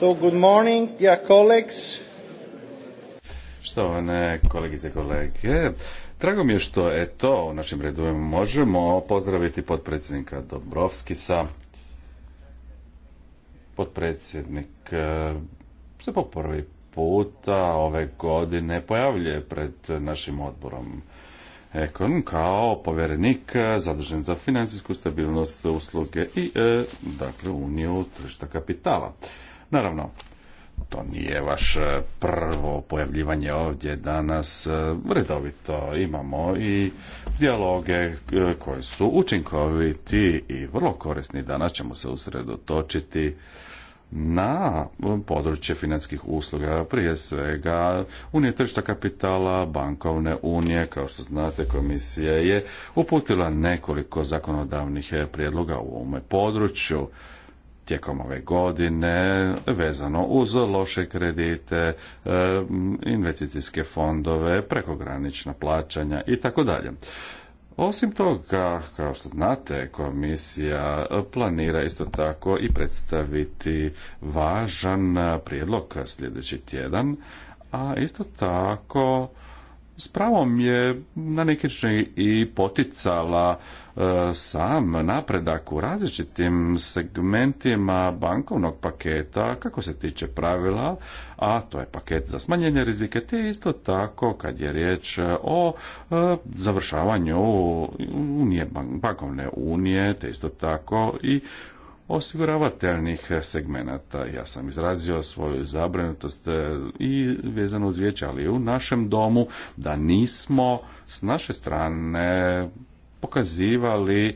So, good morning, dear colleagues. Štovane kolegice i kolege, drago mi je što je to u našim redovima možemo pozdraviti potpredsjednika Dobrovskisa, potpredsjednik eh, se po prvi puta ove godine pojavljuje pred našim odborom Ekon kao povjerenik e, zadužen za financijsku stabilnost usluge i e, dakle uniju tržišta kapitala. Naravno, to nije vaš e, prvo pojavljivanje ovdje danas. Redovito imamo i dijaloge koji su učinkoviti i vrlo korisni. Danas ćemo se usredotočiti na područje financijskih usluga, prije svega Unije tržišta kapitala, bankovne unije, kao što znate komisija je uputila nekoliko zakonodavnih prijedloga u ovome području tijekom ove godine vezano uz loše kredite, e, investicijske fondove, prekogranična plaćanja i tako dalje. Osim toga, kao što znate, komisija planira isto tako i predstaviti važan prijedlog sljedeći tjedan, a isto tako s pravom je na neki način i poticala e, sam napredak u različitim segmentima bankovnog paketa kako se tiče pravila, a to je paket za smanjenje rizike, te isto tako kad je riječ e, o e, završavanju unije, bankovne unije, te isto tako i osiguravateljnih segmenata. Ja sam izrazio svoju zabrinutost e, i vezano uz vijeće, ali u našem domu, da nismo s naše strane pokazivali e,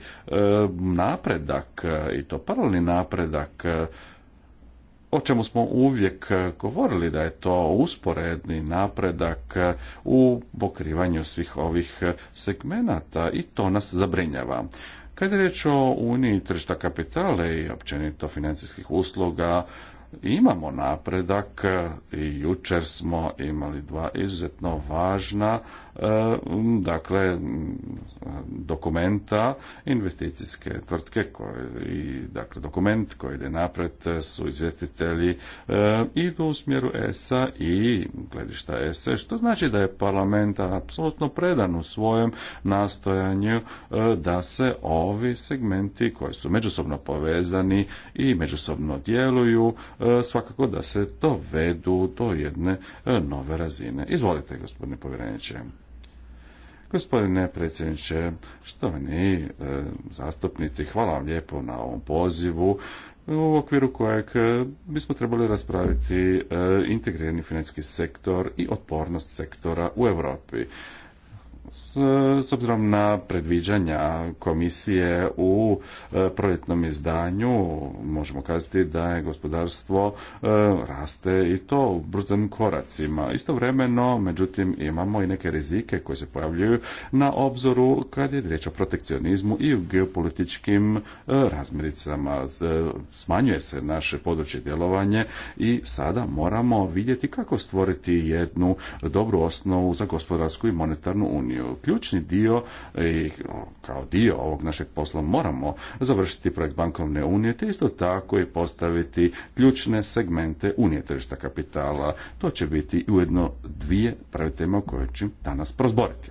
napredak i to paralelni napredak e, o čemu smo uvijek govorili da je to usporedni napredak u pokrivanju svih ovih segmenata i to nas zabrinjava. Kad je riječ o Uniji tržišta kapitale i općenito financijskih usluga, imamo napredak i jučer smo imali dva izuzetno važna E, dakle dokumenta investicijske tvrtke koje, i dakle dokument koji ide napred su izvjestitelji e, idu u smjeru ESA i gledišta ESA što znači da je parlament apsolutno predan u svojem nastojanju e, da se ovi segmenti koji su međusobno povezani i međusobno djeluju svakako da se dovedu do jedne nove razine. Izvolite gospodine povjereniče. Gospodine predsjedniče, štovani e, zastupnici, hvala vam lijepo na ovom pozivu u okviru kojeg e, bismo trebali raspraviti e, integrirani financijski sektor i otpornost sektora u Europi. S, obzirom na predviđanja komisije u e, projektnom izdanju možemo kazati da je gospodarstvo e, raste i to u brzim koracima. Istovremeno, međutim, imamo i neke rizike koje se pojavljuju na obzoru kad je riječ o protekcionizmu i u geopolitičkim e, razmiricama. Smanjuje se naše područje djelovanje i sada moramo vidjeti kako stvoriti jednu dobru osnovu za gospodarsku i monetarnu uniju uniju. Ključni dio i e, kao dio ovog našeg posla moramo završiti projekt bankovne unije, te isto tako i postaviti ključne segmente unije tržišta kapitala. To će biti ujedno dvije prve teme o kojoj ću danas prozboriti.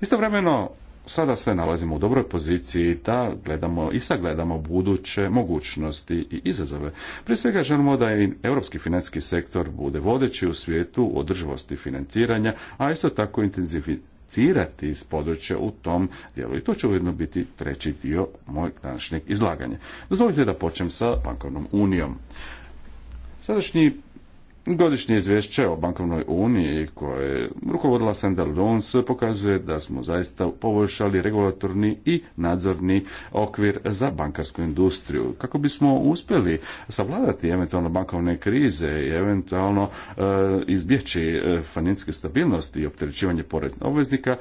Istovremeno, sada se nalazimo u dobroj poziciji da gledamo i sagledamo buduće mogućnosti i izazove. Prije svega želimo da i europski financijski sektor bude vodeći u svijetu u održivosti financiranja, a isto tako intenzivi, komunicirati iz područja u tom dijelu. I to će ujedno biti treći dio mojeg današnjeg izlaganja. Dozvolite da počnem sa bankovnom unijom. Sadašnji Godišnje izvješće o bankovnoj uniji koje je rukovodila Sandal Jones pokazuje da smo zaista poboljšali regulatorni i nadzorni okvir za bankarsku industriju. Kako bismo uspjeli savladati eventualno bankovne krize i eventualno e, izbjeći e, financijske stabilnosti i opterećivanje poreznih obveznika,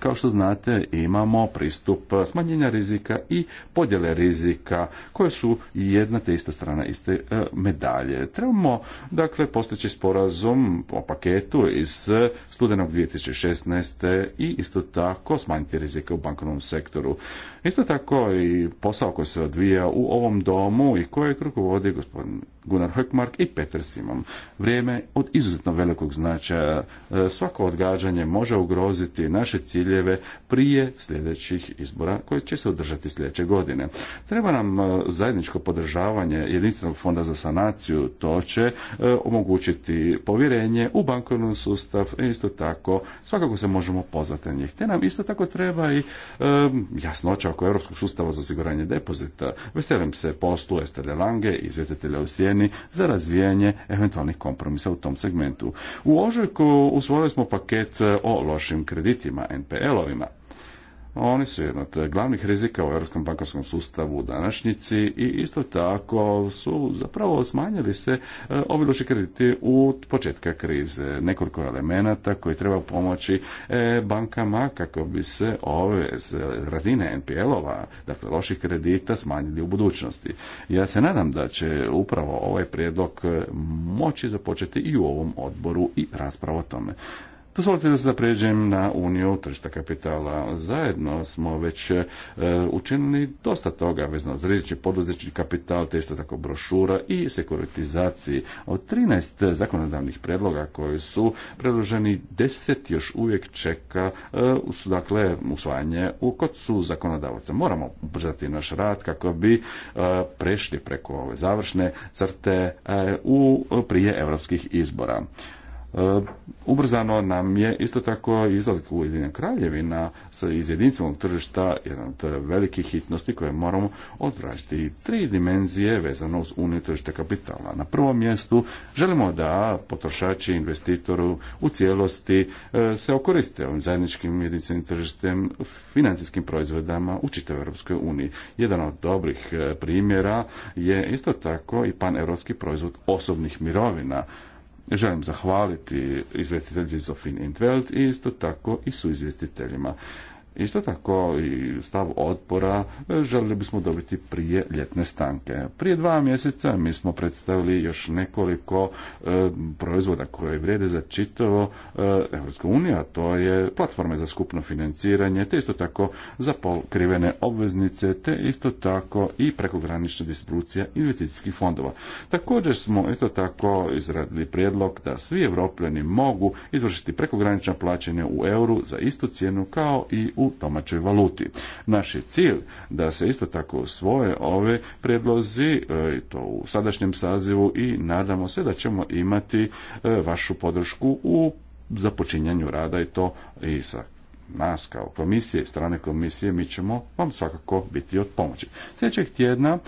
kao što znate imamo pristup smanjenja rizika i podjele rizika koje su jedna te ista strana iste e, medalje. Trebamo dakle Dakle, postojeći sporazum o paketu iz studenog 2016. i isto tako smanjiti rizike u bankovnom sektoru. Isto tako i posao koji se odvija u ovom domu i kruku vodi gospodin Gunnar Hökmark i Peter Simon. Vrijeme od izuzetno velikog značaja. E, svako odgađanje može ugroziti naše ciljeve prije sljedećih izbora koje će se održati sljedeće godine. Treba nam e, zajedničko podržavanje jedinstvenog fonda za sanaciju. To će e, omogućiti povjerenje u bankovni sustav e, isto tako svakako se možemo pozvati na njih te nam isto tako treba i jasno jasnoća oko europskog sustava za osiguranje depozita veselim se poslu Estelle Lange i izvjestitelja u sjeni za razvijanje eventualnih kompromisa u tom segmentu u ožujku usvojili smo paket e, o lošim kreditima NPL-ovima oni su jedno od eh, glavnih rizika u europskom bankarskom sustavu u današnjici i isto tako su zapravo smanjili se eh, obiloši krediti u početka krize. Nekoliko elemenata koji treba pomoći eh, bankama kako bi se ove razine NPL-ova, dakle loših kredita, smanjili u budućnosti. Ja se nadam da će upravo ovaj prijedlog moći započeti i u ovom odboru i raspravo o tome. Dozvolite da se pređem na Uniju tržišta kapitala. Zajedno smo već e, učinili dosta toga vezano za rizični poduzetnički kapital, te isto tako brošura i sekuritizaciji. Od 13 zakonodavnih predloga koji su predloženi, 10 još uvijek čeka e, dakle, usvajanje u kod su zakonodavaca. Moramo ubrzati naš rad kako bi e, prešli preko ove završne crte e, u prije europskih izbora. E, ubrzano nam je isto tako izlazak Ujedinjena kraljevina iz jedinstvenog tržišta, jedan od e, velikih hitnosti koje moramo odvražiti. Tri dimenzije vezano uz uniju tržište kapitala. Na prvom mjestu želimo da potrošači investitoru u cijelosti e, se okoriste ovim zajedničkim jedinstvenim tržištem financijskim proizvodama u čitavoj Europskoj uniji. Jedan od dobrih primjera je isto tako i paneuropski proizvod osobnih mirovina Želim zahvaliti izvjestiteljici Zofin Intveld i isto tako i suizvjestiteljima. Isto tako i stav otpora e, željeli bismo dobiti prije ljetne stanke. Prije dva mjeseca mi smo predstavili još nekoliko e, proizvoda koje vrijede za čitavo e, a to je platforme za skupno financiranje, te isto tako za pokrivene obveznice, te isto tako i prekogranična distribucija investicijskih fondova. Također smo isto tako izradili prijedlog da svi evropljani mogu izvršiti prekogranična plaćanja u euru za istu cijenu kao i u domaćoj valuti. Naš je cilj da se isto tako svoje ove predlozi, e, to u sadašnjem sazivu i nadamo se da ćemo imati e, vašu podršku u započinjanju rada i to i sa nas kao komisije, strane komisije, mi ćemo vam svakako biti od pomoći. Sljedećeg tjedna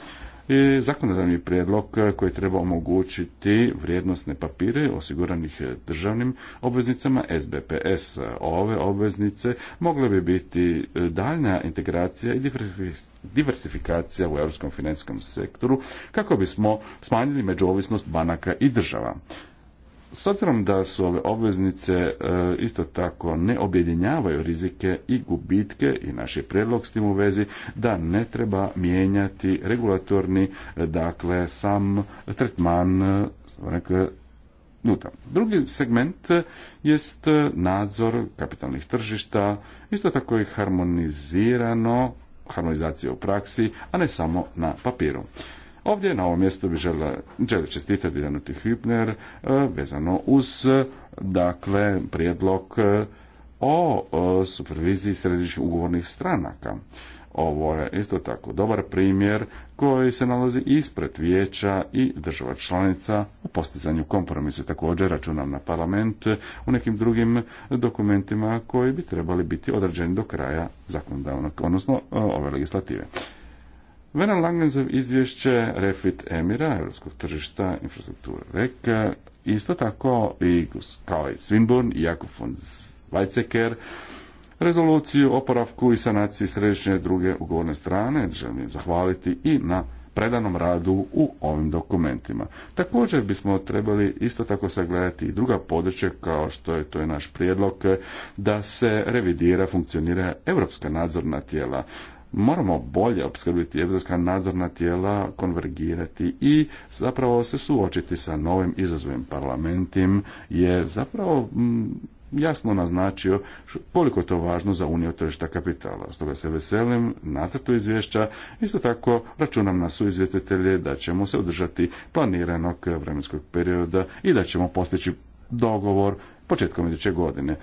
zakonodavni prijedlog koji treba omogućiti vrijednostne papire osiguranih državnim obveznicama SBPS. Ove obveznice mogle bi biti daljna integracija i diversifikacija u europskom financijskom sektoru kako bismo smanjili međuovisnost banaka i država. S obzirom da su ove obveznice e, isto tako ne objedinjavaju rizike i gubitke i naš je prijedlog s tim u vezi da ne treba mijenjati regulatorni, e, dakle sam tretman e, nuta. Drugi segment jest nadzor kapitalnih tržišta, isto tako i harmonizirano harmonizacija u praksi, a ne samo na papiru. Ovdje na ovom mjestu bi žele, žele čestitati Danuti Hübner e, vezano uz dakle prijedlog e, o e, superviziji središnjih ugovornih stranaka. Ovo je isto tako dobar primjer koji se nalazi ispred vijeća i država članica u postizanju kompromisa. Također računam na parlament u nekim drugim dokumentima koji bi trebali biti određeni do kraja zakonodavnog, odnosno ove legislative. Veran Langen izvješće Refit Emira, Europskog tržišta, infrastrukture reka, isto tako i kao i Swinburne i Jakov von Weizsäcker, rezoluciju oporavku i sanaciji središnje druge ugovorne strane. Želim zahvaliti i na predanom radu u ovim dokumentima. Također bismo trebali isto tako sagledati i druga područja kao što je to je naš prijedlog da se revidira funkcionira europska nadzorna tijela moramo bolje opskrbiti evropska nadzorna tijela, konvergirati i zapravo se suočiti sa novim izazovim parlamentim je zapravo mm, jasno naznačio koliko je to važno za uniju tržišta kapitala. Stoga se veselim nacrtu izvješća. Isto tako računam na izvjestitelje da ćemo se održati planiranog vremenskog perioda i da ćemo postići dogovor početkom iduće godine.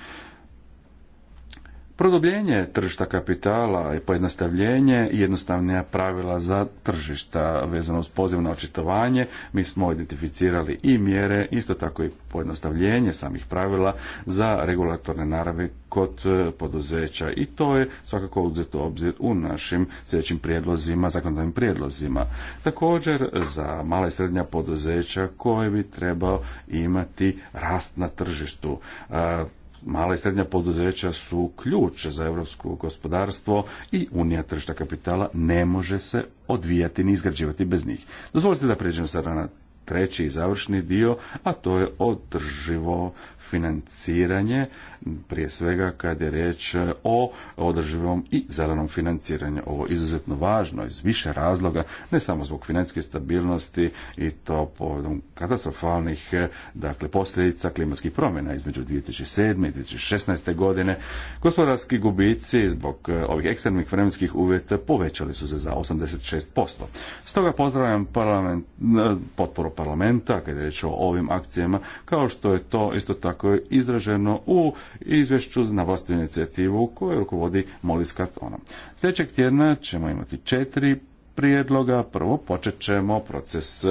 Produbljenje tržišta kapitala i pojednostavljenje i jednostavnija pravila za tržišta vezano uz pozivno na očitovanje, mi smo identificirali i mjere, isto tako i pojednostavljenje samih pravila za regulatorne naravi kod e, poduzeća i to je svakako uzeto obzir u našim sljedećim prijedlozima, zakonodavnim prijedlozima. Također za mala i srednja poduzeća koje bi trebao imati rast na tržištu. E, Mala i srednja poduzeća su ključ za europsko gospodarstvo i unija tržišta kapitala ne može se odvijati ni izgrađivati bez njih. Dozvolite da pređem sada na treći i završni dio, a to je održivo financiranje, prije svega kad je riječ o održivom i zelenom financiranju. Ovo je izuzetno važno iz više razloga, ne samo zbog financijske stabilnosti i to povodom katastrofalnih dakle, posljedica klimatskih promjena između 2007. i 2016. godine. Gospodarski gubici zbog e, ovih ekstremnih vremenskih uvjeta povećali su se za 86%. Stoga pozdravljam parlament, e, potporu parlamenta kada je riječ o ovim akcijama, kao što je to isto tako izraženo u izvješću na vlastnu inicijativu koju rukovodi Molis Kartona. Sljedećeg tjedna ćemo imati četiri prijedloga. Prvo počet ćemo proces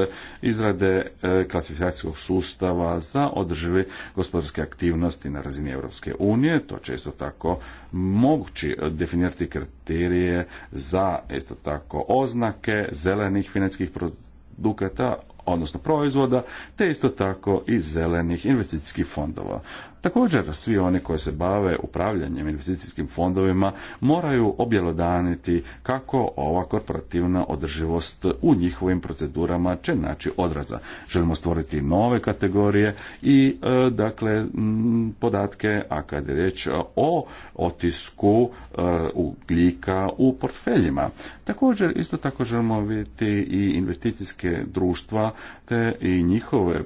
izrade e, klasifikacijskog sustava za održive gospodarske aktivnosti na razini Europske unije. To će isto tako mogući definirati kriterije za isto tako oznake zelenih financijskih produkata odnosno proizvoda, te isto tako i zelenih investicijskih fondova. Također, svi oni koji se bave upravljanjem investicijskim fondovima moraju objelodaniti kako ova korporativna održivost u njihovim procedurama će naći odraza. Želimo stvoriti nove kategorije i e, dakle podatke, a kad je riječ o otisku e, ugljika u portfeljima. Također, isto tako želimo vidjeti i investicijske društva te i njihove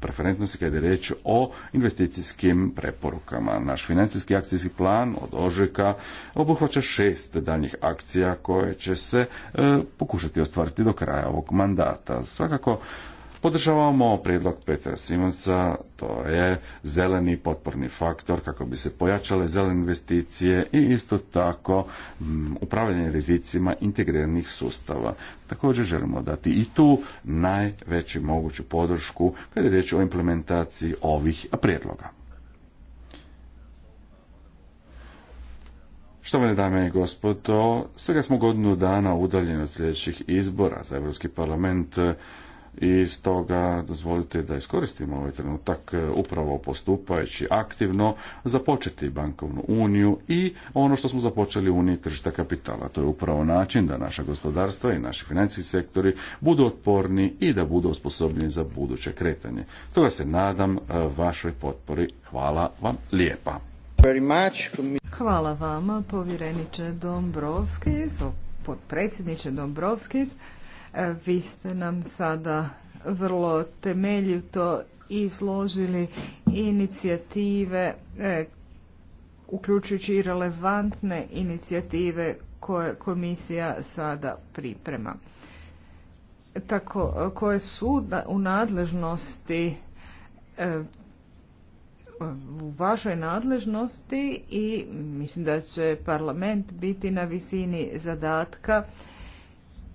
preferentnosti kada je riječ o investicijskim preporukama. Naš financijski akcijski plan od Ožeka obuhvaća šest daljnjih akcija koje će se e, pokušati ostvariti do kraja ovog mandata. Svakako Podržavamo prijedlog Petra Simonsa, to je zeleni potporni faktor kako bi se pojačale zelene investicije i isto tako mm, upravljanje rizicima integriranih sustava. Također želimo dati i tu najveću moguću podršku kada je riječ o implementaciji ovih prijedloga. mene dame i gospodo, svega smo godinu dana udaljeni od sljedećih izbora za Europski parlament i stoga dozvolite da iskoristimo ovaj trenutak e, upravo postupajući aktivno započeti bankovnu uniju i ono što smo započeli u uniji tržišta kapitala. To je upravo način da naša gospodarstva i naši financijski sektori budu otporni i da budu osposobljeni za buduće kretanje. Stoga se nadam e, vašoj potpori. Hvala vam lijepa. Hvala vama, povjereniče Dombrovskis, potpredsjedniče Dombrovskis. E, vi ste nam sada vrlo temeljito izložili inicijative, e, uključujući i relevantne inicijative koje komisija sada priprema. Tako, e, koje su u nadležnosti u vašoj nadležnosti i mislim da će parlament biti na visini zadatka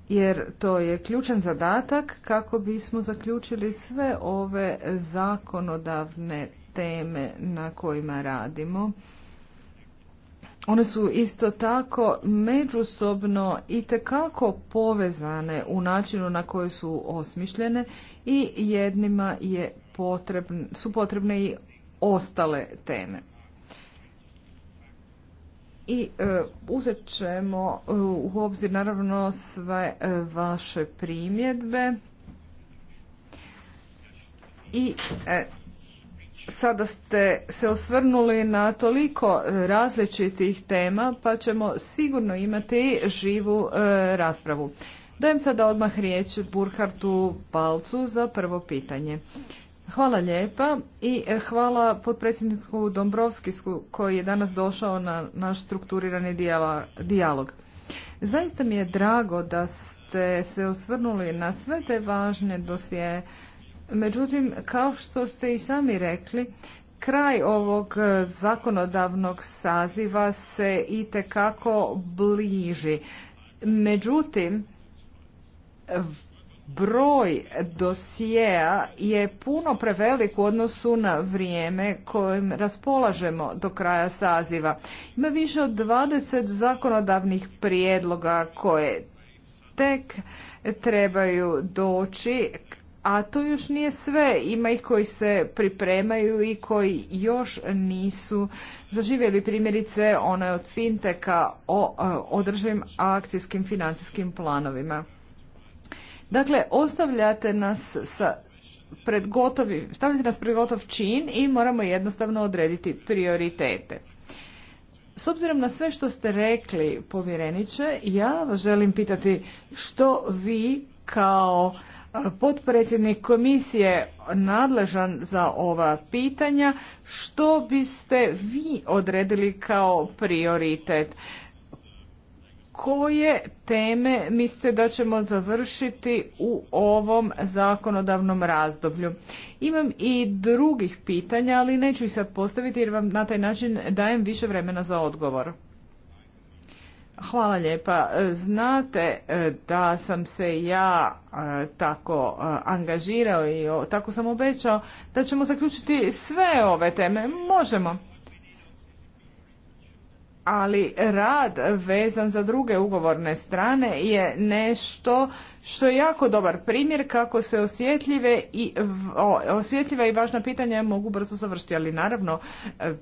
jer to je ključan zadatak kako bismo zaključili sve ove zakonodavne teme na kojima radimo. One su isto tako međusobno i tekako povezane u načinu na koji su osmišljene i jednima je su potrebne i ostale teme i e, uzet ćemo e, u obzir naravno sve e, vaše primjedbe i sada ste se osvrnuli na toliko različitih tema pa ćemo sigurno imati živu raspravu. Dajem sada odmah riječ Burhartu Palcu za prvo pitanje. Hvala lijepa i e, hvala potpredsjedniku Dombrovskisku koji je danas došao na naš strukturirani dijalog. Zaista mi je drago da ste se osvrnuli na sve te važne dosije. Međutim, kao što ste i sami rekli, kraj ovog e, zakonodavnog saziva se i tekako bliži. Međutim, broj dosijeja je puno prevelik u odnosu na vrijeme kojim raspolažemo do kraja saziva. Ima više od 20 zakonodavnih prijedloga koje tek trebaju doći, a to još nije sve. Ima ih koji se pripremaju i koji još nisu zaživjeli primjerice one od finteka o održivim akcijskim financijskim planovima. Dakle, ostavljate nas sa pred gotovi, stavljate nas pred gotov čin i moramo jednostavno odrediti prioritete. S obzirom na sve što ste rekli, povjereniče, ja vas želim pitati što vi kao potpredsjednik komisije nadležan za ova pitanja, što biste vi odredili kao prioritet? koje teme mislite da ćemo završiti u ovom zakonodavnom razdoblju? Imam i drugih pitanja, ali neću ih sad postaviti jer vam na taj način dajem više vremena za odgovor. Hvala lijepa. Znate e, da sam se ja e, tako e, angažirao i tako sam obećao da ćemo zaključiti sve ove teme. Možemo ali rad vezan za druge ugovorne strane je nešto što je jako dobar primjer kako se osjetljive i o, osjetljiva i važna pitanja mogu brzo završiti, ali naravno e,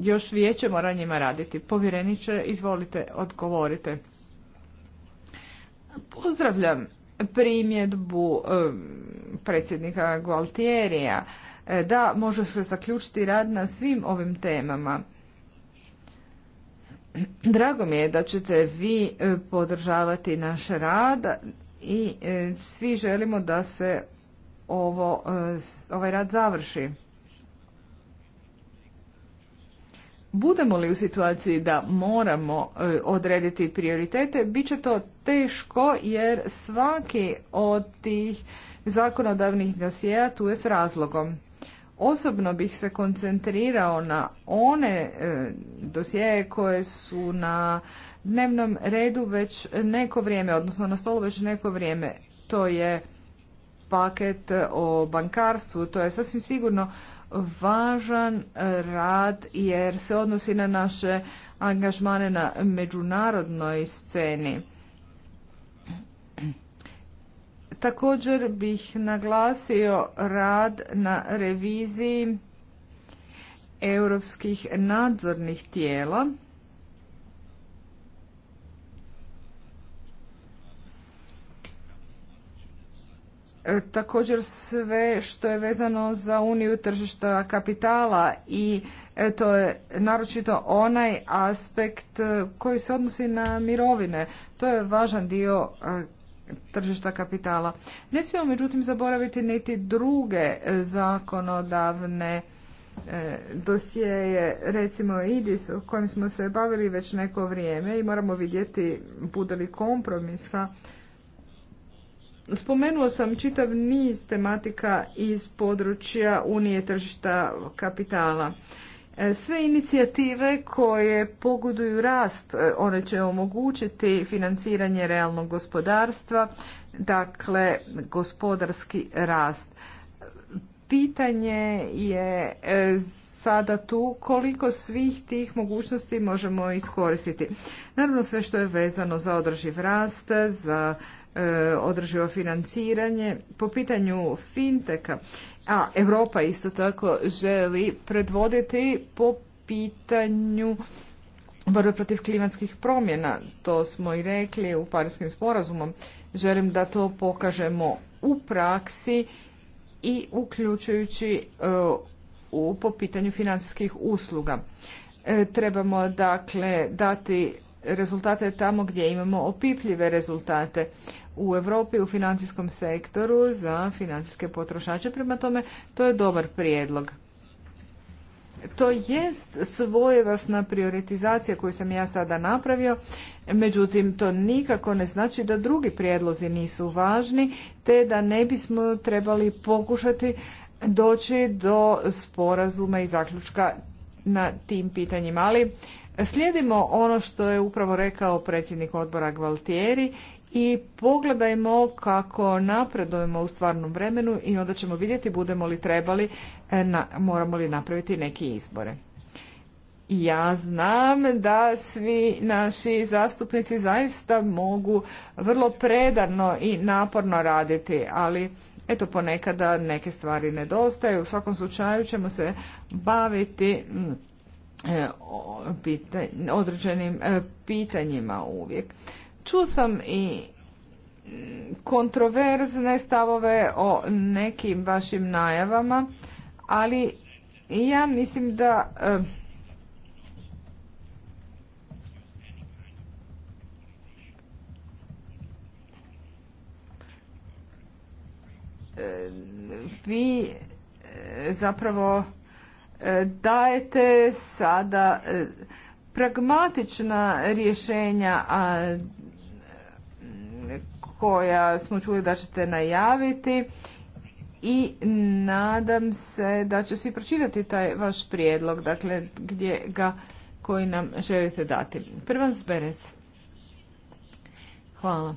još vijeće mora njima raditi. Povjereniče, izvolite, odgovorite. Pozdravljam primjedbu e, predsjednika Gualtierija e, da može se zaključiti rad na svim ovim temama. Drago mi je da ćete vi e, podržavati naš rad i e, svi želimo da se ovo, e, ovaj rad završi. Budemo li u situaciji da moramo odrediti prioritete, bit će to teško jer svaki od tih zakonodavnih dosjeja tu je s razlogom. Osobno bih se koncentrirao na one e, dosjeje koje su na dnevnom redu već neko vrijeme, odnosno na stolu već neko vrijeme. To je paket o bankarstvu, to je sasvim sigurno važan e, rad jer se odnosi na naše angažmane na međunarodnoj sceni. Također bih naglasio rad na reviziji europskih nadzornih tijela. E, također sve što je vezano za uniju tržišta kapitala i e, to je naročito onaj aspekt e, koji se odnosi na mirovine. To je važan dio tržišta kapitala. Ne smijemo međutim zaboraviti niti druge zakonodavne e, dosjeje, recimo IDIS, o kojim smo se bavili već neko vrijeme i moramo vidjeti bude li kompromisa. Spomenuo sam čitav niz tematika iz područja Unije tržišta kapitala. E, sve inicijative koje pogoduju rast, e, one će omogućiti financiranje realnog gospodarstva, dakle gospodarski rast. Pitanje je e, sada tu koliko svih tih mogućnosti možemo iskoristiti. Naravno sve što je vezano za održiv rast, za održivo financiranje. Po pitanju finteka a Europa isto tako želi predvoditi po pitanju borbe protiv klimatskih promjena. To smo i rekli u Parijskim sporazumom. Želim da to pokažemo u praksi i uključujući e, u, po pitanju financijskih usluga. E, trebamo dakle dati rezultate tamo gdje imamo opipljive rezultate u Europi u financijskom sektoru za financijske potrošače. Prema tome, to je dobar prijedlog. To jest svojevasna prioritizacija koju sam ja sada napravio, međutim to nikako ne znači da drugi prijedlozi nisu važni, te da ne bismo trebali pokušati doći do sporazuma i zaključka na tim pitanjima. Ali slijedimo ono što je upravo rekao predsjednik odbora Gvaltieri i pogledajmo kako napredujemo u stvarnom vremenu i onda ćemo vidjeti budemo li trebali, e, moramo li napraviti neke izbore. Ja znam da svi naši zastupnici zaista mogu vrlo predarno i naporno raditi, ali eto ponekada neke stvari nedostaju. U svakom slučaju ćemo se baviti mm, e, određenim e, pitanjima uvijek. Čuo sam i mm, kontroverzne stavove o nekim vašim najavama, ali ja mislim da e, vi e, zapravo e, dajete sada e, pragmatična rješenja koja smo čuli da ćete najaviti i nadam se da će svi pročitati taj vaš prijedlog, dakle gdje ga koji nam želite dati. Prvan Zberec. Hvala.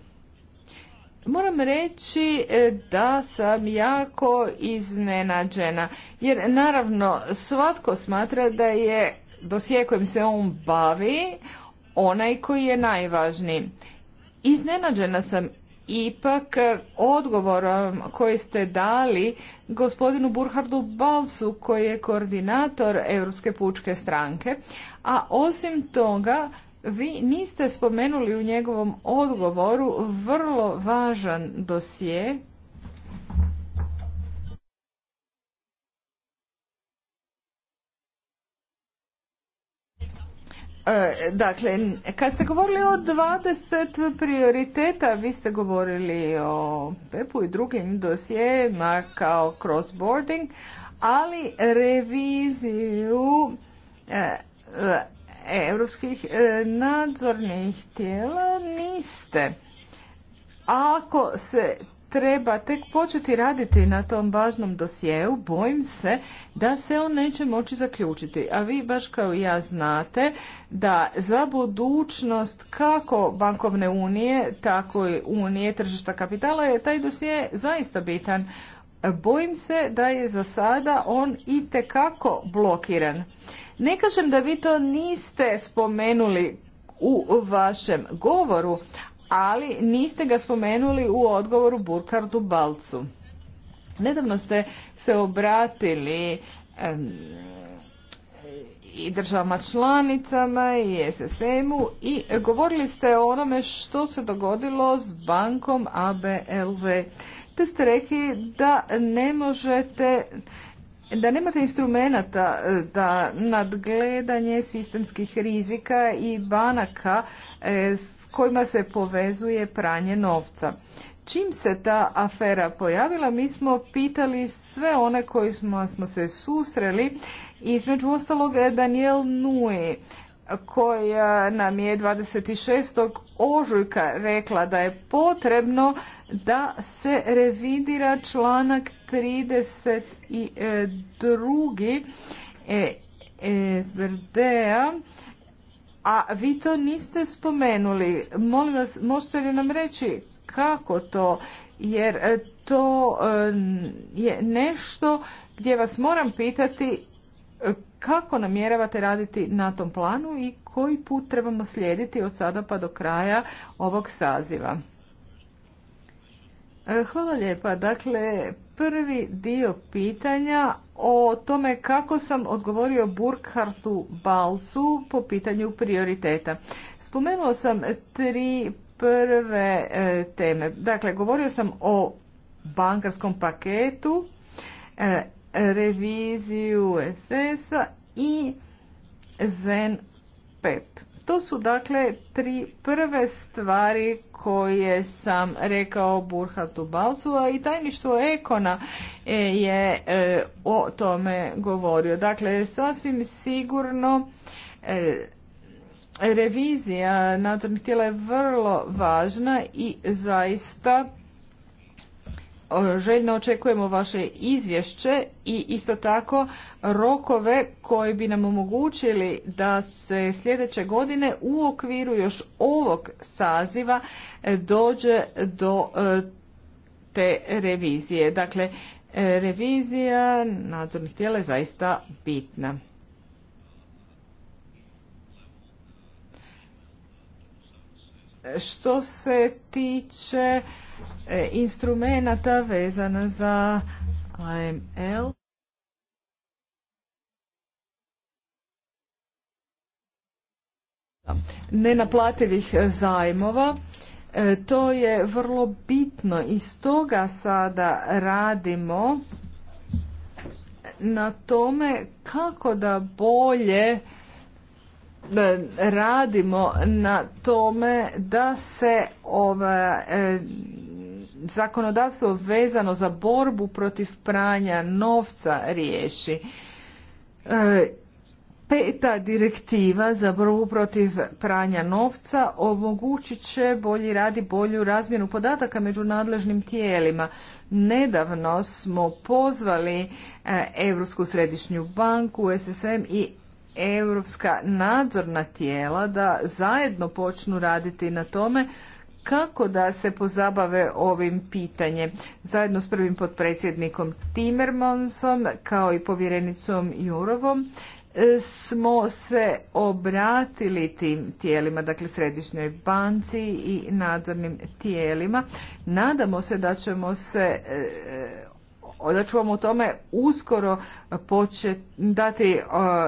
Moram reći e, da sam jako iznenađena, jer naravno svatko smatra da je dosije kojim se on bavi onaj koji je najvažniji. Iznenađena sam ipak odgovorom koji ste dali gospodinu Burhardu Balsu koji je koordinator Europske pučke stranke, a osim toga vi niste spomenuli u njegovom odgovoru vrlo važan dosje e, Dakle, kad ste govorili o 20 prioriteta, vi ste govorili o pep i drugim dosijema kao crossboarding, ali reviziju e, europskih e, nadzornih tijela niste. Ako se treba tek početi raditi na tom važnom dosjeu, bojim se da se on neće moći zaključiti. A vi baš kao i ja znate da za budućnost kako bankovne unije, tako i unije tržišta kapitala je taj dosje zaista bitan bojim se da je za sada on i tekako blokiran. Ne kažem da vi to niste spomenuli u vašem govoru, ali niste ga spomenuli u odgovoru Burkardu Balcu. Nedavno ste se obratili i državama članicama i SSM-u i govorili ste o onome što se dogodilo s bankom ABLV te ste rekli da ne možete da nemate instrumenata e, da nadgledanje sistemskih rizika i banaka e, s kojima se povezuje pranje novca. Čim se ta afera pojavila, mi smo pitali sve one koji smo, smo se susreli, između ostalog e, Daniel Nui, koja nam je 26. ožujka rekla da je potrebno da se revidira članak 32. E, SBRD-a, a vi to niste spomenuli. Molim vas, možete li nam reći kako to? Jer to e, je nešto gdje vas moram pitati e, kako namjeravate raditi na tom planu i koji put trebamo slijediti od sada pa do kraja ovog saziva. E, hvala lijepa. Dakle, prvi dio pitanja o tome kako sam odgovorio Burkhartu Balsu po pitanju prioriteta. Spomenuo sam tri prve e, teme. Dakle, govorio sam o bankarskom paketu, e, reviziju SS-a i ZEN PEP. To su dakle tri prve stvari koje sam rekao Burhatu Balcu, a i tajništvo Ekona e, je e, o tome govorio. Dakle, sasvim sigurno e, revizija nadzornih tijela je vrlo važna i zaista željno očekujemo vaše izvješće i isto tako rokove koji bi nam omogućili da se sljedeće godine u okviru još ovog saziva e, dođe do e, te revizije. Dakle, e, revizija nadzornih tijela je zaista bitna. Što se tiče e, instrumenata vezana za AML, nenaplativih zajmova. E, to je vrlo bitno i stoga sada radimo na tome kako da bolje E, radimo na tome da se ova e, zakonodavstvo vezano za borbu protiv pranja novca riješi. E, peta direktiva za borbu protiv pranja novca omogućit će bolji radi bolju razmjenu podataka među nadležnim tijelima. Nedavno smo pozvali Europsku središnju banku, SSM i europska nadzorna tijela da zajedno počnu raditi na tome kako da se pozabave ovim pitanjem zajedno s prvim potpredsjednikom Timmermansom kao i povjerenicom Jurovom e, smo se obratili tim tijelima, dakle Središnjoj banci i nadzornim tijelima. Nadamo se da ćemo se e, da ću vam u tome uskoro početi dati e,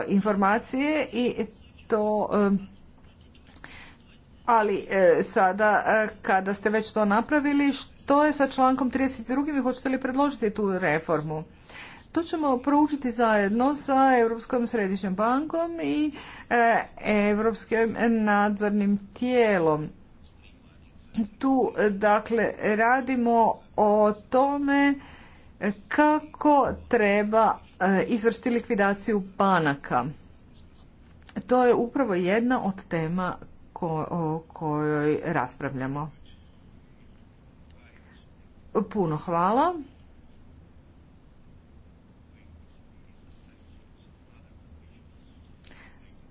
informacije i to e, ali e, sada kada ste već to napravili što je sa člankom 32. hoćete li predložiti tu reformu? To ćemo proučiti zajedno sa Europskom središnjom bankom i Europskim nadzornim tijelom. Tu dakle radimo o tome kako treba e, izvršiti likvidaciju banaka. To je upravo jedna od tema o kojoj raspravljamo. Puno hvala.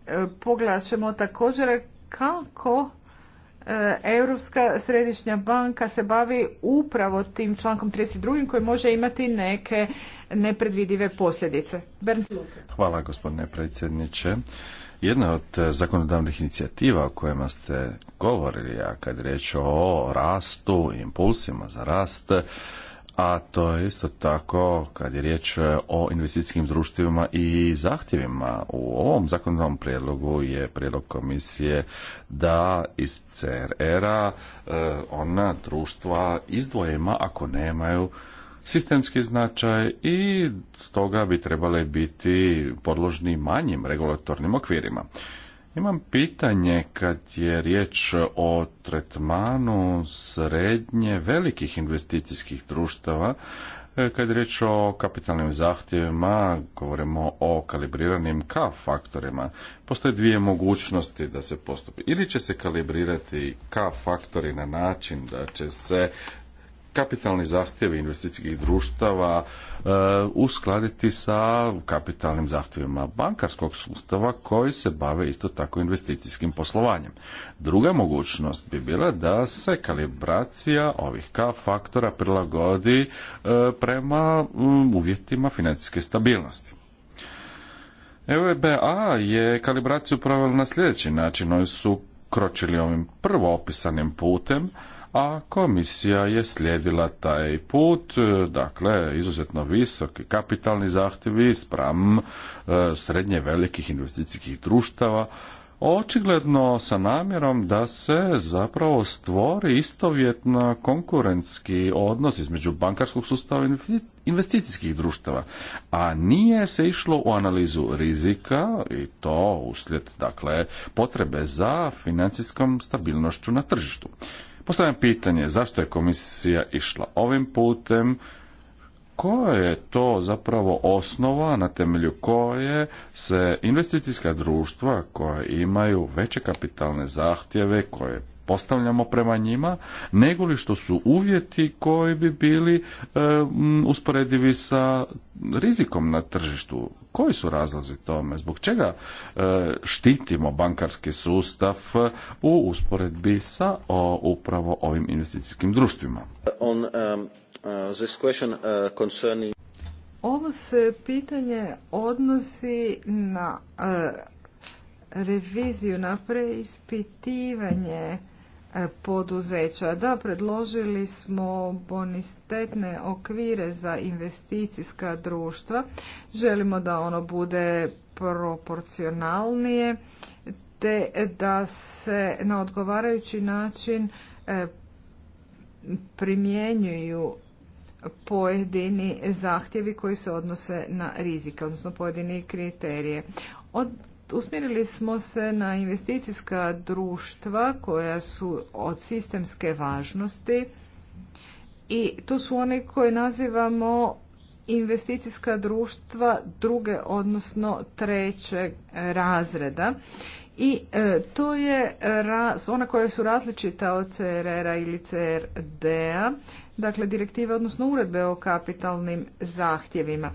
E, pogledat ćemo također kako E, Europska središnja banka se bavi upravo tim člankom 32. koji može imati neke nepredvidive posljedice. Hvala gospodine predsjedniče. Jedna od e, zakonodavnih inicijativa o kojima ste govorili, a kad riječ o rastu, impulsima za rast, a to je isto tako kad je riječ e, o investicijskim društvima i zahtjevima. U ovom zakonodavnom prijedlogu je prijedlog komisije da iz CRR-a e, ona društva izdvojima ako nemaju sistemski značaj i stoga bi trebale biti podložni manjim regulatornim okvirima. Imam pitanje kad je riječ o tretmanu srednje velikih investicijskih društava, e, kad je riječ o kapitalnim zahtjevima, govorimo o kalibriranim K faktorima. Postoje dvije mogućnosti da se postupi. Ili će se kalibrirati K faktori na način da će se kapitalni zahtjevi investicijskih društava e, uskladiti sa kapitalnim zahtjevima bankarskog sustava koji se bave isto tako investicijskim poslovanjem. Druga mogućnost bi bila da se kalibracija ovih K faktora prilagodi e, prema uvjetima financijske stabilnosti. EBA je kalibraciju provela na sljedeći način. Oni su kročili ovim prvo opisanim putem, a komisija je slijedila taj put, e, dakle, izuzetno visoki kapitalni zahtjevi spram e, srednje velikih investicijskih društava, očigledno sa namjerom da se zapravo stvori istovjetno konkurentski odnos između bankarskog sustava i investicijskih društava, a nije se išlo u analizu rizika i to uslijed dakle potrebe za financijskom stabilnošću na tržištu. Postavljam pitanje zašto je komisija išla ovim putem, koja je to zapravo osnova na temelju koje se investicijska društva koja imaju veće kapitalne zahtjeve, koje postavljamo prema njima, nego li što su uvjeti koji bi bili e, usporedivi sa rizikom na tržištu. Koji su razlozi tome? Zbog čega e, štitimo bankarski sustav u usporedbi sa o, upravo ovim investicijskim društvima? On, um, uh, uh, Ovo se pitanje odnosi na uh, reviziju, na preispitivanje poduzeća. Da, predložili smo bonistetne okvire za investicijska društva. Želimo da ono bude proporcionalnije te da se na odgovarajući način e, primjenjuju pojedini zahtjevi koji se odnose na rizike, odnosno pojedini kriterije. Od Usmjerili smo se na investicijska društva koja su od sistemske važnosti i to su one koje nazivamo investicijska društva druge, odnosno trećeg razreda. I e, to je ona koja su različita od CRR-a ili CRD-a, dakle direktive, odnosno uredbe o kapitalnim zahtjevima.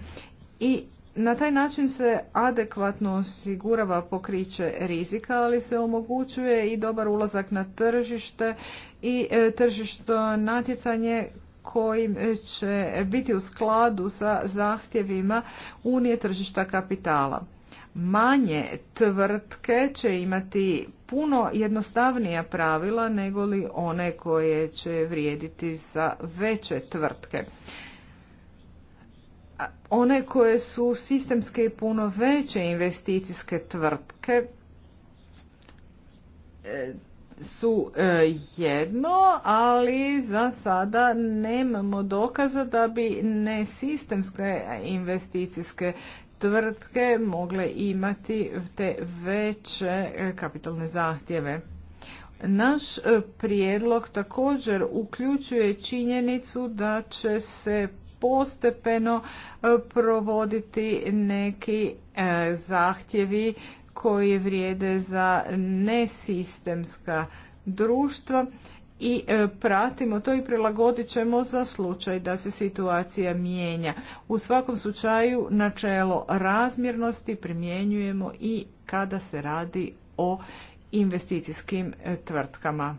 I na taj način se adekvatno osigurava pokriće rizika, ali se omogućuje i dobar ulazak na tržište i e, tržišto natjecanje kojim e, će biti u skladu sa zahtjevima Unije tržišta kapitala. Manje tvrtke će imati puno jednostavnija pravila nego li one koje će vrijediti za veće tvrtke one koje su sistemske i puno veće investicijske tvrtke e, su e, jedno, ali za sada nemamo dokaza da bi ne sistemske investicijske tvrtke mogle imati te veće e, kapitalne zahtjeve. Naš prijedlog također uključuje činjenicu da će se postepeno e, provoditi neki e, zahtjevi koji vrijede za nesistemska društva i e, pratimo to i prilagodit ćemo za slučaj da se situacija mijenja. U svakom slučaju načelo razmjernosti primjenjujemo i kada se radi o investicijskim tvrtkama.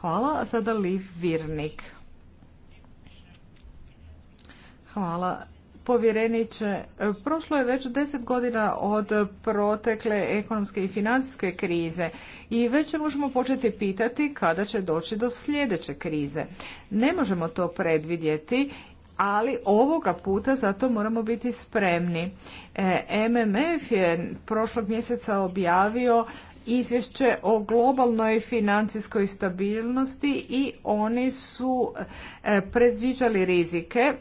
Hvala, a sada Liv Virnik. Hvala. povjereniće. prošlo je već deset godina od protekle ekonomske i financijske krize i već se možemo početi pitati kada će doći do sljedeće krize. Ne možemo to predvidjeti ali ovoga puta zato moramo biti spremni. E, MMF je prošlog mjeseca objavio izvješće o globalnoj financijskoj stabilnosti i oni su e, predviđali rizike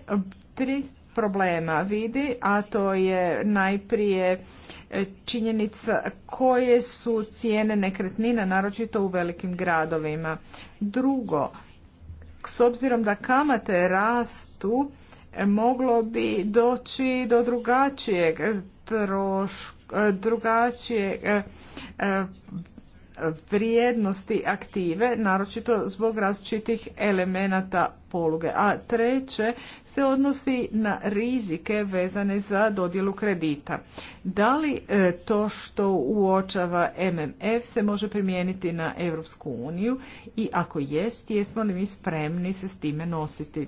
tri problema vidi, a to je najprije e, činjenica koje su cijene nekretnina, naročito u velikim gradovima. Drugo, s obzirom da kamate rastu, moglo bi doći do drugačijeg troška e, drugačije e, vrijednosti aktive, naročito zbog različitih elemenata poluge. A treće se odnosi na rizike vezane za dodjelu kredita. Da li e, to što uočava MMF se može primijeniti na Europsku uniju i ako jest, jesmo li mi spremni se s time nositi?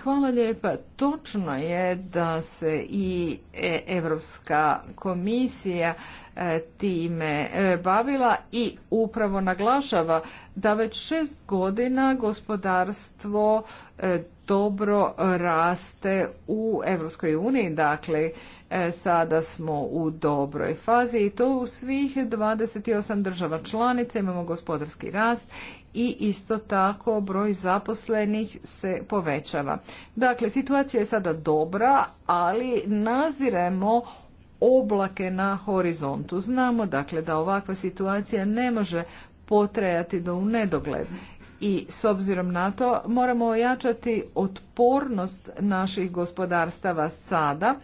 Hvala lijepa. Točno je da se i Europska komisija e, time e, bavila i upravo naglašava da već šest godina gospodarstvo e, dobro raste u Europskoj uniji, dakle sada smo u dobroj fazi i to u svih 28 država članica imamo gospodarski rast i isto tako broj zaposlenih se povećava. Dakle, situacija je sada dobra, ali naziremo oblake na horizontu. Znamo dakle da ovakva situacija ne može potrajati do u nedogled i s obzirom na to moramo ojačati otpornost naših gospodarstava sada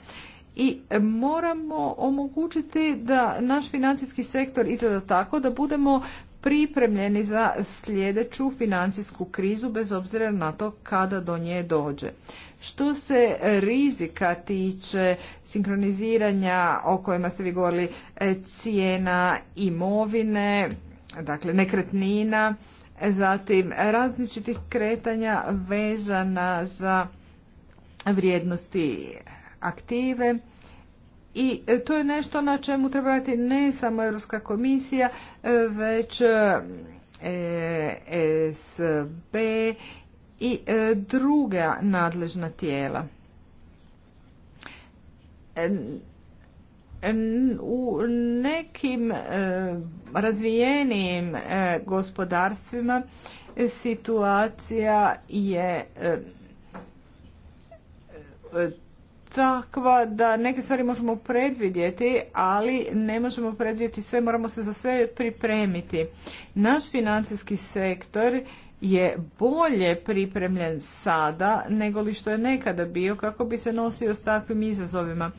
i moramo omogućiti da naš financijski sektor izgleda tako da budemo pripremljeni za sljedeću financijsku krizu bez obzira na to kada do nje dođe. Što se rizika tiče sinkroniziranja o kojima ste vi govorili e, cijena imovine, dakle nekretnina, zatim različitih kretanja vezana za vrijednosti aktive, i e, to je nešto na čemu treba raditi ne samo Europska komisija, e, već e, SB i druga nadležna tijela. U nekim razvijenijim gospodarstvima situacija je takva da neke stvari možemo predvidjeti, ali ne možemo predvidjeti sve, moramo se za sve pripremiti. Naš financijski sektor je bolje pripremljen sada nego li što je nekada bio kako bi se nosio s takvim izazovima.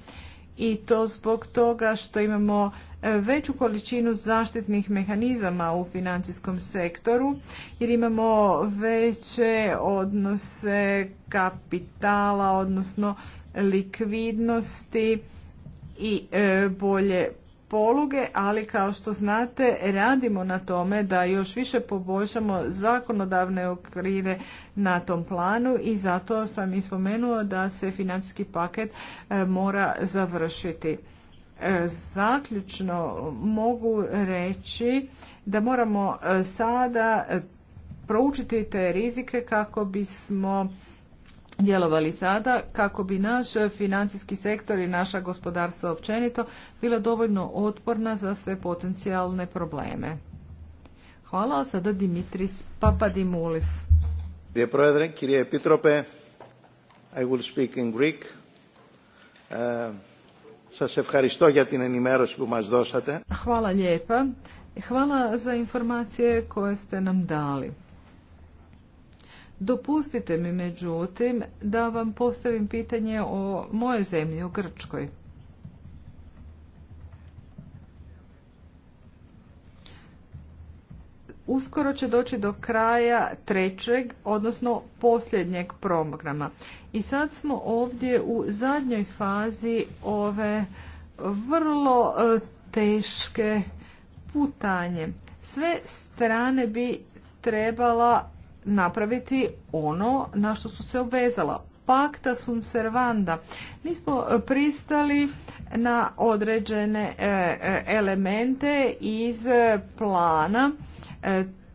I to zbog toga što imamo e, veću količinu zaštitnih mehanizama u financijskom sektoru jer imamo veće odnose kapitala, odnosno likvidnosti i e, bolje poluge, ali kao što znate radimo na tome da još više poboljšamo zakonodavne okvire na tom planu i zato sam i spomenuo da se financijski paket e, mora završiti. E, zaključno mogu reći da moramo sada proučiti te rizike kako bismo djelovali sada kako bi naš financijski sektor i naša gospodarstva općenito bila dovoljno otporna za sve potencijalne probleme. Hvala, a sada Dimitris Papadimulis. Kirije Projedre, Kyrie Epitrope, I will speak in Greek. Eh, Hvala lijepa. Hvala za informacije koje ste nam dali. Dopustite mi međutim da vam postavim pitanje o mojoj zemlji, o Grčkoj. Uskoro će doći do kraja trećeg, odnosno posljednjeg programa. I sad smo ovdje u zadnjoj fazi ove vrlo e, teške putanje. Sve strane bi trebala napraviti ono na što su se obvezala. Pakta sun servanda. Mi smo e, pristali na određene e, e, elemente iz plana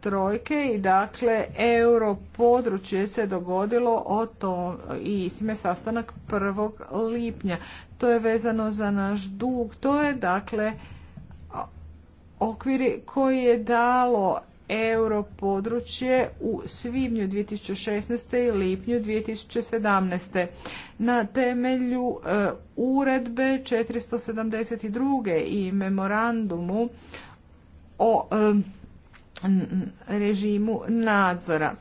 trojke i dakle euro područje se dogodilo o tom i sme sastanak 1. lipnja. To je vezano za naš dug. To je dakle okviri koji je dalo euro područje u svibnju 2016. i lipnju 2017. Na temelju e, uredbe 472. i memorandumu o e, režimu nadzora.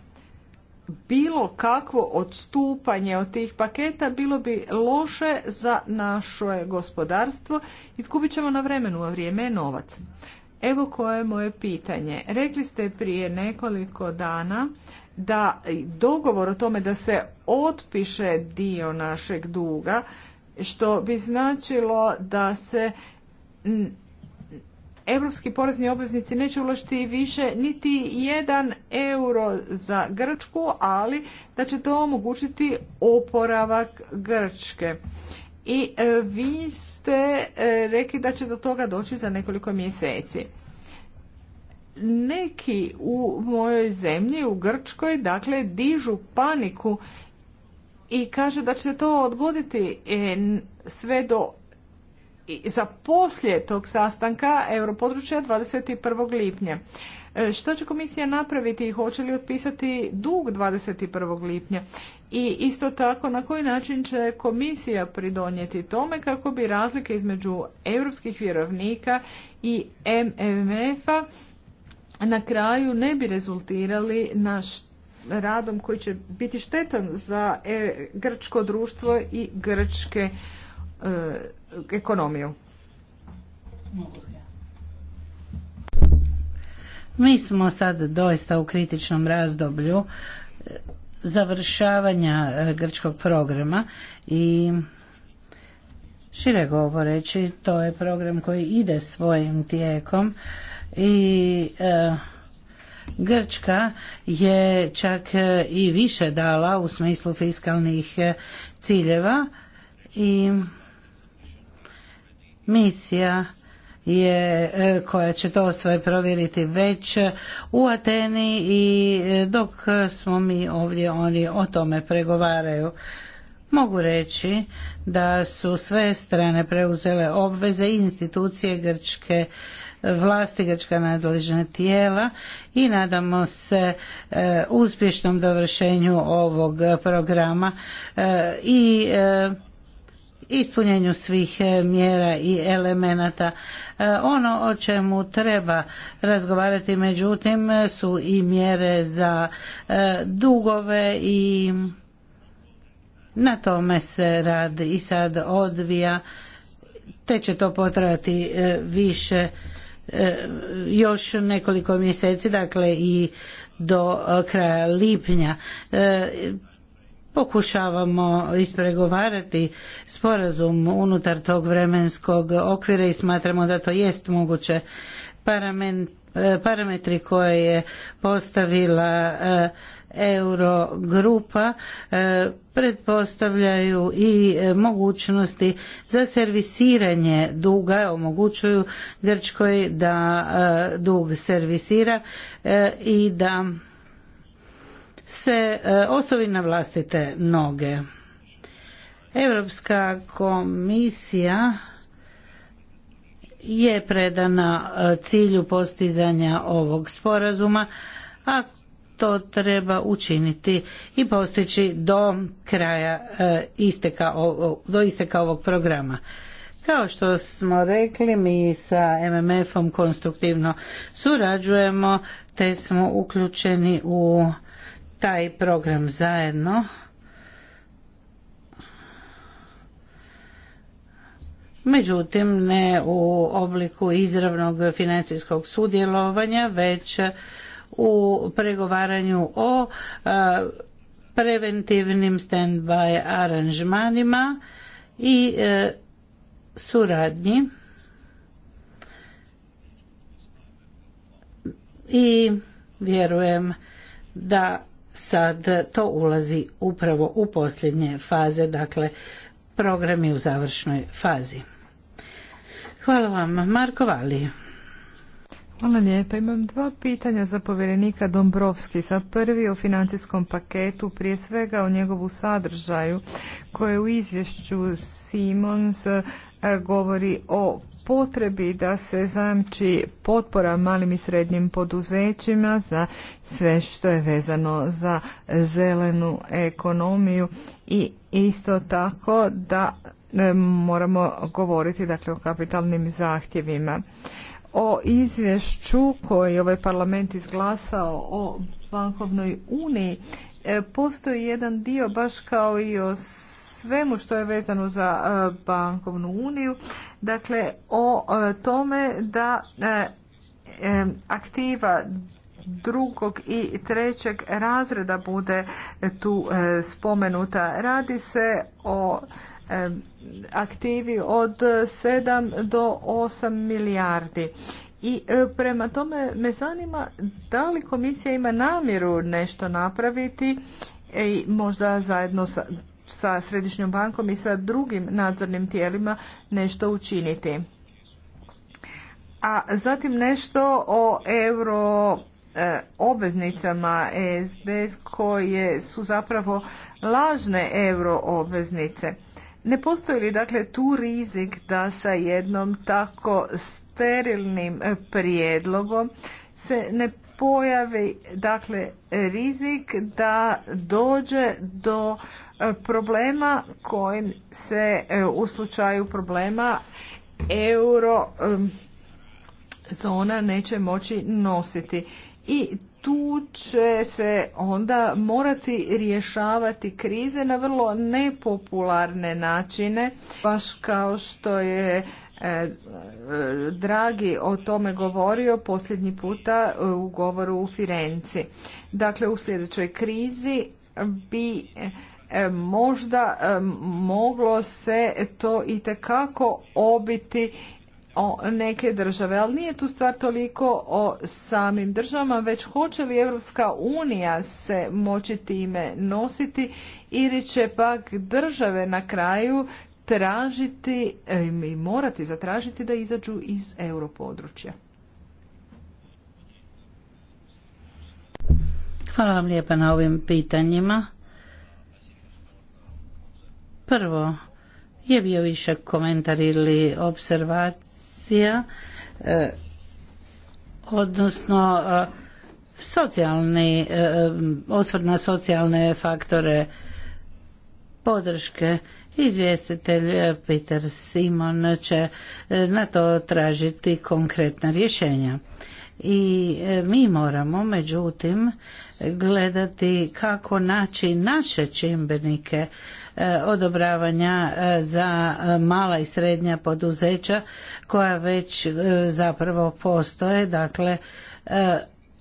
Bilo kakvo odstupanje od tih paketa bilo bi loše za naše gospodarstvo. Izgubit ćemo na vremenu, a vrijeme je novac. Evo koje je moje pitanje. Rekli ste prije nekoliko dana da dogovor o tome da se otpiše dio našeg duga, što bi značilo da se europski porezni obveznici neće uložiti više niti jedan euro za Grčku, ali da će to omogućiti oporavak Grčke i e, vi ste e, rekli da će do toga doći za nekoliko mjeseci. Neki u mojoj zemlji, u Grčkoj, dakle, dižu paniku i kaže da će to odgoditi e, sve do za poslije tog sastanka Europodručja 21. lipnja. E, što će komisija napraviti i hoće li otpisati dug 21. lipnja? I isto tako na koji način će komisija pridonijeti tome kako bi razlike između europskih vjerovnika i MMF-a na kraju ne bi rezultirali na radom koji će biti štetan za e, grčko društvo i grčke e ekonomiju. Mi smo sad doista u kritičnom razdoblju e, završavanja e, grčkog programa i šire govoreći to je program koji ide svojim tijekom i e, Grčka je čak i više dala u smislu fiskalnih ciljeva i misija je, e, koja će to sve provjeriti već u Ateni i e, dok smo mi ovdje oni o tome pregovaraju. Mogu reći da su sve strane preuzele obveze institucije grčke vlasti, grčka nadležna tijela i nadamo se e, uspješnom dovršenju ovog programa i ispunjenju svih e, mjera i elemenata. E, ono o čemu treba razgovarati međutim su i mjere za e, dugove i na tome se rad i sad odvija te će to potrajati više još nekoliko mjeseci, dakle i do kraja lipnja pokušavamo ispregovarati sporazum unutar tog vremenskog okvira i smatramo da to jest moguće e, parametri koje je postavila e, Eurogrupa e, pretpostavljaju i mogućnosti za servisiranje duga, omogućuju Grčkoj da dug servisira i da se e, osovi na vlastite noge. Europska komisija je predana e, cilju postizanja ovog sporazuma, a to treba učiniti i postići do kraja e, isteka, do isteka ovog programa. Kao što smo rekli, mi sa MMF-om konstruktivno surađujemo, te smo uključeni u taj program zajedno međutim ne u obliku izravnog financijskog sudjelovanja već u pregovaranju o preventivnim stand-by aranžmanima i e, suradnji i vjerujem da sad e, to ulazi upravo u posljednje faze, dakle program je u završnoj fazi. Hvala vam, Marko Vali. Hvala lijepa. Imam dva pitanja za povjerenika Dombrovski. Za prvi o financijskom paketu, prije svega o njegovu sadržaju koje u izvješću Simons e, govori o potrebi da se zajamči potpora malim i srednjim poduzećima za sve što je vezano za zelenu ekonomiju i isto tako da e, moramo govoriti dakle o kapitalnim zahtjevima. O izvješću koji je ovaj parlament izglasao o bankovnoj uniji E, postoji jedan dio, baš kao i o svemu što je vezano za e, bankovnu uniju, dakle o e, tome da aktiva drugog i trećeg razreda bude tu spomenuta. Radi se o aktivi od 7 do 8 milijardi i e, prema tome me zanima da li komisija ima namjeru nešto napraviti e, i možda zajedno sa, Središnjom bankom i sa drugim nadzornim tijelima nešto učiniti. A zatim nešto o euro e, obveznicama ESB koje su zapravo lažne euro obveznice. Ne postoji li dakle tu rizik da sa jednom tako sterilnim e, prijedlogom se ne pojavi dakle rizik da dođe do e, problema kojim se e, u slučaju problema euro zona neće moći nositi. I tu će se onda morati rješavati krize na vrlo nepopularne načine, baš kao što je e, e, Dragi o tome govorio posljednji puta u govoru u Firenci. Dakle, u sljedećoj krizi bi e, možda moglo se to i obiti o neke države, ali nije tu stvar toliko o samim državama, već hoće li Europska unija se moći time nositi ili će pak države na kraju tražiti e, i morati zatražiti da izađu iz europodručja. Hvala vam lijepa na ovim pitanjima. Prvo je bio više komentar ili observacija E, odnosno e, socijalni e, osvrt na socijalne faktore podrške izvjestitelj Peter Simon će na to tražiti konkretna rješenja i mi moramo međutim gledati kako naći naše čimbenike E, odobravanja e, za e, mala i srednja poduzeća koja već zapravo postoje, dakle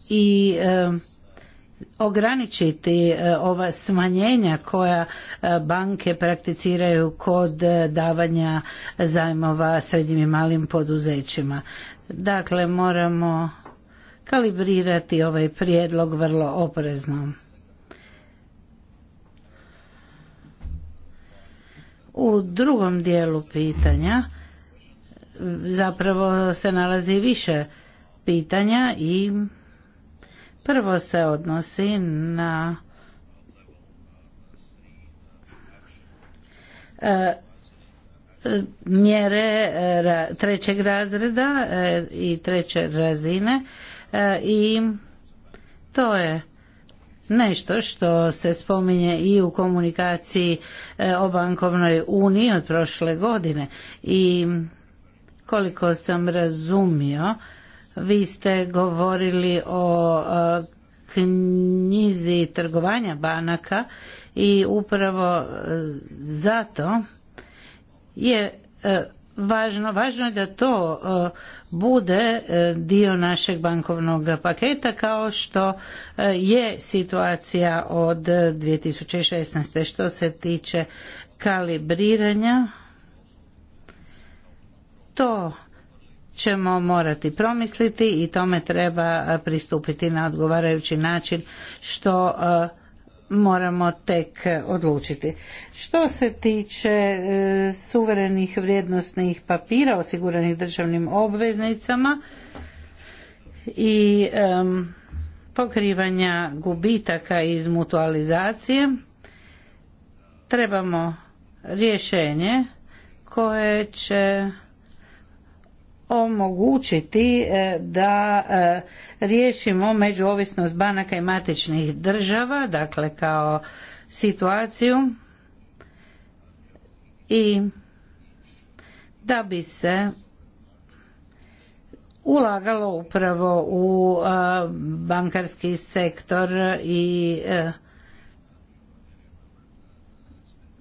i ograničiti ova smanjenja koja banke prakticiraju kod davanja zajmova srednjim i malim poduzećima. Dakle, moramo kalibrirati ovaj prijedlog vrlo oprezno. U drugom dijelu pitanja zapravo se nalazi više pitanja i prvo se odnosi na e, mjere e, trećeg razreda e, i treće razine i to je nešto što se spominje i u komunikaciji e, o bankovnoj uniji od prošle godine i koliko sam razumio vi ste govorili o e, knjizi trgovanja banaka i upravo e, zato je važno, važno je da to e, bude e, dio našeg bankovnog paketa kao što e, je situacija od 2016. što se tiče kalibriranja to ćemo morati promisliti i tome treba pristupiti na odgovarajući način što moramo tek odlučiti. Što se tiče e, suverenih vrijednostnih papira osiguranih državnim obveznicama i pokrivanja gubitaka iz mutualizacije, trebamo rješenje koje će omogućiti e, da e, riješimo međuovisnost banaka i matičnih država, dakle kao situaciju i da bi se ulagalo upravo u e, bankarski sektor i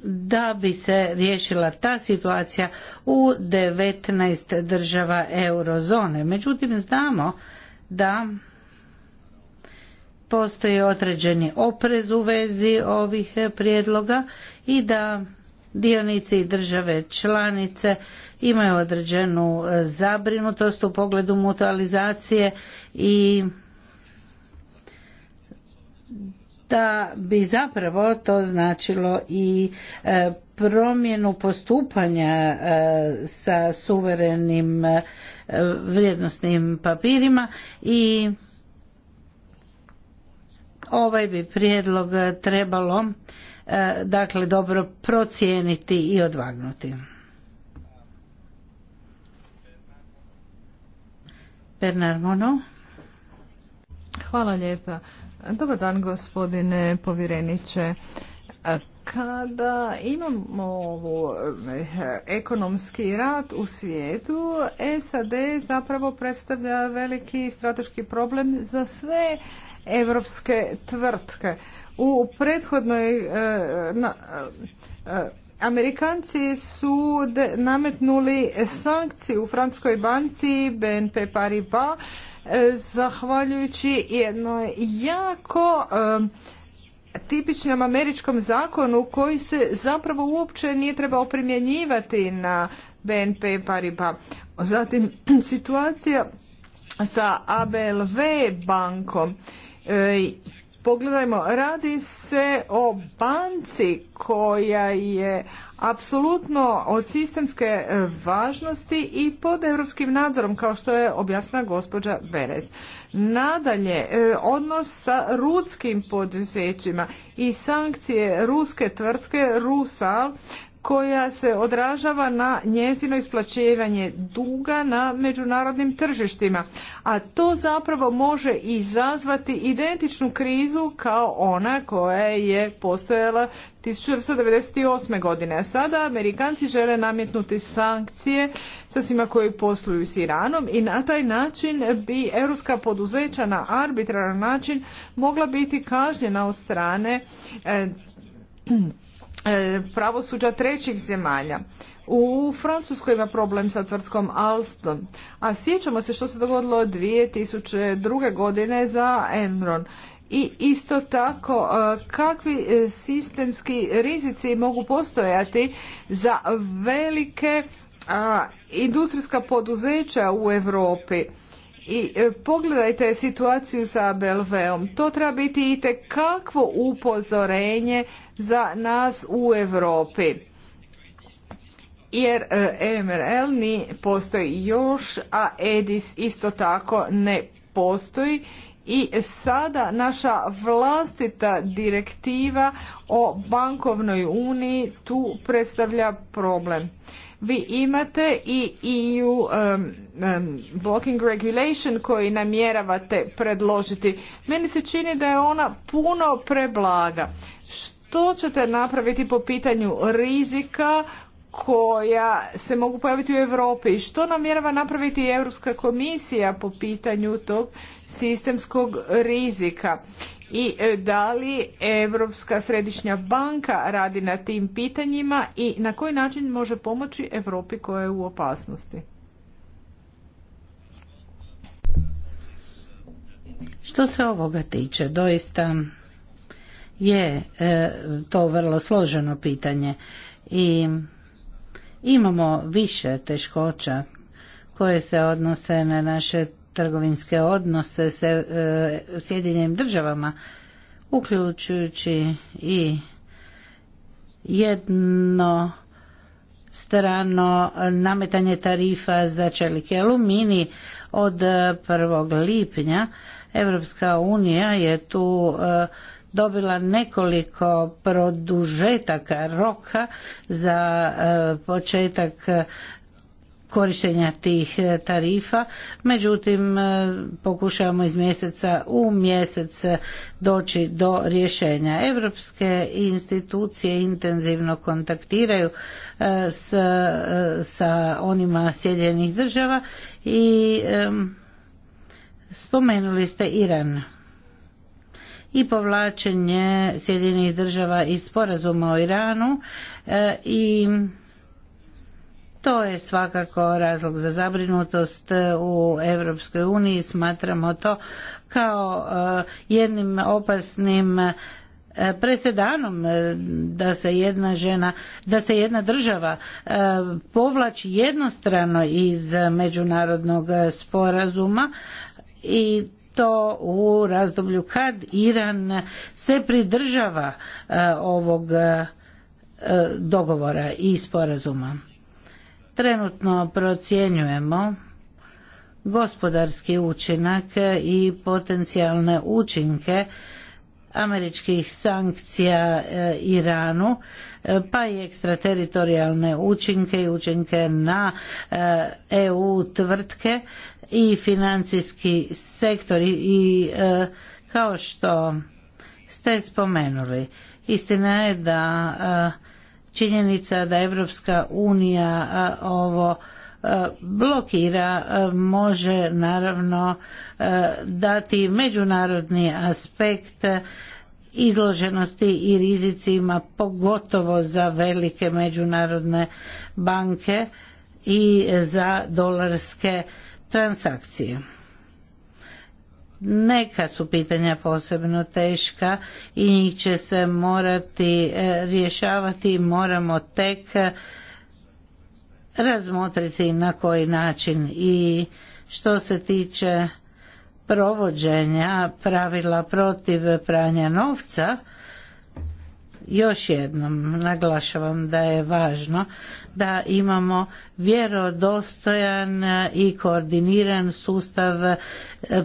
da bi se riješila ta situacija u 19 država eurozone. Međutim, znamo da postoji određeni oprez u vezi ovih prijedloga i da dionici i države članice imaju određenu zabrinutost u pogledu mutualizacije i da bi zapravo to značilo i e, promjenu postupanja e, sa suverenim e, vrijednosnim papirima i ovaj bi prijedlog trebalo dakle dobro procijeniti i odvagnuti. Bernard Mono. Hvala lijepa. Dobar dan gospodine povjereniče. Kada imamo eh, ekonomski rat u svijetu, SAD zapravo predstavlja veliki strateški problem za sve europske tvrtke. U prethodnoj eh, eh, Amerikanci su nametnuli sankcije u Francuskoj banci BNP Paribas E, zahvaljujući jednoj jako tipičnom američkom zakonu koji se zapravo uopće nije trebao primjenjivati na BNP Paribas. Zatim situacija sa ABLV bankom e, Pogledajmo, radi se o banci koja je apsolutno od sistemske e, važnosti i pod europskim nadzorom, kao što je objasna gospođa Berez. Nadalje, e, odnos sa ruskim poduzećima i sankcije ruske tvrtke Rusal koja se odražava na njezino isplaćivanje duga na međunarodnim tržištima. A to zapravo može izazvati identičnu krizu kao ona koja je postojala 1998. godine. A sada Amerikanci žele nametnuti sankcije sa svima koji posluju s Iranom i na taj način bi europska poduzeća na arbitraran način mogla biti kažnjena od strane eh, E, pravosuđa trećih zemalja. U Francuskoj ima problem sa tvrtkom Alstom, a sjećamo se što se dogodilo 2002. godine za Enron. I isto tako e, kakvi e, sistemski rizici mogu postojati za velike industrijska poduzeća u Europi i e, pogledajte situaciju sa Belveom. To treba biti i kakvo upozorenje za nas u Europi. Jer e, MRL ni postoji još, a EDIS isto tako ne postoji i sada naša vlastita direktiva o bankovnoj uniji tu predstavlja problem. Vi imate i EU um, um, blocking regulation koji namjeravate predložiti. Meni se čini da je ona puno preblaga. Što ćete napraviti po pitanju rizika koja se mogu pojaviti u Europi. i Što namjerava napraviti Europska komisija po pitanju tog sistemskog rizika? i e, da li Europska središnja banka radi na tim pitanjima i na koji način može pomoći Europi koja je u opasnosti? Što se ovoga tiče, doista je e, to vrlo složeno pitanje i imamo više teškoća koje se odnose na naše trgovinske odnose sa e, Sjedinjenim državama, uključujući i jedno strano nametanje tarifa za čelik i od 1. lipnja. Europska unija je tu e, dobila nekoliko produžetaka roka za e, početak korištenja tih e, tarifa. Međutim, e, pokušavamo iz mjeseca u mjesec e, doći do rješenja. Europske institucije intenzivno kontaktiraju s, sa onima Sjedinjenih država i spomenuli ste Iran i povlačenje Sjedinjenih država iz sporazuma o Iranu i to je svakako razlog za zabrinutost e, u Europskoj uniji. Smatramo to kao e, jednim opasnim e, presedanom da se jedna žena, da se jedna država povlači jednostrano iz međunarodnog sporazuma i to u razdoblju kad Iran se pridržava ovog dogovora i sporazuma. Trenutno procjenjujemo gospodarski učinak i potencijalne učinke američkih sankcija eh, Iranu, eh, pa i ekstrateritorijalne učinke i učinke na EU eh, e tvrtke i financijski sektor i kao što ste spomenuli. Istina je da činjenica da Evropska unija ovo blokira može naravno dati međunarodni aspekt izloženosti i rizicima pogotovo za velike međunarodne banke i za dolarske transakcije neka su pitanja posebno teška i njih će se morati e, rješavati moramo tek e, razmotriti na koji način i što se tiče provođenja pravila protiv pranja novca još jednom naglašavam da je važno da imamo vjerodostojan i koordiniran sustav e,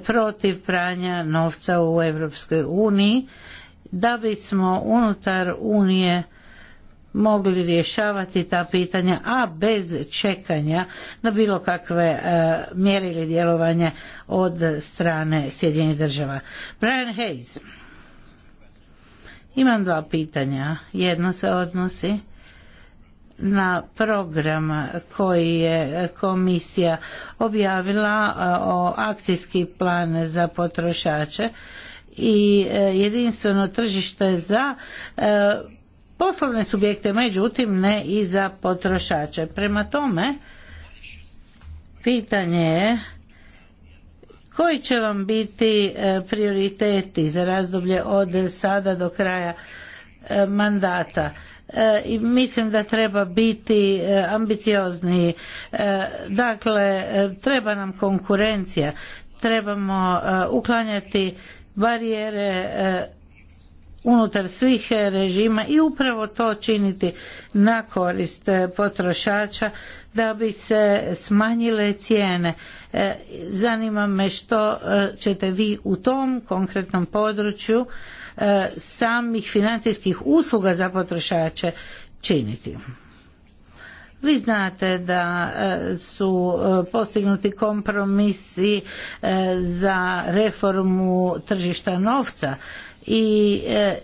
protiv pranja novca u Europskoj uniji da bismo unutar unije mogli rješavati ta pitanja, a bez čekanja na bilo kakve e, mjere ili djelovanje od strane Sjedinjenih država. Brian Hayes imam dva pitanja. Jedno se odnosi na program koji je komisija objavila o akcijski plan za potrošače i e, jedinstveno tržište za e, poslovne subjekte, međutim ne i za potrošače. Prema tome, pitanje je koji će vam biti e, prioriteti za razdoblje od sada do kraja e, mandata? E, i mislim da treba biti ambiciozniji. Dakle, treba nam konkurencija, trebamo uklanjati barijere unutar svih e, režima i upravo to činiti na korist e, potrošača da bi se smanjile cijene. E, zanima me što ćete vi u tom konkretnom području samih financijskih usluga za potrošače činiti. Vi znate da su postignuti kompromisi za reformu tržišta novca i e,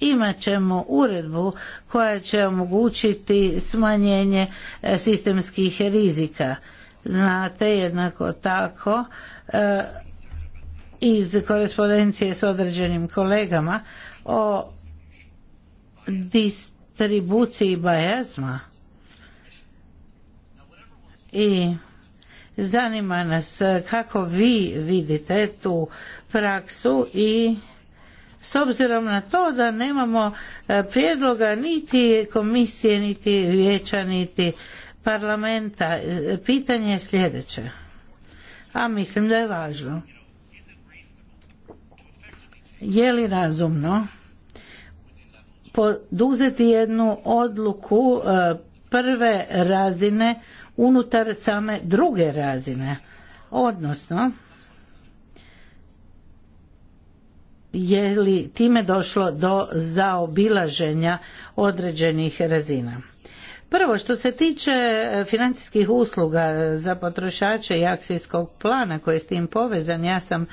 imat ćemo uredbu koja će omogućiti smanjenje e, sistemskih rizika. Znate jednako tako e, iz korespondencije s određenim kolegama o distribuciji bajazma i zanima nas kako vi vidite tu praksu i s obzirom na to da nemamo e, prijedloga niti komisije, niti vijeća, niti parlamenta. E, pitanje je sljedeće, a mislim da je važno. Je li razumno poduzeti jednu odluku e, prve razine unutar same druge razine? Odnosno, je li time došlo do zaobilaženja određenih razina. Prvo, što se tiče e, financijskih usluga za potrošače i akcijskog plana koji je s tim povezan, ja sam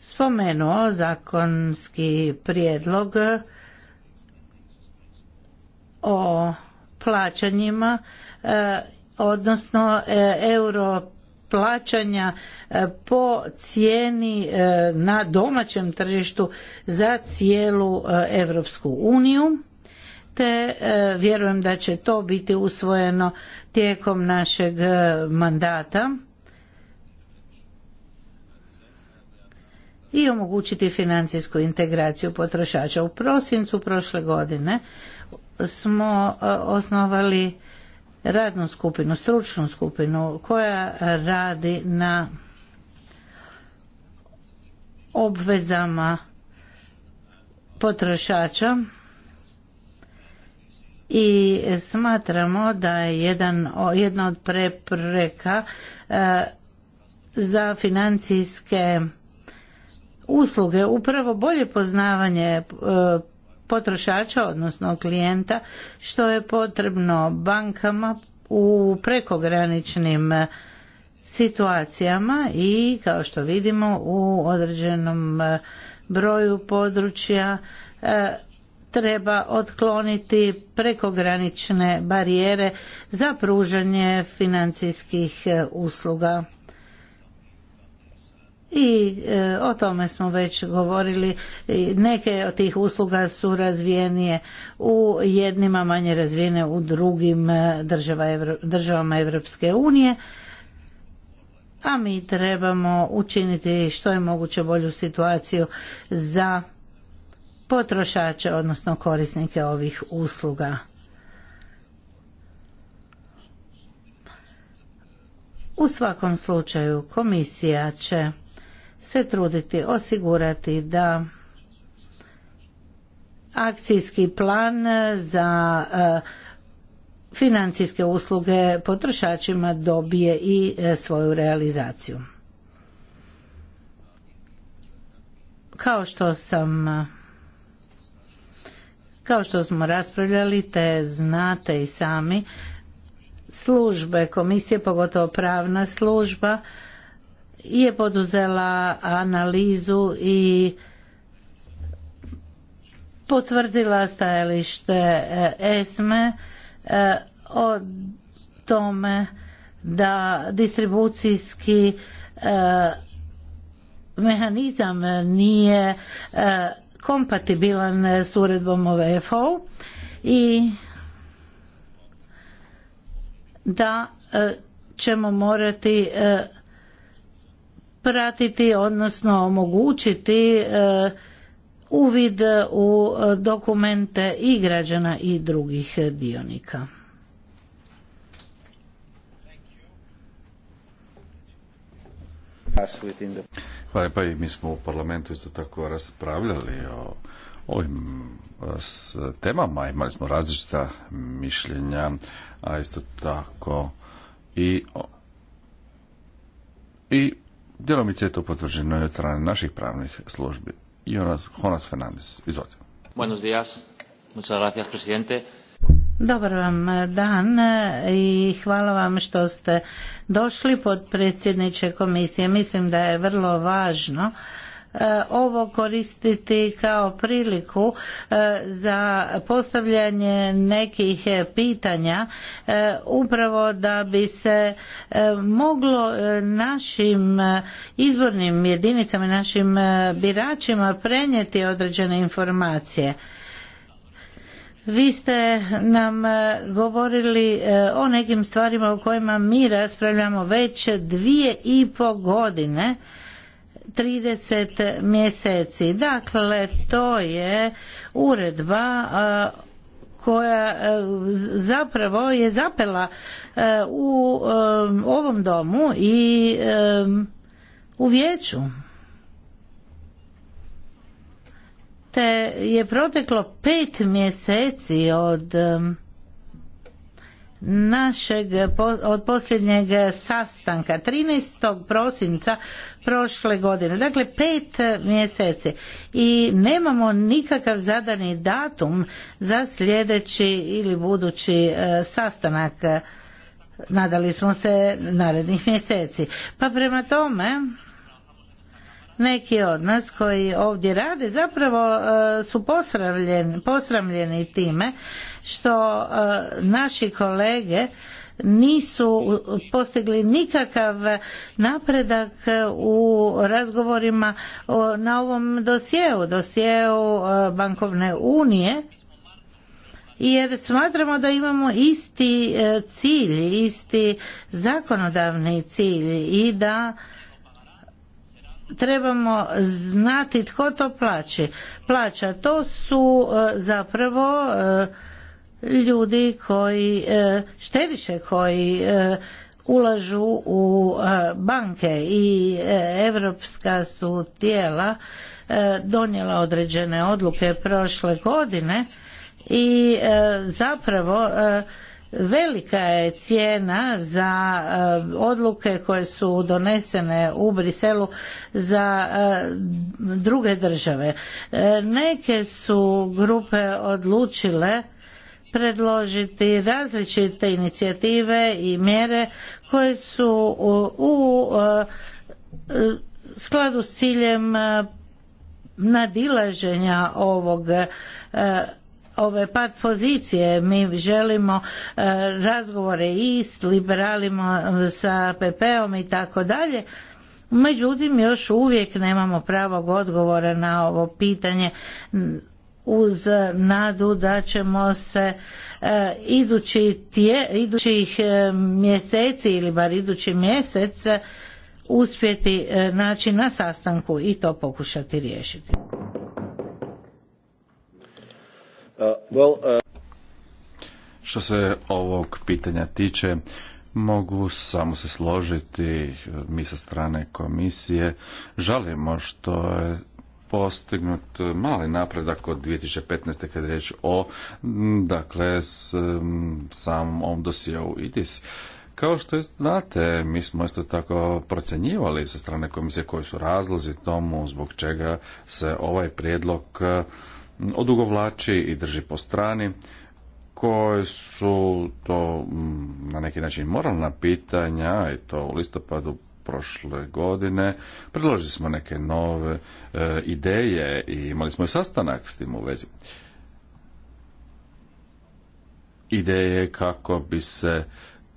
spomenuo zakonski prijedlog o plaćanjima, e, odnosno e, euro plaćanja e, po cijeni e, na domaćem tržištu za cijelu Europsku uniju te e, vjerujem da će to biti usvojeno tijekom našeg mandata i omogućiti financijsku integraciju potrošača. U prosincu prošle godine smo osnovali radnu skupinu, stručnu skupinu koja radi na obvezama potrošača i smatramo da je jedan, jedna od prepreka e, za financijske usluge upravo bolje poznavanje e, potrošača, odnosno klijenta, što je potrebno bankama u prekograničnim e, situacijama i kao što vidimo u određenom e, broju područja e, treba otkloniti prekogranične barijere za pružanje financijskih usluga i e, o tome smo već govorili e, neke od tih usluga su razvijenije u jednima manje razvijene u drugim e, državama Europske unije a mi trebamo učiniti što je moguće bolju situaciju za potrošače odnosno korisnike ovih usluga u svakom slučaju komisija će se truditi osigurati da akcijski plan za e, financijske usluge potrošačima dobije i e, svoju realizaciju. Kao što sam e, kao što smo raspravljali, te znate i sami, službe komisije, pogotovo pravna služba, je poduzela analizu i potvrdila stajalište e, ESME e, o tome da distribucijski e, mehanizam nije kompatibilan s uredbom o i da ćemo morati pratiti odnosno omogućiti e, uvid u e, dokumente i građana i drugih dionika. Hvala pa i mi smo u parlamentu isto tako raspravljali o ovim e, s temama, imali smo različita mišljenja, a isto tako i Djelomice je to potvrđeno od strane naših pravnih službi. I Jonas Fernandez, izvolite. Buenos días, muchas gracias, presidente. Dobar vam eh, dan eh, i hvala vam što ste došli pod predsjedniče komisije. Mislim da je vrlo važno E, ovo koristiti kao priliku e, za postavljanje nekih e, pitanja upravo da bi se moglo našim izbornim jedinicama i našim biračima prenijeti određene informacije. Vi ste nam govorili o nekim stvarima o kojima mi raspravljamo već dvije i po godine 30 mjeseci. Dakle, to je uredba koja e, zapravo je zapela e, u e, ovom domu i u vijeću. Te je proteklo pet mjeseci od našeg od posljednjeg sastanka 13. prosinca prošle godine, dakle pet mjeseci i nemamo nikakav zadani datum za sljedeći ili budući e, sastanak nadali smo se narednih mjeseci. Pa prema tome neki od nas koji ovdje rade zapravo e, su posramljeni time što e, naši kolege nisu postigli nikakav napredak u razgovorima na ovom dosjeu, dosjeu e, bankovne unije jer smatramo da imamo isti cilj, isti zakonodavni cilj i da trebamo znati tko to plaće. Plaća to su e, zapravo e, ljudi koji e, štediše koji ulažu u banke i europska su tijela donijela određene odluke prošle godine i zapravo Velika je cijena za eh, odluke koje su donesene u Briselu za eh, druge države. Eh, neke su grupe odlučile predložiti različite inicijative i mjere koje su u skladu s ciljem nadilaženja ovog ove pad pozicije mi želimo e, razgovore i s liberalima e, sa PP-om i tako dalje međutim još uvijek nemamo pravog odgovora na ovo pitanje uz nadu da ćemo se e, idući idućih mjeseci ili bar idući mjesec uspjeti naći na sastanku i to pokušati riješiti. Uh, uh, što se ovog pitanja tiče, mogu samo se složiti mi sa strane komisije. Žalimo što je postignut mali napredak od 2015. kad je riječ o dakle s, samom ovom ITIS. Kao što znate, mi smo isto tako procenjivali sa strane komisije koji su razlozi tomu zbog čega se ovaj prijedlog odugovlači i drži po strani koje su to mm, na neki način moralna pitanja i to u listopadu prošle godine. Predložili smo neke nove e, ideje i imali smo sastanak s tim u vezi. Ideje kako bi se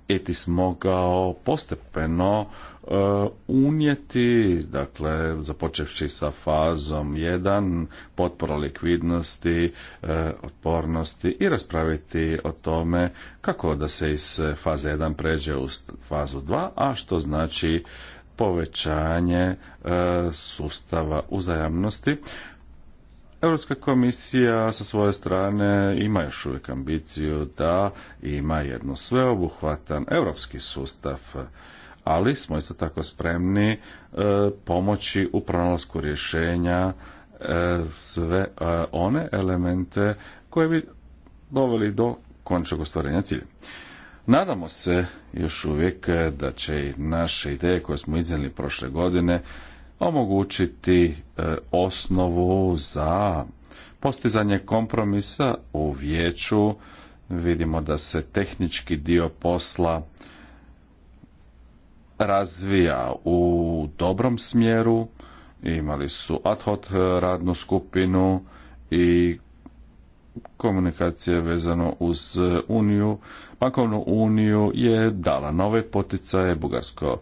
ETIS mogao postepeno E, unijeti, dakle, započevši sa fazom 1, potpora likvidnosti, e, otpornosti i raspraviti o tome kako da se iz faze 1 pređe u fazu 2, a što znači povećanje e, sustava uzajamnosti. Europska komisija sa svoje strane ima još uvijek ambiciju da ima jedno sveobuhvatan europski sustav ali smo isto tako spremni e, pomoći u pronalasku rješenja e, sve e, one elemente koje bi doveli do končnog ostvarenja cilja. Nadamo se još uvijek da će i naše ideje koje smo iznijeli prošle godine omogućiti osnovu za postizanje kompromisa u vijeću. Vidimo da se tehnički dio posla razvija u dobrom smjeru. Imali su ad hoc e, radnu skupinu i komunikacije vezano uz e, Uniju. Bankovnu Uniju je dala nove poticaje. Bugarsko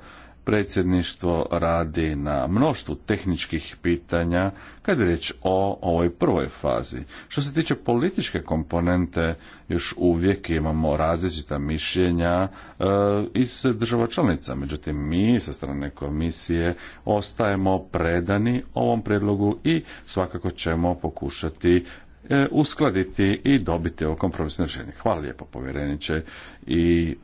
predsjedništvo radi na mnoštvu tehničkih pitanja kad je riječ o ovoj prvoj fazi. Što se tiče političke komponente, još uvijek imamo različita mišljenja e, iz država članica. Međutim, mi sa strane komisije ostajemo predani ovom predlogu i svakako ćemo pokušati e, uskladiti i dobiti ovo kompromisno rješenje. Hvala lijepo povjereniče i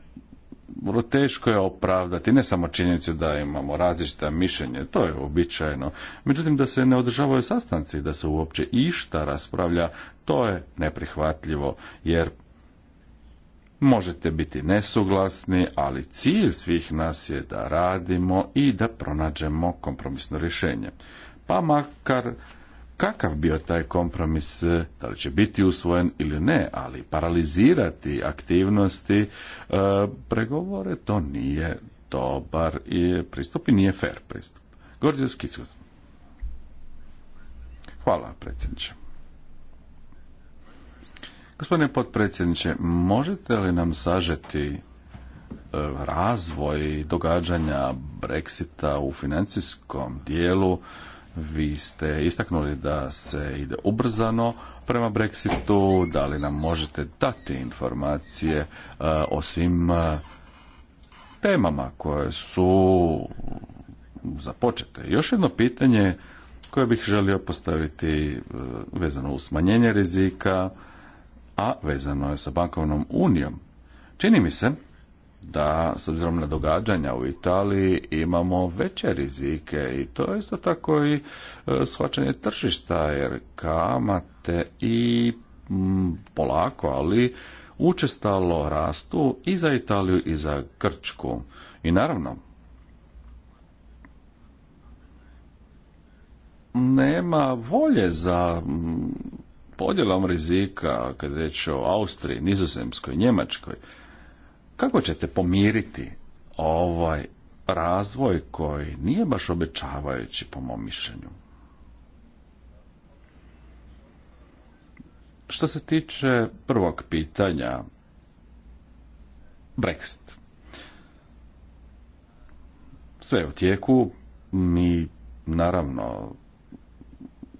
vrlo teško je opravdati ne samo činjenicu da imamo različita mišljenje, to je običajno, međutim da se ne održavaju sastanci, da se uopće išta raspravlja, to je neprihvatljivo, jer možete biti nesuglasni, ali cilj svih nas je da radimo i da pronađemo kompromisno rješenje. Pa makar kakav bio taj kompromis, e, da li će biti usvojen ili ne, ali paralizirati aktivnosti e, pregovore, to nije dobar i pristup i nije fair pristup. Gorđes Kicos. Hvala, predsjedniče. Gospodine potpredsjedniče, možete li nam sažeti e, razvoj događanja Brexita u financijskom dijelu vi ste istaknuli da se ide ubrzano prema Brexitu. Da li nam možete dati informacije e, o svim e, temama koje su započete? Još jedno pitanje koje bih želio postaviti e, vezano uz smanjenje rizika, a vezano je sa bankovnom unijom. Čini mi se da s obzirom na događanja u Italiji imamo veće rizike i to je isto tako i e, shvaćanje tržišta jer kamate i polako, ali učestalo rastu i za Italiju i za Krčku I naravno, nema volje za podjelom rizika, kad reći o Austriji, Nizozemskoj, Njemačkoj, kako ćete pomiriti ovaj razvoj koji nije baš obećavajući po mom mišljenju? Što se tiče prvog pitanja, Brexit. Sve je u tijeku, mi naravno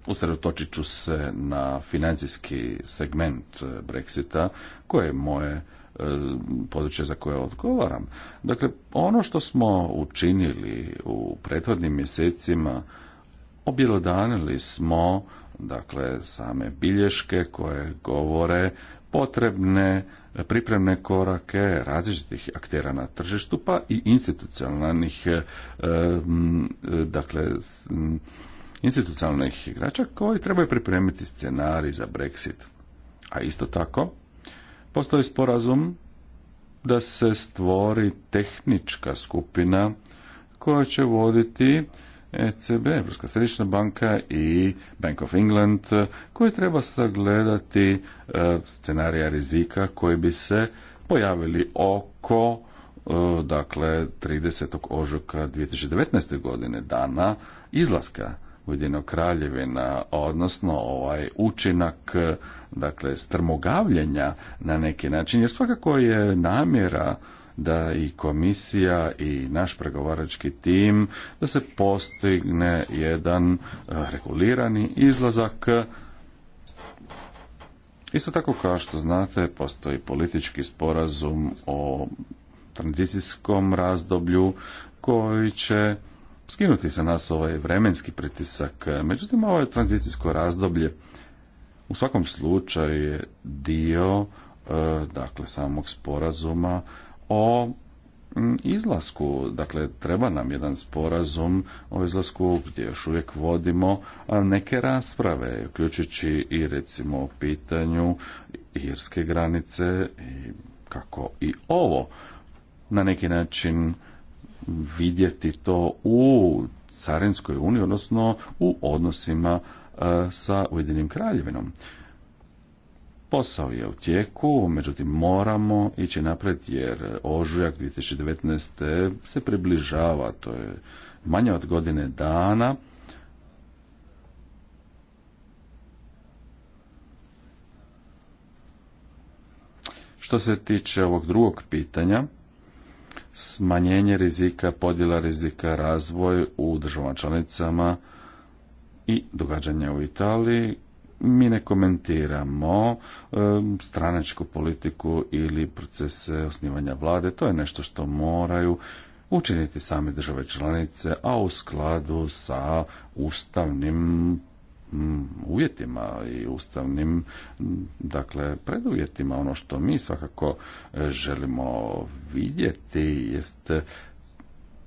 usredotočit ću se na financijski segment eh, Brexita, koje je moje E, područje za koje odgovaram. Dakle, ono što smo učinili u prethodnim mjesecima, objelodanili smo dakle same bilješke koje govore potrebne pripremne korake različitih aktera na tržištu pa i institucionalnih e, e, dakle institucionalnih igrača koji trebaju pripremiti scenarij za Brexit. A isto tako Postoji sporazum da se stvori tehnička skupina koja će voditi ECB, Evropska središnja banka i Bank of England, koji treba sagledati e, scenarija rizika koji bi se pojavili oko e, dakle 30. ožujka 2019. godine dana izlaska Ujedino kraljevina, odnosno ovaj učinak dakle strmogavljenja na neki način, jer svakako je namjera da i komisija i naš pregovarački tim da se postigne jedan e, regulirani izlazak Isto tako kao što znate, postoji politički sporazum o tranzicijskom razdoblju koji će skinuti sa nas ovaj vremenski pritisak. Međutim, ovo je tranzicijsko razdoblje u svakom slučaju je dio e, dakle samog sporazuma o izlasku. Dakle, treba nam jedan sporazum o izlasku gdje još uvijek vodimo neke rasprave, uključujući i recimo o pitanju irske granice i kako i ovo na neki način vidjeti to u Carinskoj uniji, odnosno u odnosima e, sa Ujedinim kraljevinom. Posao je u tijeku, međutim moramo ići napred jer ožujak 2019. se približava, to je manje od godine dana. Što se tiče ovog drugog pitanja, smanjenje rizika, podjela rizika, razvoj u državama članicama i događanja u Italiji. Mi ne komentiramo stranačku politiku ili procese osnivanja vlade. To je nešto što moraju učiniti same države članice, a u skladu sa ustavnim uvjetima i ustavnim dakle preduvjetima. Ono što mi svakako e, želimo vidjeti jest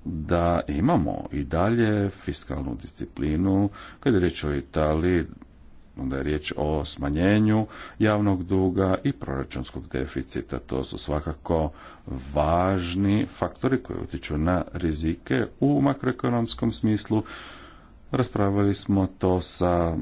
da imamo i dalje fiskalnu disciplinu. Kad je riječ o Italiji, onda je riječ o smanjenju javnog duga i proračunskog deficita. To su svakako važni faktori koji utječu na rizike u makroekonomskom smislu Raspravili smo to sa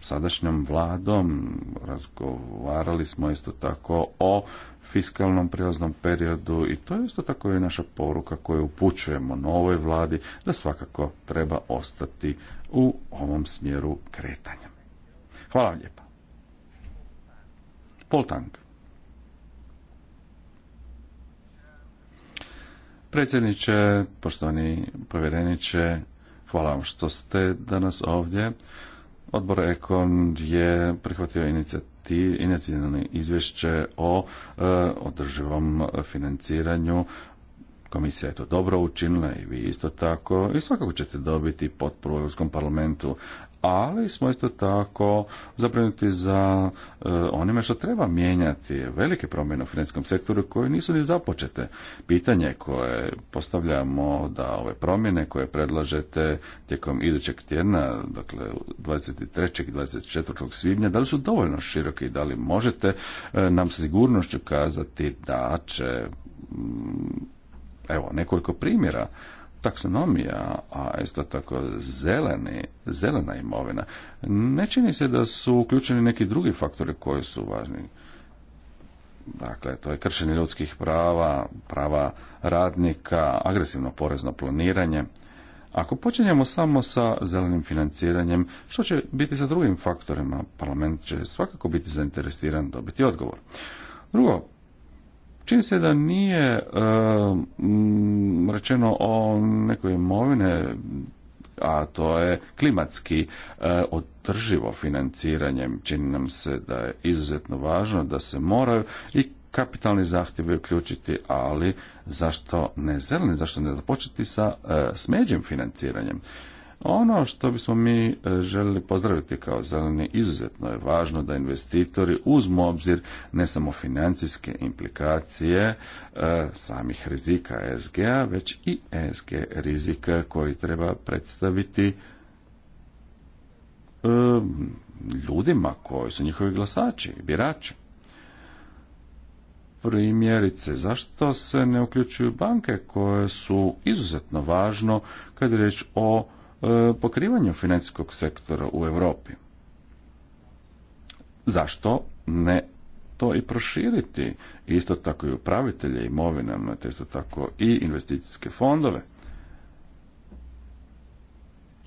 sadašnjom vladom, razgovarali smo isto tako o fiskalnom prijelaznom periodu i to je isto tako i naša poruka koju upućujemo novoj vladi da svakako treba ostati u ovom smjeru kretanja. Hvala vam lijepa. Poltank. Predsjedniče, poštovani povjereniče, Hvala vam što ste danas ovdje. Odbor Ekon je prihvatio inicijalno izvješće o e, održivom financiranju Komisija je to dobro učinila i vi isto tako i svakako ćete dobiti potporu u Europskom parlamentu ali smo isto tako zabrinuti za e, onime što treba mijenjati, velike promjene u financijskom sektoru koje nisu ni započete. Pitanje koje postavljamo da ove promjene koje predlažete tijekom idućeg tjedna, dakle 23. i 24. svibnja, da li su dovoljno široke i da li možete eh, nam sa sigurnošću kazati da će mm, evo nekoliko primjera taksonomija, a isto tako zelena imovina, ne čini se da su uključeni neki drugi faktori koji su važni. Dakle, to je kršenje ljudskih prava, prava radnika, agresivno porezno planiranje. Ako počinjemo samo sa zelenim financiranjem, što će biti sa drugim faktorima? Parlament će svakako biti zainteresiran dobiti odgovor. Drugo, Čini se da nije e, rečeno o nekoj imovine, a to je klimatski e, održivo financiranje. Čini nam se da je izuzetno važno da se moraju i kapitalni zahtjevi uključiti, ali zašto ne zeleni, zašto ne započeti sa e, smeđim financiranjem? Ono što bismo mi e, željeli pozdraviti kao zeleni izuzetno je važno da investitori uzmu obzir ne samo financijske implikacije e, samih rizika SGA, već i ESG rizika koji treba predstaviti e, ljudima koji su njihovi glasači, birači. Primjerice, zašto se ne uključuju banke koje su izuzetno važno kad je reč o E, pokrivanju financijskog sektora u Europi. Zašto ne to i proširiti? Isto tako i upravitelje imovinama, te isto tako i investicijske fondove.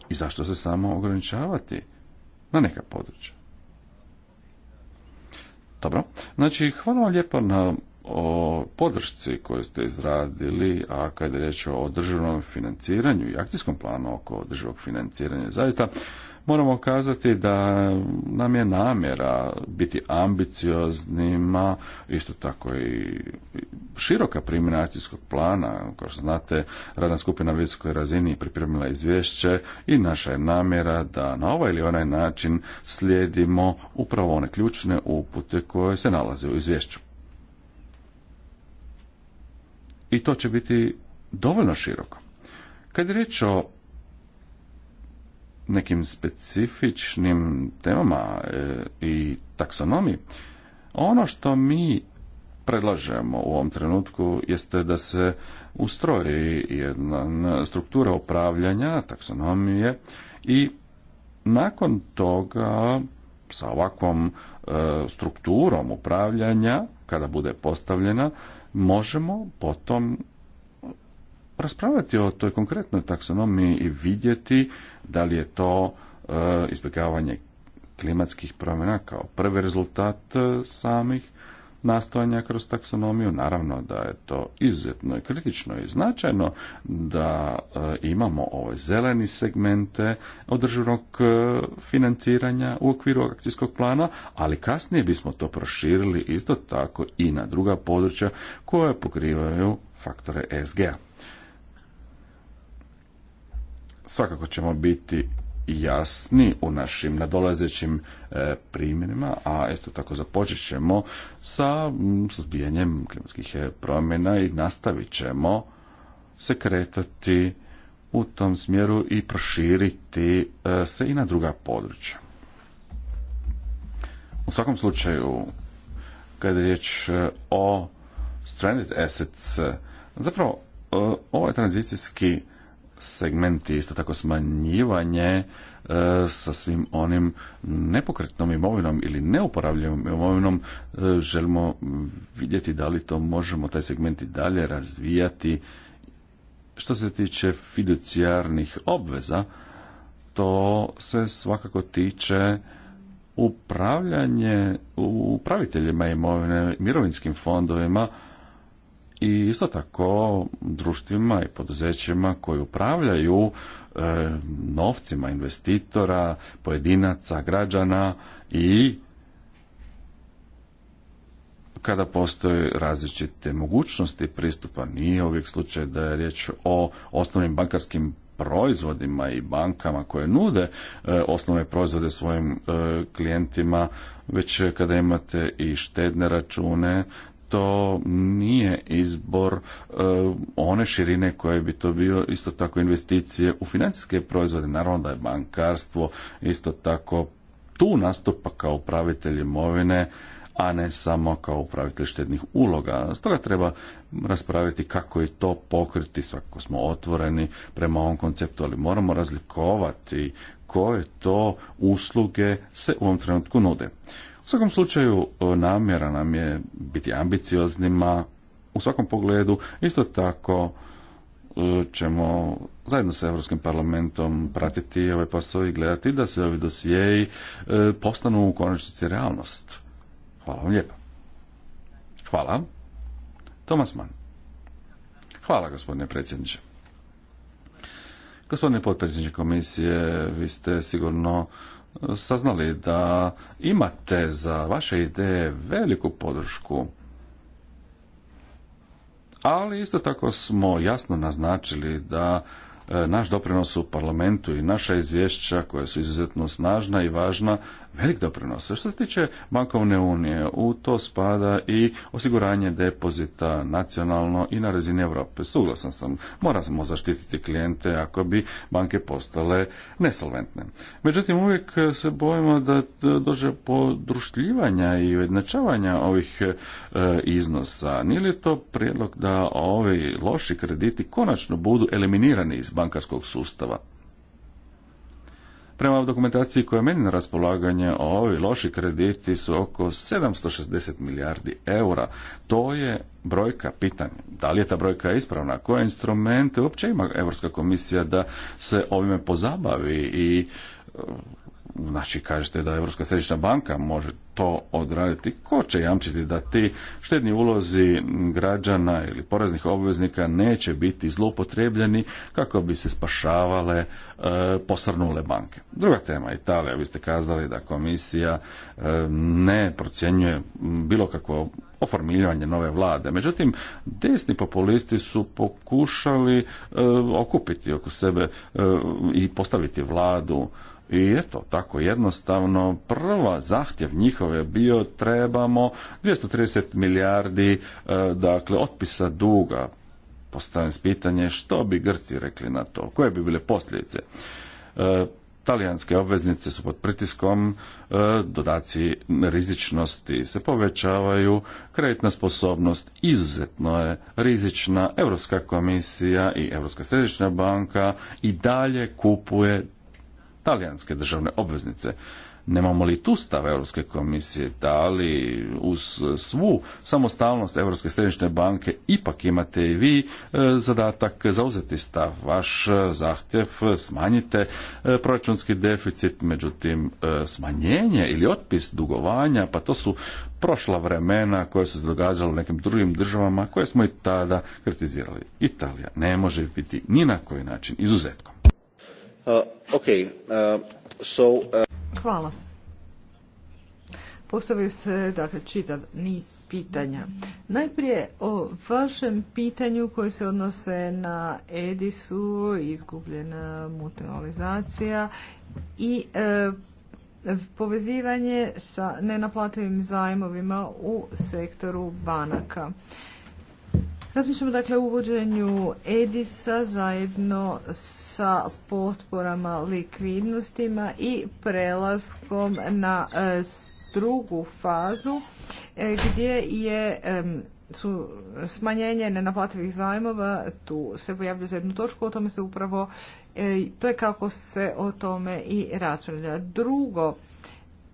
I zašto se samo ograničavati na neka područja? Dobro, znači hvala vam lijepo na o podršci koju ste izradili, a kad je riječ o državnom financiranju i akcijskom planu oko državnog financiranja, zaista moramo kazati da nam je namjera biti ambicioznima, isto tako i široka primjena akcijskog plana. Kao što znate, radna skupina na visokoj razini pripremila izvješće i naša je namjera da na ovaj ili onaj način slijedimo upravo one ključne upute koje se nalaze u izvješću i to će biti dovoljno široko. Kad je riječ o nekim specifičnim temama e, i taksonomiji, ono što mi predlažemo u ovom trenutku jeste da se ustroji jedna struktura upravljanja taksonomije i nakon toga sa ovakvom e, strukturom upravljanja kada bude postavljena možemo potom raspravljati o toj konkretnoj taksonomiji i vidjeti da li je to e, izbjegavanje klimatskih promjena kao prvi rezultat e, samih nastojanja kroz taksonomiju. Naravno da je to izuzetno i kritično i značajno da e, imamo ove zeleni segmente održivnog e, financiranja u okviru akcijskog plana, ali kasnije bismo to proširili isto tako i na druga područja koja pokrivaju faktore ESG-a svakako ćemo biti jasni u našim nadolazećim e, primjerima, a isto tako započet ćemo sa mm, suzbijanjem klimatskih e, promjena i nastavit ćemo se kretati u tom smjeru i proširiti e, se i na druga područja. U svakom slučaju, kada je riječ o stranded assets, zapravo ovaj tranzicijski segmenti, isto tako smanjivanje e, sa svim onim nepokretnom imovinom ili neuporabljivom imovinom e, želimo vidjeti da li to možemo taj segment i dalje razvijati. Što se tiče fiducijarnih obveza, to se svakako tiče upravljanje upraviteljima imovine mirovinskim fondovima i isto tako društvima i poduzećima koji upravljaju e, novcima investitora, pojedinaca, građana i kada postoje različite mogućnosti pristupa, nije uvijek slučaj da je riječ o osnovnim bankarskim proizvodima i bankama koje nude e, osnovne proizvode svojim e, klijentima, već kada imate i štedne račune, to nije izbor e, one širine koje bi to bio isto tako investicije u financijske proizvode. Naravno da je bankarstvo isto tako tu nastupa kao upravitelj imovine, a ne samo kao upravitelj štednih uloga. Stoga treba raspraviti kako je to pokriti, svako smo otvoreni prema ovom konceptu, ali moramo razlikovati koje to usluge se u ovom trenutku nude. U svakom slučaju e, namjera nam je biti ambicioznima u svakom pogledu. Isto tako e, ćemo zajedno sa Europskim parlamentom pratiti ovaj posao i gledati da se ovi dosijeji e, postanu u konačnici realnost. Hvala vam lijepa. Hvala. Tomas Mann. Hvala gospodine predsjedniče. Gospodine potpredsjedniče komisije, vi ste sigurno saznali da imate za vaše ideje veliku podršku ali isto tako smo jasno naznačili da e, naš doprinos u parlamentu i naša izvješća koja su izuzetno snažna i važna velik doprinos. Što se tiče bankovne unije, u to spada i osiguranje depozita nacionalno i na razini Europe. Suglasan sam, moramo zaštititi klijente ako bi banke postale nesolventne. Međutim, uvijek se bojimo da dođe podruštljivanja i ujednačavanja ovih e, iznosa. Nije li to prijedlog da ovi loši krediti konačno budu eliminirani iz bankarskog sustava? Prema dokumentaciji koja je meni na raspolaganje, ovi loši krediti su oko 760 milijardi eura. To je brojka pitanja. Da li je ta brojka ispravna? Koje instrumente uopće ima Europska komisija da se ovime pozabavi i znači kažete da Europska središnja banka može to odraditi, ko će jamčiti da ti štedni ulozi građana ili poreznih obveznika neće biti zloupotrebljeni kako bi se spašavale e, posrnule banke. Druga tema, Italija, vi ste kazali da komisija e, ne procjenjuje bilo kakvo oformljivanje nove vlade. Međutim, desni populisti su pokušali e, okupiti oko sebe i postaviti vladu i eto, tako jednostavno, prva zahtjev njihove bio trebamo 230 milijardi e, dakle, otpisa duga. Postavljam pitanje što bi Grci rekli na to, koje bi bile posljedice. E, talijanske obveznice su pod pritiskom, e, dodaci rizičnosti se povećavaju, kreditna sposobnost izuzetno je rizična, Europska komisija i Europska središnja banka i dalje kupuje talijanske državne obveznice. Nemamo li tu stav Europske komisije da li uz svu samostalnost Europske središnje banke ipak imate i vi e, zadatak zauzeti stav, vaš e, zahtjev smanjite e, proračunski deficit, međutim smanjenje ili otpis dugovanja, pa to su prošla vremena koje su se događala u nekim drugim državama koje smo i tada kritizirali. Italija ne može biti ni na koji način izuzetkom. Uh, ok uh, uh, Hvala. Postavio se dakle, čitav niz pitanja. Najprije o vašem pitanju koje se odnose na Edisu, izgubljena mutualizacija i uh, povezivanje sa nenaplativim zajmovima u sektoru banaka. Razmišljamo dakle o uvođenju EDISA zajedno sa potporama likvidnostima i prelaskom na e, drugu fazu e, gdje je su smanjenje nenaplativih zajmova, tu se pojavlja za jednu točku, o tome se upravo, e, to je kako se o tome i raspravlja. Drugo,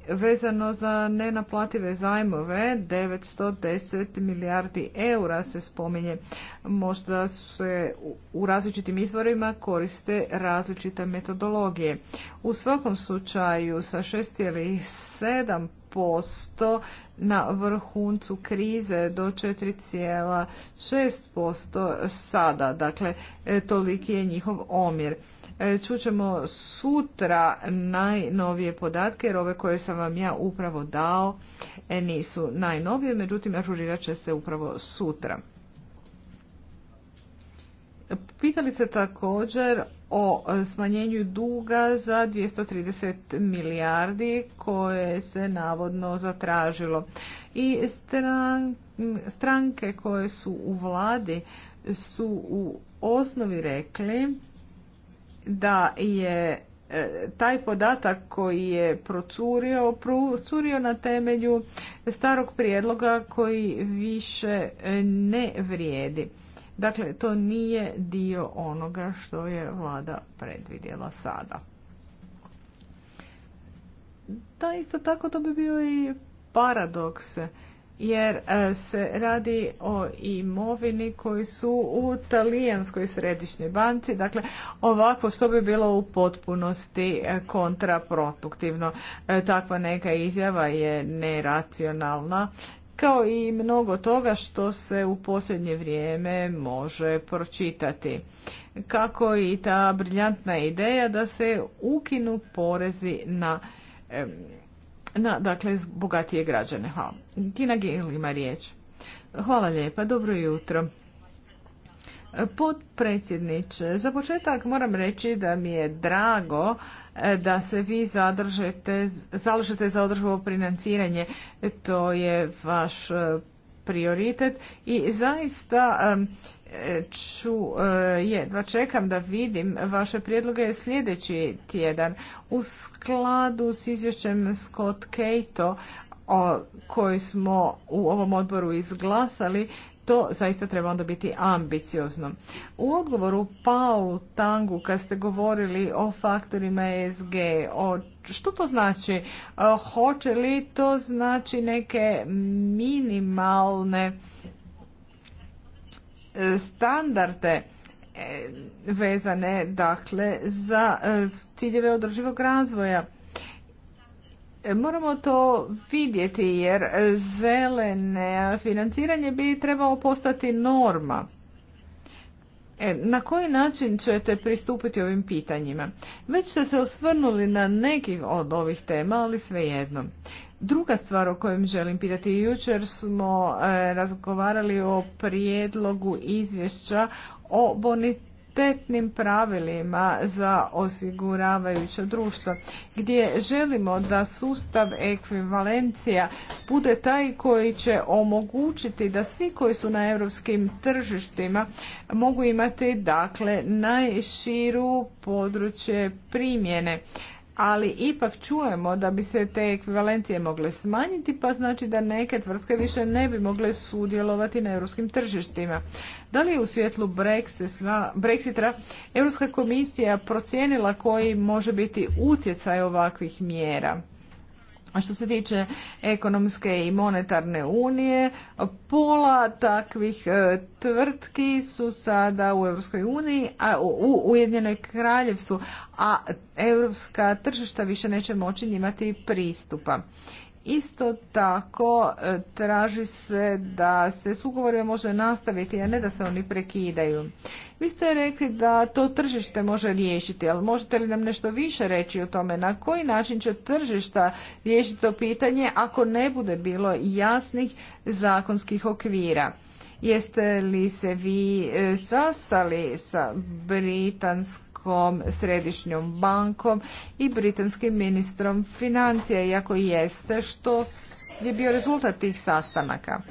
Vezano za nenaplative zajmove, 910 milijardi eura se spominje. Možda se u različitim izvorima koriste različite metodologije. U svakom slučaju sa 6,7 posto na vrhuncu krize do 4,6% sada. Dakle, e, toliki je njihov omjer. E, Čućemo sutra najnovije podatke jer ove koje sam vam ja upravo dao e, nisu najnovije, međutim ažurirat će se upravo sutra. Pitali se također o smanjenju duga za 230 milijardi koje se navodno zatražilo. I stranke koje su u vladi su u osnovi rekli da je e, taj podatak koji je procurio, procurio na temelju starog prijedloga koji više e, ne vrijedi. Dakle, to nije dio onoga što je vlada predvidjela sada. Da, isto tako to bi bio i paradoks jer e, se radi o imovini koji su u talijanskoj središnjoj banci. Dakle, ovako što bi bilo u potpunosti e, kontraproduktivno. E, takva neka izjava je neracionalna kao i mnogo toga što se u posljednje vrijeme može pročitati. Kako i ta briljantna ideja da se ukinu porezi na na dakle, bogatije građane. Hvala. Gina Gil ima riječ. Hvala lijepa, dobro jutro. Potpredsjedniče, za početak moram reći da mi je drago e, da se vi zadržete, zalažete za održivo financiranje. To je vaš e, prioritet i zaista e, ću, e, jedva čekam da vidim vaše prijedloge sljedeći tjedan. U skladu s izvješćem Scott Cato koji smo u ovom odboru izglasali, to zaista treba onda biti ambiciozno. U odgovoru Paulu Tangu kad ste govorili o faktorima ESG, o što to znači? E, hoće li to znači neke minimalne e, standarde e, vezane dakle za ciljeve održivog razvoja? Moramo to vidjeti jer zelene financiranje bi trebalo postati norma. E, na koji način ćete pristupiti ovim pitanjima? Već ste se osvrnuli na nekih od ovih tema, ali svejedno. Druga stvar o kojem želim pitati, jučer smo e, razgovarali o prijedlogu izvješća o bonitetu petnim pravilima za osiguravajuća društva gdje želimo da sustav ekvivalencija bude taj koji će omogućiti da svi koji su na europskim tržištima mogu imati dakle najširu područje primjene ali ipak čujemo da bi se te ekvivalencije mogle smanjiti, pa znači da neke tvrtke više ne bi mogle sudjelovati na europskim tržištima. Da li je u svjetlu Brexita Europska komisija procijenila koji može biti utjecaj ovakvih mjera? A što se tiče ekonomske i monetarne unije, pola takvih e, tvrtki su sada u Europskoj uniji, a u Ujedinjenoj kraljevstvu, a europska tržišta više neće moći imati pristupa. Isto tako e, traži se da se s ugovorima može nastaviti, a ne da se oni prekidaju. Vi ste rekli da to tržište može riješiti, ali možete li nam nešto više reći o tome? Na koji način će tržišta riješiti to pitanje ako ne bude bilo jasnih zakonskih okvira? Jeste li se vi e, sastali sa britanskim Europskom središnjom bankom i britanskim ministrom financija, iako jeste što je bio rezultat tih sastanaka.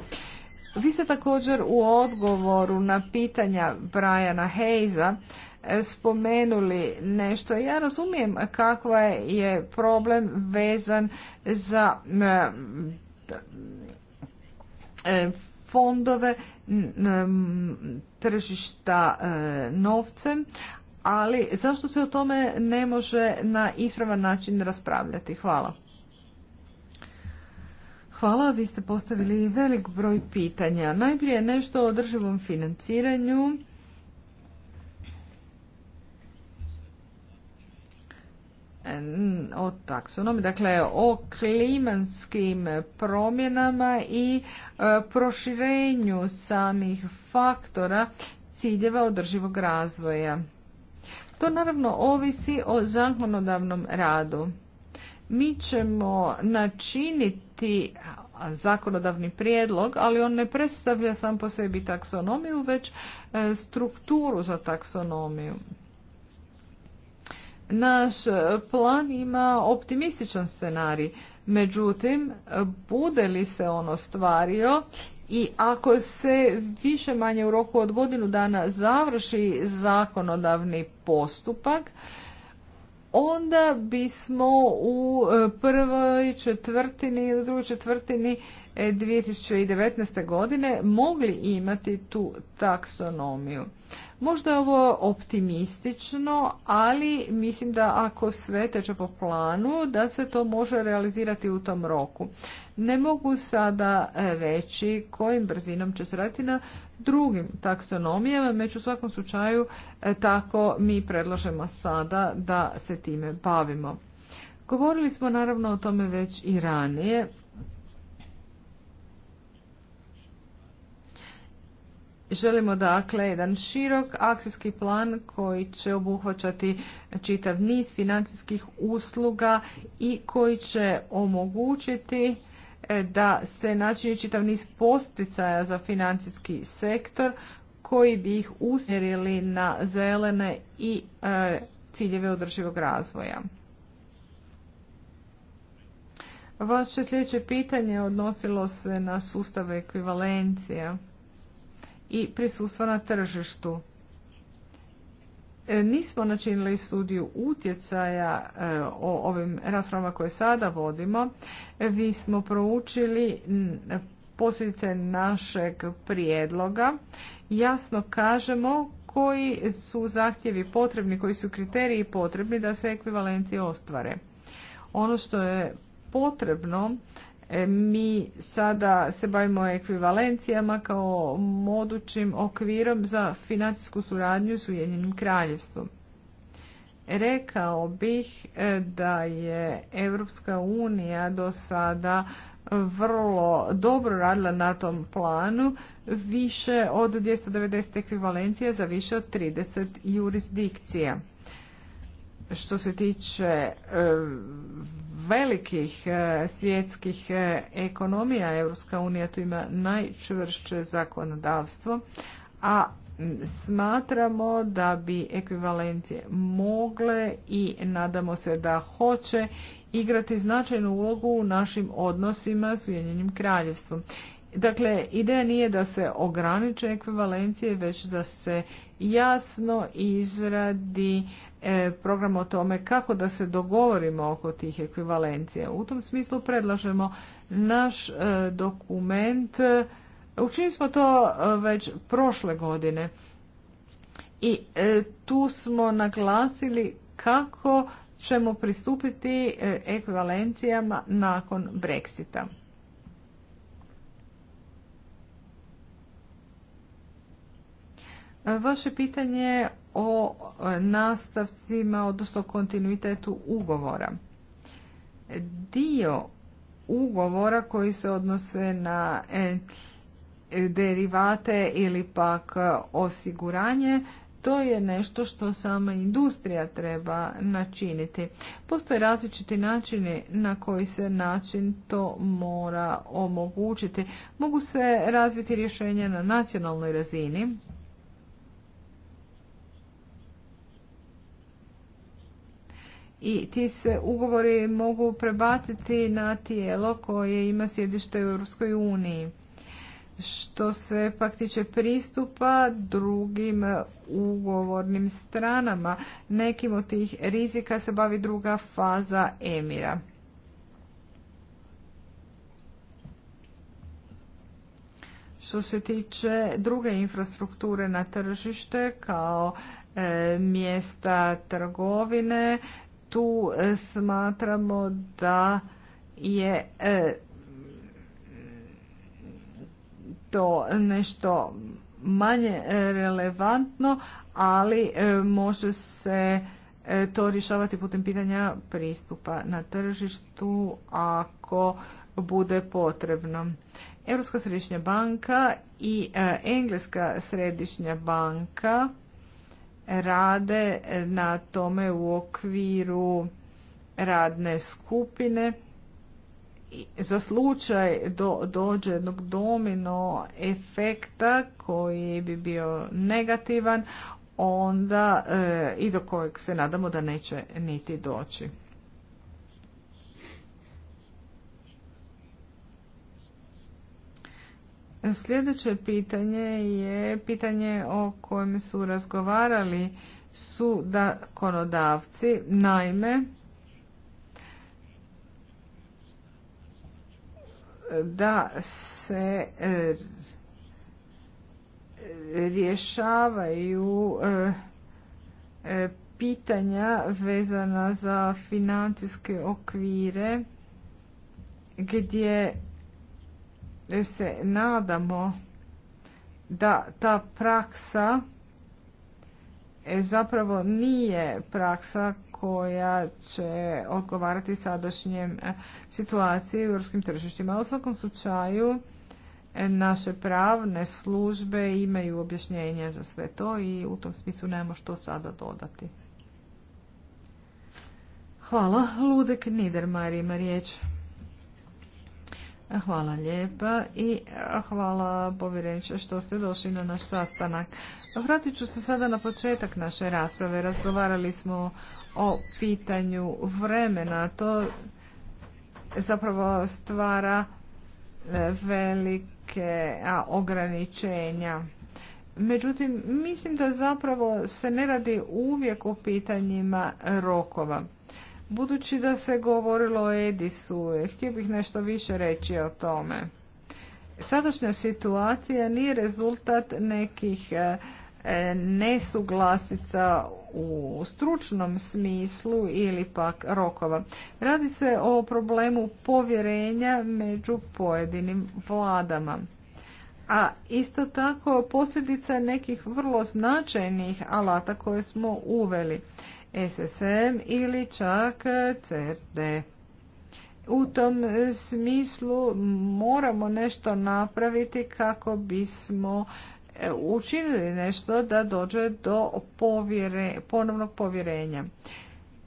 Vi ste također u odgovoru na pitanja Briana Hayza e, spomenuli nešto. Ja razumijem kakva je problem vezan za e, fondove tržišta e, novcem, ali zašto se o tome ne može na ispravan način raspravljati? Hvala. Hvala, vi ste postavili velik broj pitanja. Najprije nešto o održivom financiranju. o taksonomi, dakle o klimanskim promjenama i e, proširenju samih faktora ciljeva održivog razvoja. To naravno ovisi o zakonodavnom radu. Mi ćemo načiniti zakonodavni prijedlog, ali on ne predstavlja sam po sebi taksonomiju, već e, strukturu za taksonomiju. Naš plan ima optimističan scenarij, međutim, bude li se on ostvario i ako se više manje u roku od godinu dana završi zakonodavni postupak, onda bismo u e, prvoj četvrtini ili drugoj četvrtini 2019. E, godine mogli imati tu taksonomiju. Možda je ovo optimistično, ali mislim da ako sve teče po planu, da se to može realizirati u tom roku. Ne mogu sada reći kojim brzinom će se raditi na drugim taksonomijama. Među svakom slučaju e, tako mi predlažemo sada da se time bavimo. Govorili smo naravno o tome već i ranije. Želimo dakle jedan širok akcijski plan koji će obuhvaćati čitav niz financijskih usluga i koji će omogućiti da se načini čitav niz posticaja za financijski sektor koji bi ih usmjerili na zelene i e, ciljeve održivog razvoja. Vaše sljedeće pitanje odnosilo se na sustave ekvivalencija i prisustva na tržištu. E, nismo načinili studiju utjecaja e, o ovim raspravama koje sada vodimo. E, vi smo proučili posljedice našeg prijedloga. Jasno kažemo koji su zahtjevi potrebni, koji su kriteriji potrebni da se ekvivalenti ostvare. Ono što je potrebno E, mi sada se bavimo ekvivalencijama kao modućim okvirom za financijsku suradnju s Ujedinjenim kraljevstvom. Rekao bih e, da je Europska unija do sada vrlo dobro radila na tom planu, više od 290 ekvivalencija za više od 30 jurisdikcija što se tiče e, velikih e, svjetskih e, ekonomija, Europska unija tu ima najčvršće zakonodavstvo, a smatramo da bi ekvivalencije mogle i nadamo se da hoće igrati značajnu ulogu u našim odnosima s Ujedinjenim kraljevstvom. Dakle, ideja nije da se ograniče ekvivalencije, već da se jasno izradi E, program o tome kako da se dogovorimo oko tih ekvivalencija. U tom smislu predlažemo naš e, dokument. E, učinili smo to već prošle godine i tu smo naglasili kako ćemo pristupiti ekvivalencijama nakon Brexita. Vaše pitanje o nastavcima, odnosno kontinuitetu ugovora. Dio ugovora koji se odnose na derivate ili pak osiguranje, to je nešto što sama industrija treba načiniti. Postoje različiti načini na koji se način to mora omogućiti. Mogu se razviti rješenja na nacionalnoj razini, i ti se ugovori mogu prebaciti na tijelo koje ima sjedište u Europskoj uniji. Što se pak tiče pristupa drugim ugovornim stranama, nekim od tih rizika se bavi druga faza emira. Što se tiče druge infrastrukture na tržište kao e, mjesta trgovine, tu e, smatramo da je e, to nešto manje relevantno, ali e, može se to rješavati putem pitanja pristupa na tržištu ako bude potrebno. Europska središnja banka i Engleska središnja banka rade na tome u okviru radne skupine za slučaj do, dođe jednog domino efekta koji bi bio negativan onda e, i do kojeg se nadamo da neće niti doći. Sljedeće pitanje je pitanje o kojem su razgovarali su da konodavci, naime da se e, rješavaju e, e, pitanja vezana za financijske okvire gdje E se nadamo da ta praksa e, zapravo nije praksa koja će odgovarati sadašnjem e, situaciji u europskim tržištima. U svakom slučaju naše pravne službe imaju objašnjenje za sve to i u tom smislu nemamo što sada dodati. Hvala. Ludek Nidermar ima riječ. Hvala lijepa i hvala povjereniče što ste došli na naš sastanak. Vratit ću se sada na početak naše rasprave. Razgovarali smo o pitanju vremena. To zapravo stvara e, velike ograničenja. Međutim, mislim da zapravo se ne radi uvijek o pitanjima rokova. Budući da se govorilo o Edisu, htio bih nešto više reći o tome. Sadašnja situacija nije rezultat nekih e, e, nesuglasica u stručnom smislu ili pak rokova. Radi se o problemu povjerenja među pojedinim vladama. A isto tako posljedica nekih vrlo značajnih alata koje smo uveli. SSM ili čak CRD. U tom smislu moramo nešto napraviti kako bismo e, učinili nešto da dođe do povjere, ponovnog povjerenja.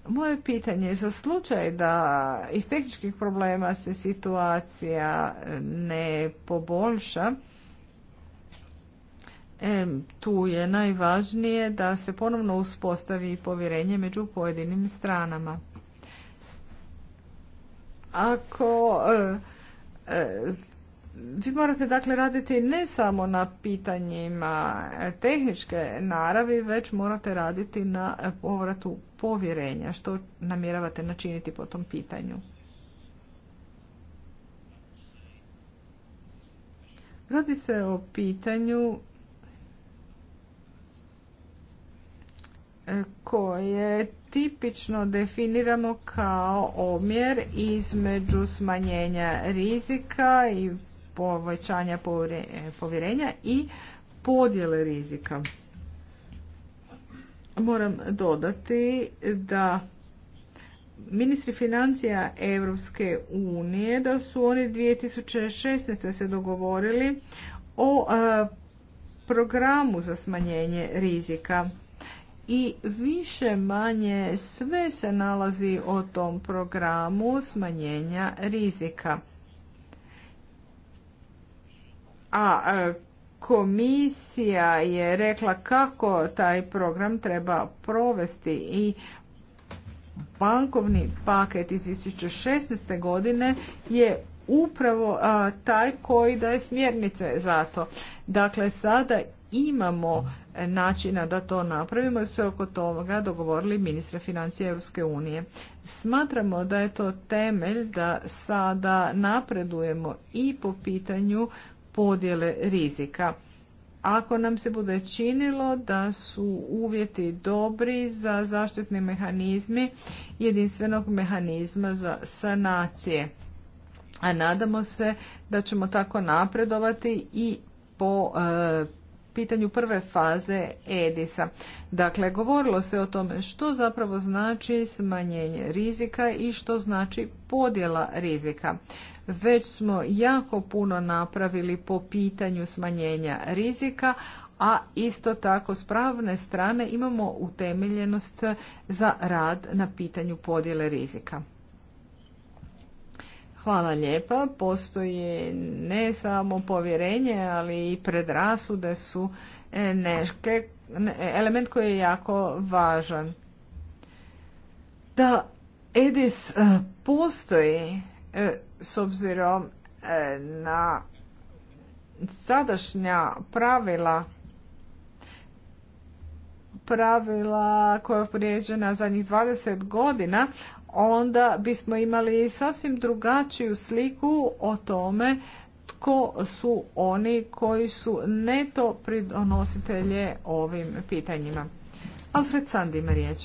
Moje pitanje je za slučaj da iz tehničkih problema se situacija ne poboljša, tu je najvažnije da se ponovno uspostavi povjerenje među pojedinim stranama. Ako e, e, vi morate dakle raditi ne samo na pitanjima tehničke naravi, već morate raditi na povratu povjerenja. Što namjeravate načiniti po tom pitanju? Radi se o pitanju koje tipično definiramo kao omjer između smanjenja rizika i povećanja povjerenja i podjele rizika. Moram dodati da ministri financija Europske unije da su oni 2016. se dogovorili o e, programu za smanjenje rizika i više manje sve se nalazi o tom programu smanjenja rizika. A e, komisija je rekla kako taj program treba provesti i bankovni paket iz 2016. godine je upravo taj koji daje smjernice za to. Dakle, sada imamo načina da to napravimo i sve oko toga dogovorili ministra financija Europske unije. Smatramo da je to temelj da sada napredujemo i po pitanju podjele rizika. Ako nam se bude činilo da su uvjeti dobri za zaštitni mehanizmi jedinstvenog mehanizma za sanacije. A nadamo se da ćemo tako napredovati i po e, pitanju prve faze EDISA. Dakle, govorilo se o tome što zapravo znači smanjenje rizika i što znači podjela rizika. Već smo jako puno napravili po pitanju smanjenja rizika, a isto tako s pravne strane imamo utemeljenost za rad na pitanju podjele rizika. Hvala lijepa. Postoji ne samo povjerenje, ali i predrasude su e, neške, element koji je jako važan. Da EDIS e, postoji e, s obzirom na sadašnja pravila pravila koja je prijeđena zadnjih 20 godina, onda bismo imali sasvim drugačiju sliku o tome tko su oni koji su neto pridonositelje ovim pitanjima. Alfred Sand ima riječ.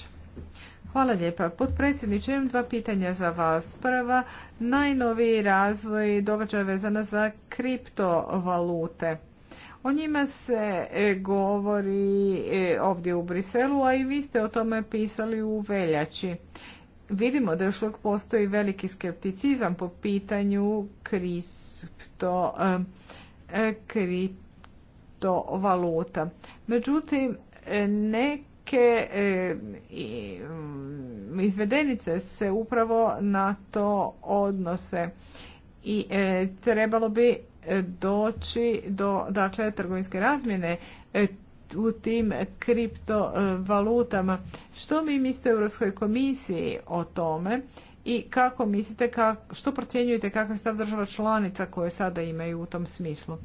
Hvala lijepa. Potpredsjedniče, imam dva pitanja za vas. Prva, najnoviji razvoj događaja vezana za kriptovalute. O njima se e, govori e, ovdje u Briselu, a i vi ste o tome pisali u veljači vidimo da još uvijek postoji veliki skepticizam po pitanju kripto, e, kriptovaluta. Međutim, neke e, mm, izvedenice se upravo na to odnose i e, trebalo bi doći do dakle, trgovinske razmjene u tim kriptovalutama. Što mi mislite u Europskoj komisiji o tome i kako mislite, što procjenjujete kakav stav država članica koje sada imaju u tom smislu?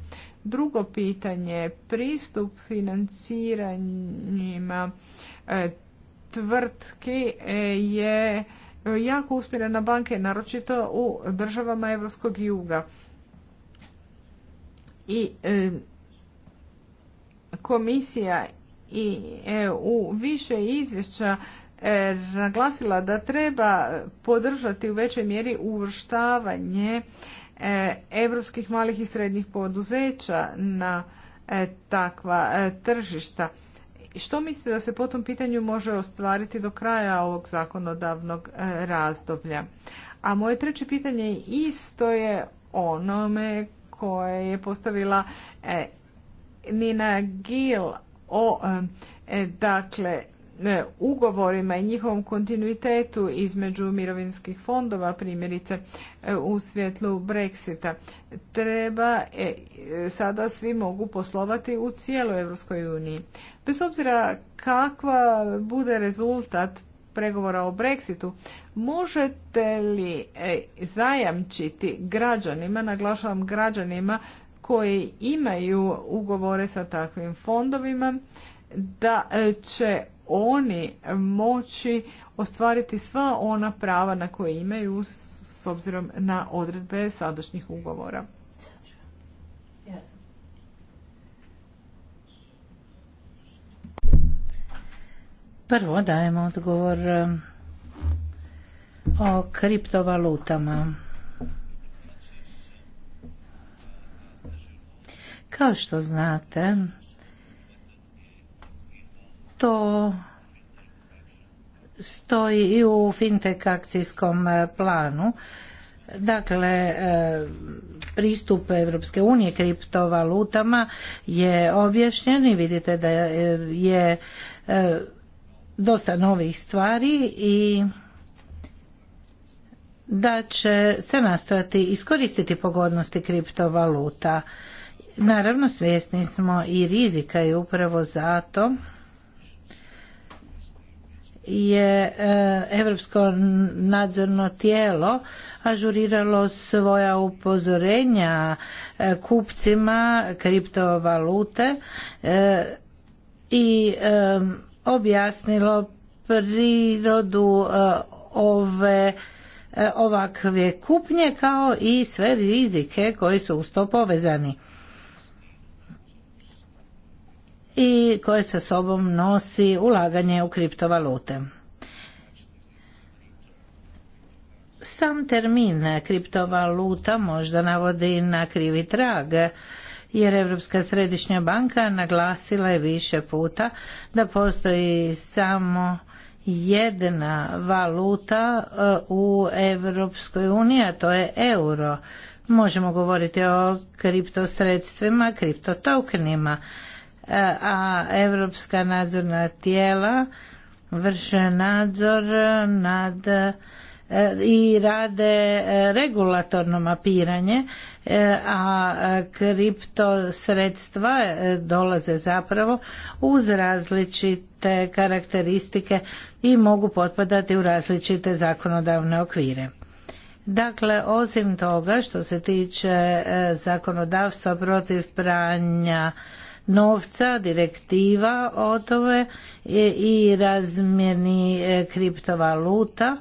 Drugo pitanje, pristup financiranjima e, tvrtki e, je jako usmjeren na banke, naročito u državama Evropskog juga. I e, komisija i e u više izvješća e, naglasila da treba podržati u većoj mjeri uvrštavanje europskih malih i srednjih poduzeća na e, takva tržišta. Što mislite da se po tom pitanju može ostvariti do kraja ovog zakonodavnog razdoblja? A moje treće pitanje isto je onome koje je postavila Nina Gil o e, dakle e, ugovorima i njihovom kontinuitetu između mirovinskih fondova, primjerice e, u svjetlu Brexita. Treba, sada svi mogu poslovati u cijeloj Europskoj uniji. Bez obzira kakva bude rezultat pregovora o Brexitu, možete li zajamčiti građanima, naglašavam građanima, koji imaju ugovore sa takvim fondovima da e, će oni moći ostvariti sva ona prava na koje imaju s obzirom na odredbe sadašnjih ugovora. Prvo dajemo odgovor e, o kriptovalutama. Kao što znate, to stoji i u fintech akcijskom e, planu. Dakle, e, pristup Europske unije kriptovalutama je objašnjen i vidite da je e, dosta novih stvari i da će se nastojati iskoristiti pogodnosti kriptovaluta Naravno, svjesni smo i rizika i upravo zato je Europsko nadzorno tijelo ažuriralo svoja upozorenja e, kupcima kriptovalute e, i e, objasnilo prirodu ove ovakve kupnje kao i sve rizike koji su uz to povezani i koje sa sobom nosi ulaganje u kriptovalute. Sam termin kriptovaluta možda navodi na krivi trag, jer Europska središnja banka naglasila je više puta da postoji samo jedna valuta e, u Europskoj uniji, a to je euro. Možemo govoriti o kriptosredstvima, kriptotokenima a europska nadzorna tijela vrše nadzor nad e, i rade e, regulatorno mapiranje, e, a kripto sredstva dolaze zapravo uz različite karakteristike i mogu potpadati u različite zakonodavne okvire. Dakle, osim toga što se tiče zakonodavstva protiv pranja novca, direktiva o tome i razmjeni e, kriptovaluta.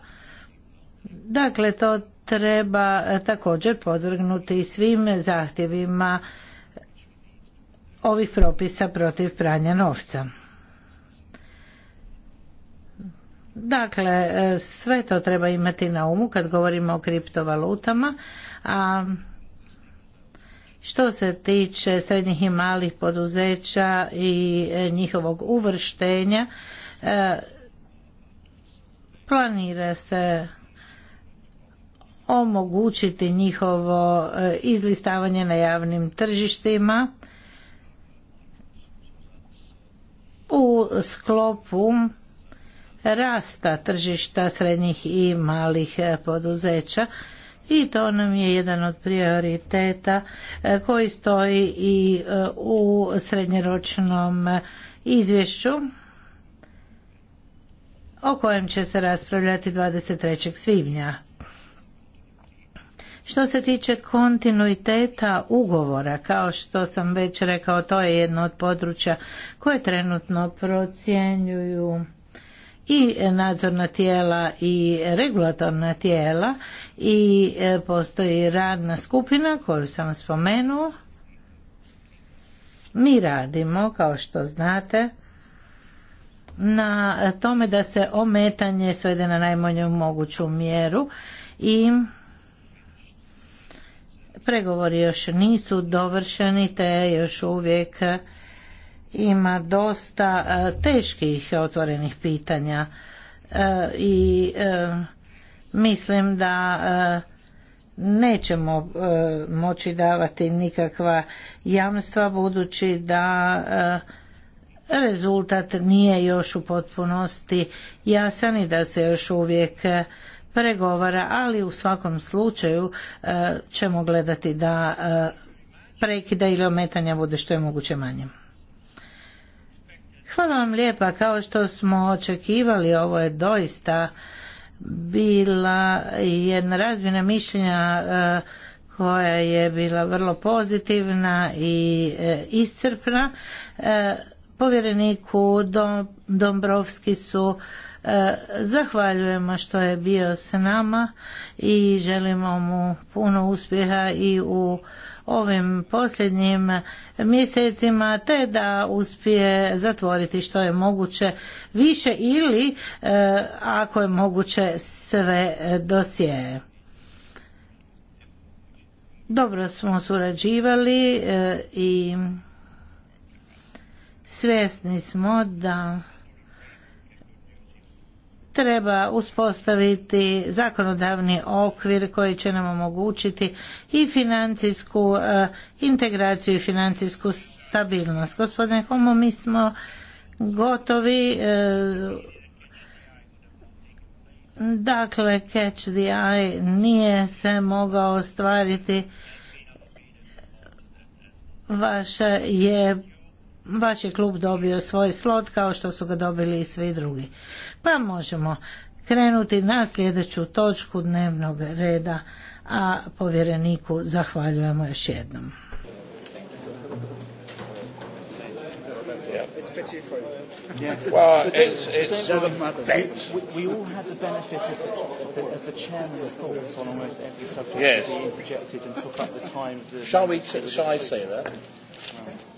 Dakle, to treba e, također podvrgnuti svim zahtjevima ovih propisa protiv pranja novca. Dakle, e, sve to treba imati na umu kad govorimo o kriptovalutama, a što se tiče srednjih i malih poduzeća i e, njihovog uvrštenja, e, planira se omogućiti njihovo e, izlistavanje na javnim tržištima u sklopu rasta tržišta srednjih i malih poduzeća i to nam je jedan od prioriteta e, koji stoji i e, u srednjeročnom e, izvješću o kojem će se raspravljati 23. svibnja. Što se tiče kontinuiteta ugovora, kao što sam već rekao, to je jedno od područja koje trenutno procjenjuju i nadzorna tijela i regulatorna tijela i e, postoji radna skupina koju sam spomenuo. Mi radimo, kao što znate, na tome da se ometanje svede na najmanju moguću mjeru i pregovori još nisu dovršeni te još uvijek ima dosta e, teških otvorenih pitanja e, i e, mislim da nećemo moći davati nikakva jamstva budući da rezultat nije još u potpunosti jasan i da se još uvijek pregovara, ali u svakom slučaju ćemo gledati da prekida ili ometanja bude što je moguće manje. Hvala vam lijepa, kao što smo očekivali, ovo je doista bila jedna razmjena mišljenja e, koja je bila vrlo pozitivna i e, iscrpna. E, povjereniku Dombrovski su zahvaljujemo što je bio s nama i želimo mu puno uspjeha i u ovim posljednjim mjesecima te da uspije zatvoriti što je moguće više ili e, ako je moguće sve dosjeje. Dobro smo surađivali e, i svjesni smo da treba uspostaviti zakonodavni okvir koji će nam omogućiti i financijsku eh, integraciju i financijsku stabilnost. Gospodine Homo, mi smo gotovi. Eh, dakle, catch the eye nije se mogao ostvariti. Vaša je vaš je klub dobio svoj slot kao što su ga dobili i svi drugi. Pa možemo krenuti na sljedeću točku dnevnog reda, a povjereniku zahvaljujemo još jednom. Shall we? say that?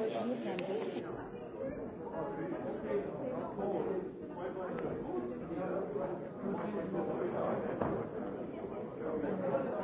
odnosno you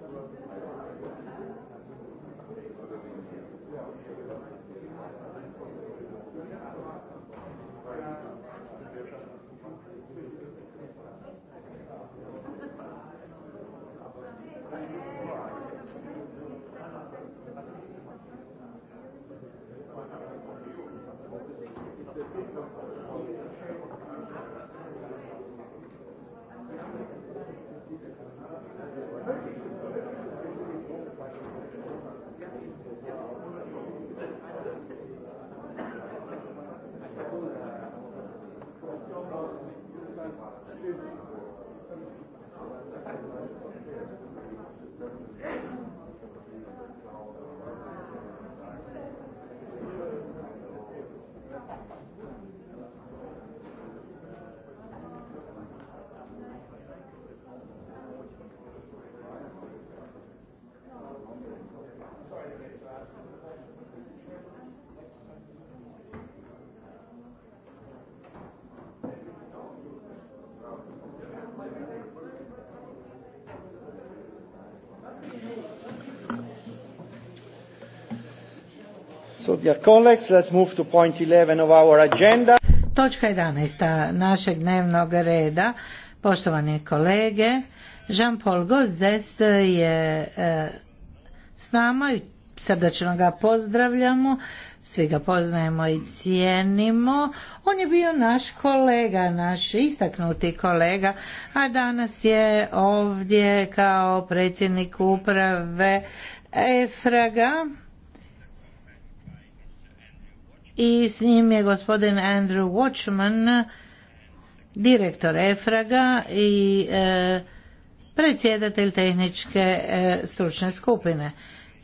dobro Točka 11. našeg dnevnog reda, poštovani kolege, Jean-Paul Gozes je e, s nama i srdačno ga pozdravljamo, svi ga poznajemo i cijenimo. On je bio naš kolega, naš istaknuti kolega, a danas je ovdje kao predsjednik uprave Efraga i s njim je gospodin Andrew Watchman, direktor EFRAGA i e, predsjedatelj tehničke e, stručne skupine.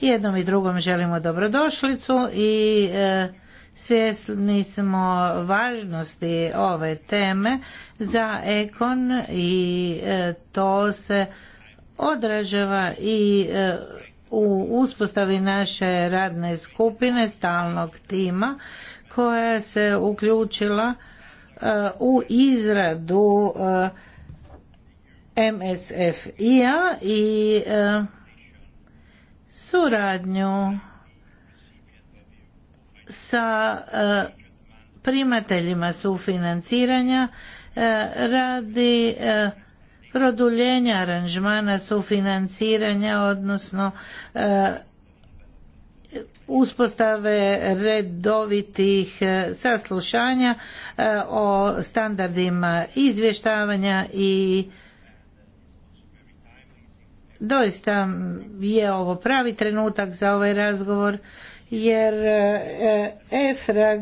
Jednom i drugom želimo dobrodošlicu i e, svjesni smo važnosti ove teme za ekon i to se odražava i u uspostavi naše radne skupine stalnog tima koja se uključila uh, u izradu uh, MSFI-a i uh, suradnju sa primateljima sufinanciranja radi produljenja aranžmana sufinanciranja odnosno e, uspostave redovitih e, saslušanja e, o standardima izvještavanja i doista je ovo pravi trenutak za ovaj razgovor jer EFRAG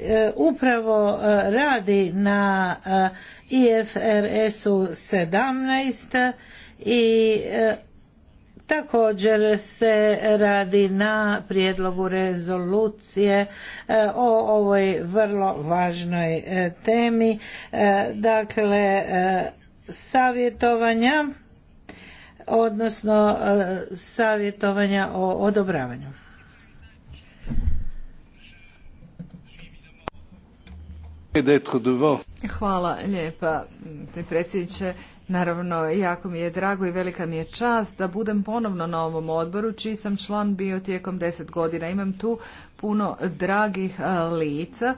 E, upravo e, radi na IFRS-u e, 17 i također se radi na prijedlogu rezolucije o ovoj vrlo važnoj temi dakle savjetovanja odnosno savjetovanja o odobravanju Hvala lijepa, predsjedniče. Naravno, jako mi je drago i velika mi je čast da budem ponovno na ovom odboru, čiji sam član bio tijekom deset godina. Imam tu puno dragih lica.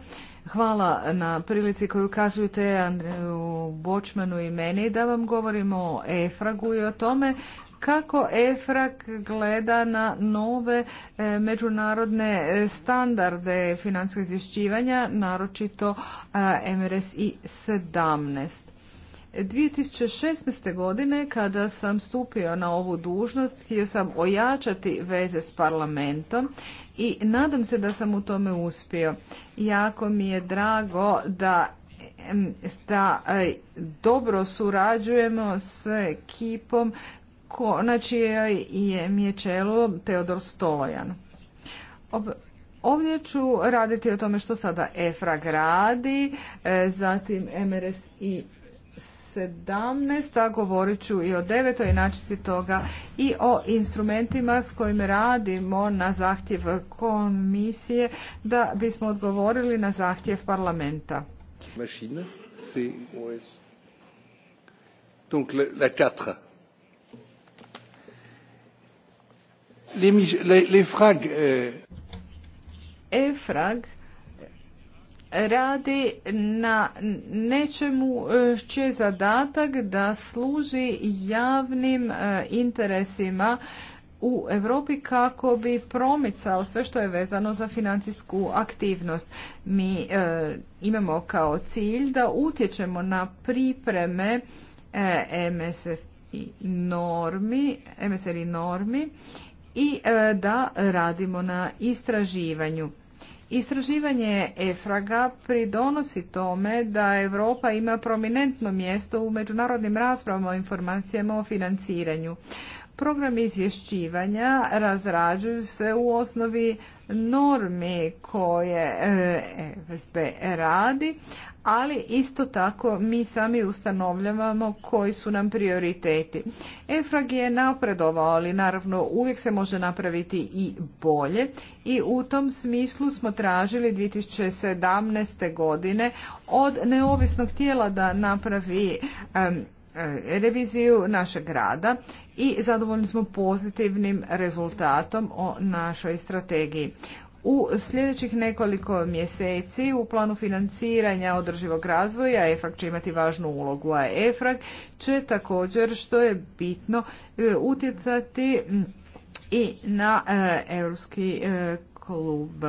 Hvala na prilici koju ukazujete Andreju Bočmanu i meni da vam govorimo o efrag i o tome kako EFRAK gleda na nove e, međunarodne e, standarde financijskog izvješćivanja, naročito MRSI 17. 2016. godine kada sam stupio na ovu dužnost htio sam ojačati veze s parlamentom i nadam se da sam u tome uspio. Jako mi je drago da da e, dobro surađujemo s ekipom na čijoj je mi je čelo Teodor Stolojan. Ovdje ću raditi o tome što sada EFRA gradi, e, zatim MRS i 17, a govorit ću i o devetoj inačici toga i o instrumentima s kojim radimo na zahtjev komisije da bismo odgovorili na zahtjev parlamenta. Mašina, Donc la 4. frag, euh, EFRAG radi na nečemu će zadatak da služi javnim e, interesima u Europi kako bi promicao sve što je vezano za financijsku aktivnost. Mi e, imamo kao cilj da utječemo na pripreme e, MSF i normi, i normi i e, da radimo na istraživanju. Istraživanje EFRAGA pridonosi tome da Europa ima prominentno mjesto u međunarodnim raspravama o informacijama o financiranju. Program izvješćivanja razrađuju se u osnovi normi koje FSB e, e radi, ali isto tako mi sami ustanovljavamo koji su nam prioriteti. EFRAG je napredovao, ali naravno uvijek se može napraviti i bolje i u tom smislu smo tražili 2017. godine od neovisnog tijela da napravi E, reviziju našeg rada i zadovoljni smo pozitivnim rezultatom o našoj strategiji. U sljedećih nekoliko mjeseci u planu financiranja održivog razvoja EFRAG će imati važnu ulogu, a EFRAG će također, što je bitno, e, utjecati i na e, Europski klub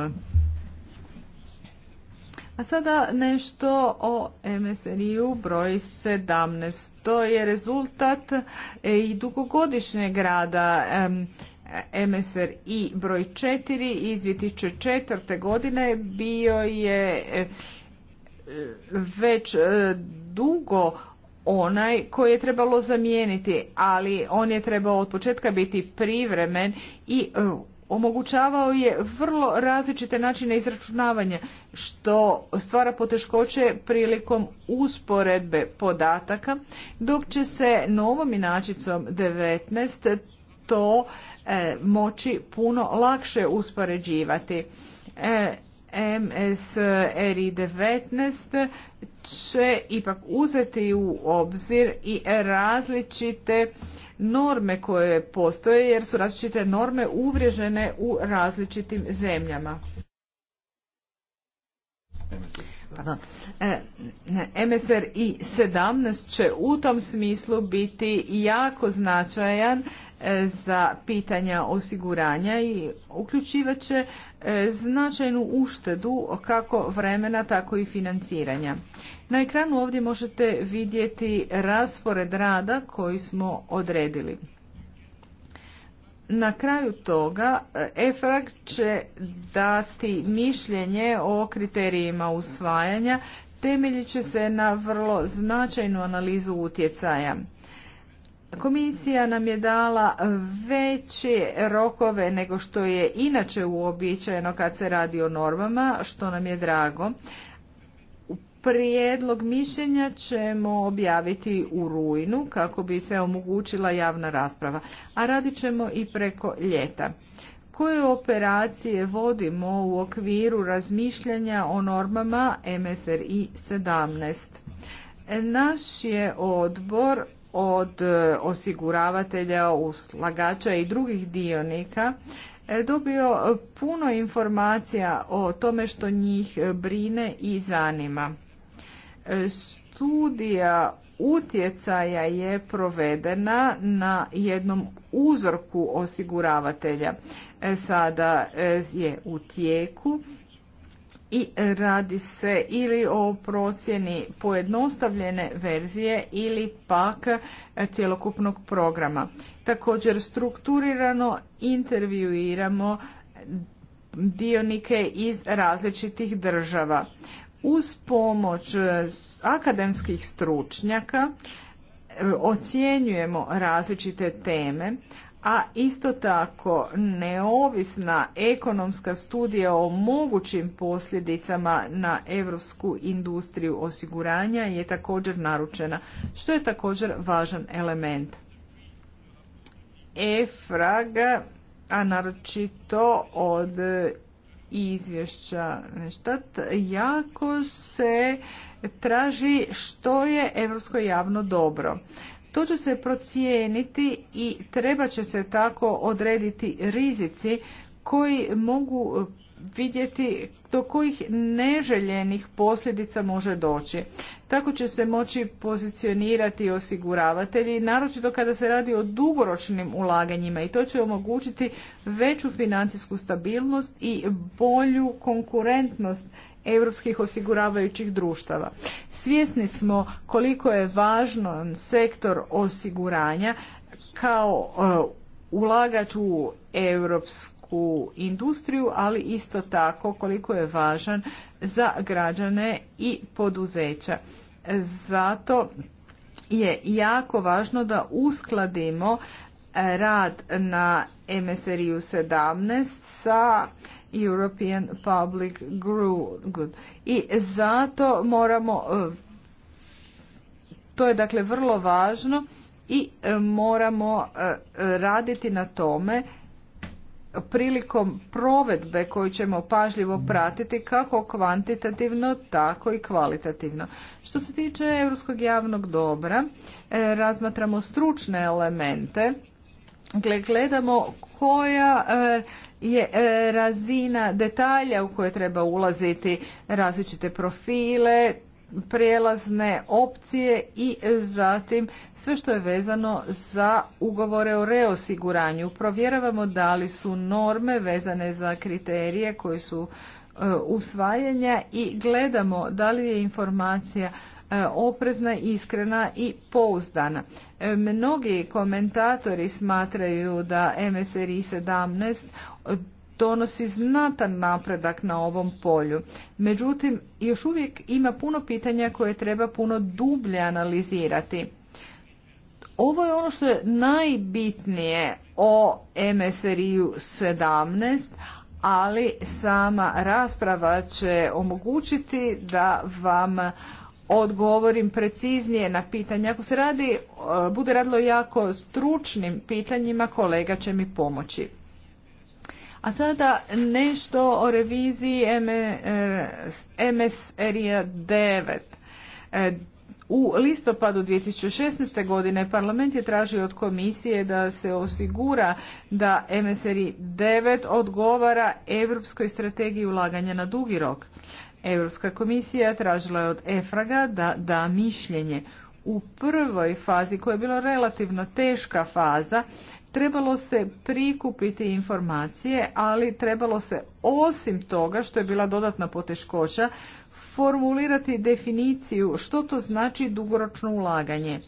a sada nešto o MSRI-u broj 17. To je rezultat e, i dugogodišnjeg rada MSRI broj 4 iz 2004. godine bio je e, već e, dugo onaj koji je trebalo zamijeniti, ali on je trebao od početka biti privremen i omogućavao je vrlo različite načine izračunavanja što stvara poteškoće prilikom usporedbe podataka dok će se novom inačicom 19 to e, moći puno lakše uspoređivati. E, MSRI 19 će ipak uzeti u obzir i različite norme koje postoje jer su različite norme uvriježene u različitim zemljama. E, MSR i 17 će u tom smislu biti jako značajan za pitanja osiguranja i uključivat će e, značajnu uštedu kako vremena tako i financiranja. Na ekranu ovdje možete vidjeti raspored rada koji smo odredili. Na kraju toga e, EFRAG će dati mišljenje o kriterijima usvajanja temeljit će se na vrlo značajnu analizu utjecaja. Komisija nam je dala veće rokove nego što je inače uobičajeno kad se radi o normama, što nam je drago. Prijedlog mišljenja ćemo objaviti u rujnu kako bi se omogućila javna rasprava, a radit ćemo i preko ljeta. Koje operacije vodimo u okviru razmišljanja o normama MSRI 17? Naš je odbor od e, osiguravatelja, uslagača i drugih dionika e, dobio e, puno informacija o tome što njih brine i zanima. Studija utjecaja je provedena na jednom uzorku osiguravatelja. Sada je u tijeku i radi se ili o procjeni pojednostavljene verzije ili pak e, cjelokupnog programa. Također strukturirano intervjuiramo dionike iz različitih država. Uz pomoć e, akademskih stručnjaka e, ocjenjujemo različite teme, a isto tako neovisna ekonomska studija o mogućim posljedicama na europsku industriju osiguranja je također naručena, što je također važan element. EFRAG, a naročito od izvješća neštat, jako se traži što je europsko javno dobro. To će se procijeniti i treba će se tako odrediti rizici koji mogu vidjeti do kojih neželjenih posljedica može doći. Tako će se moći pozicionirati osiguravatelji, naročito kada se radi o dugoročnim ulaganjima i to će omogućiti veću financijsku stabilnost i bolju konkurentnost europskih osiguravajućih društava. Svjesni smo koliko je važan sektor osiguranja kao e, ulagač u europsku industriju, ali isto tako koliko je važan za građane i poduzeća. Zato je jako važno da uskladimo rad na MSRI-u 17 sa European Public Group. I zato moramo, e, to je dakle vrlo važno i e, moramo e, raditi na tome prilikom provedbe koju ćemo pažljivo pratiti kako kvantitativno, tako i kvalitativno. Što se tiče europskog javnog dobra, razmatramo stručne elemente Dakle, gledamo koja e, je e, razina detalja u koje treba ulaziti različite profile, prijelazne opcije i zatim sve što je vezano za ugovore o reosiguranju. Provjeravamo da li su norme vezane za kriterije koji su e, usvajanja i gledamo da li je informacija E, oprezna, iskrena i pouzdana. E, mnogi komentatori smatraju da MSRI 17 donosi znatan napredak na ovom polju. Međutim, još uvijek ima puno pitanja koje treba puno dublje analizirati. Ovo je ono što je najbitnije o MSRI-u 17, ali sama rasprava će omogućiti da vam odgovorim preciznije na pitanje. Ako se radi, e, bude radilo jako stručnim pitanjima, kolega će mi pomoći. A sada nešto o reviziji MSRIA e, 9. E, u listopadu 2016. godine parlament je tražio od komisije da se osigura da MSRI 9 odgovara Europskoj strategiji ulaganja na dugi rok. Europska komisija tražila je od EFRAGA da da mišljenje. U prvoj fazi, koja je bila relativno teška faza, trebalo se prikupiti informacije, ali trebalo se osim toga, što je bila dodatna poteškoća, formulirati definiciju što to znači dugoročno ulaganje.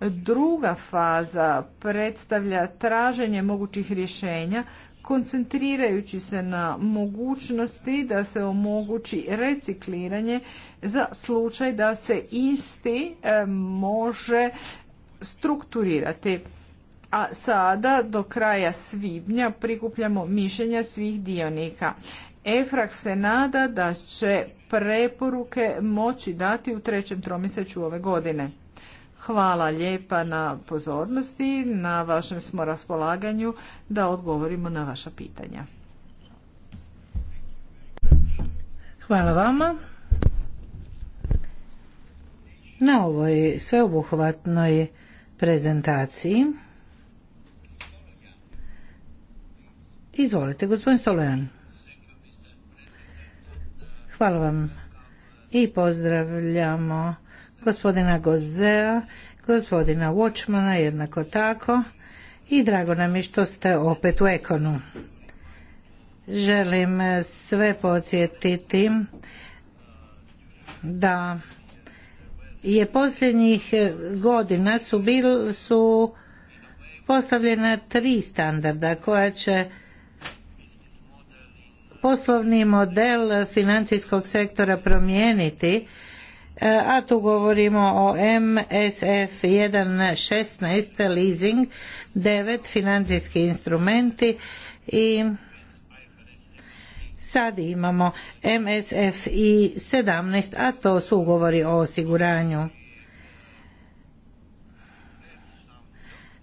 Druga faza predstavlja traženje mogućih rješenja koncentrirajući se na mogućnosti da se omogući recikliranje za slučaj da se isti e, može strukturirati. A sada do kraja svibnja prikupljamo mišljenja svih dionika. EFRAK se nada da će preporuke moći dati u trećem tromjesečju ove godine. Hvala lijepa na pozornosti, na vašem smo raspolaganju da odgovorimo na vaša pitanja. Hvala vama. Na ovoj sveobuhvatnoj prezentaciji Izvolite, gospodin Stolojan. Hvala vam i pozdravljamo gospodina Gozea, gospodina Watchmana jednako tako i drago nam je što ste opet u Ekonu. Želim sve podsjetiti da je posljednjih godina su, bil, su postavljena tri standarda koja će poslovni model financijskog sektora promijeniti E, a tu govorimo o MSF 1.16 leasing 9 financijski instrumenti i sad imamo MSF i 17 a to su ugovori o osiguranju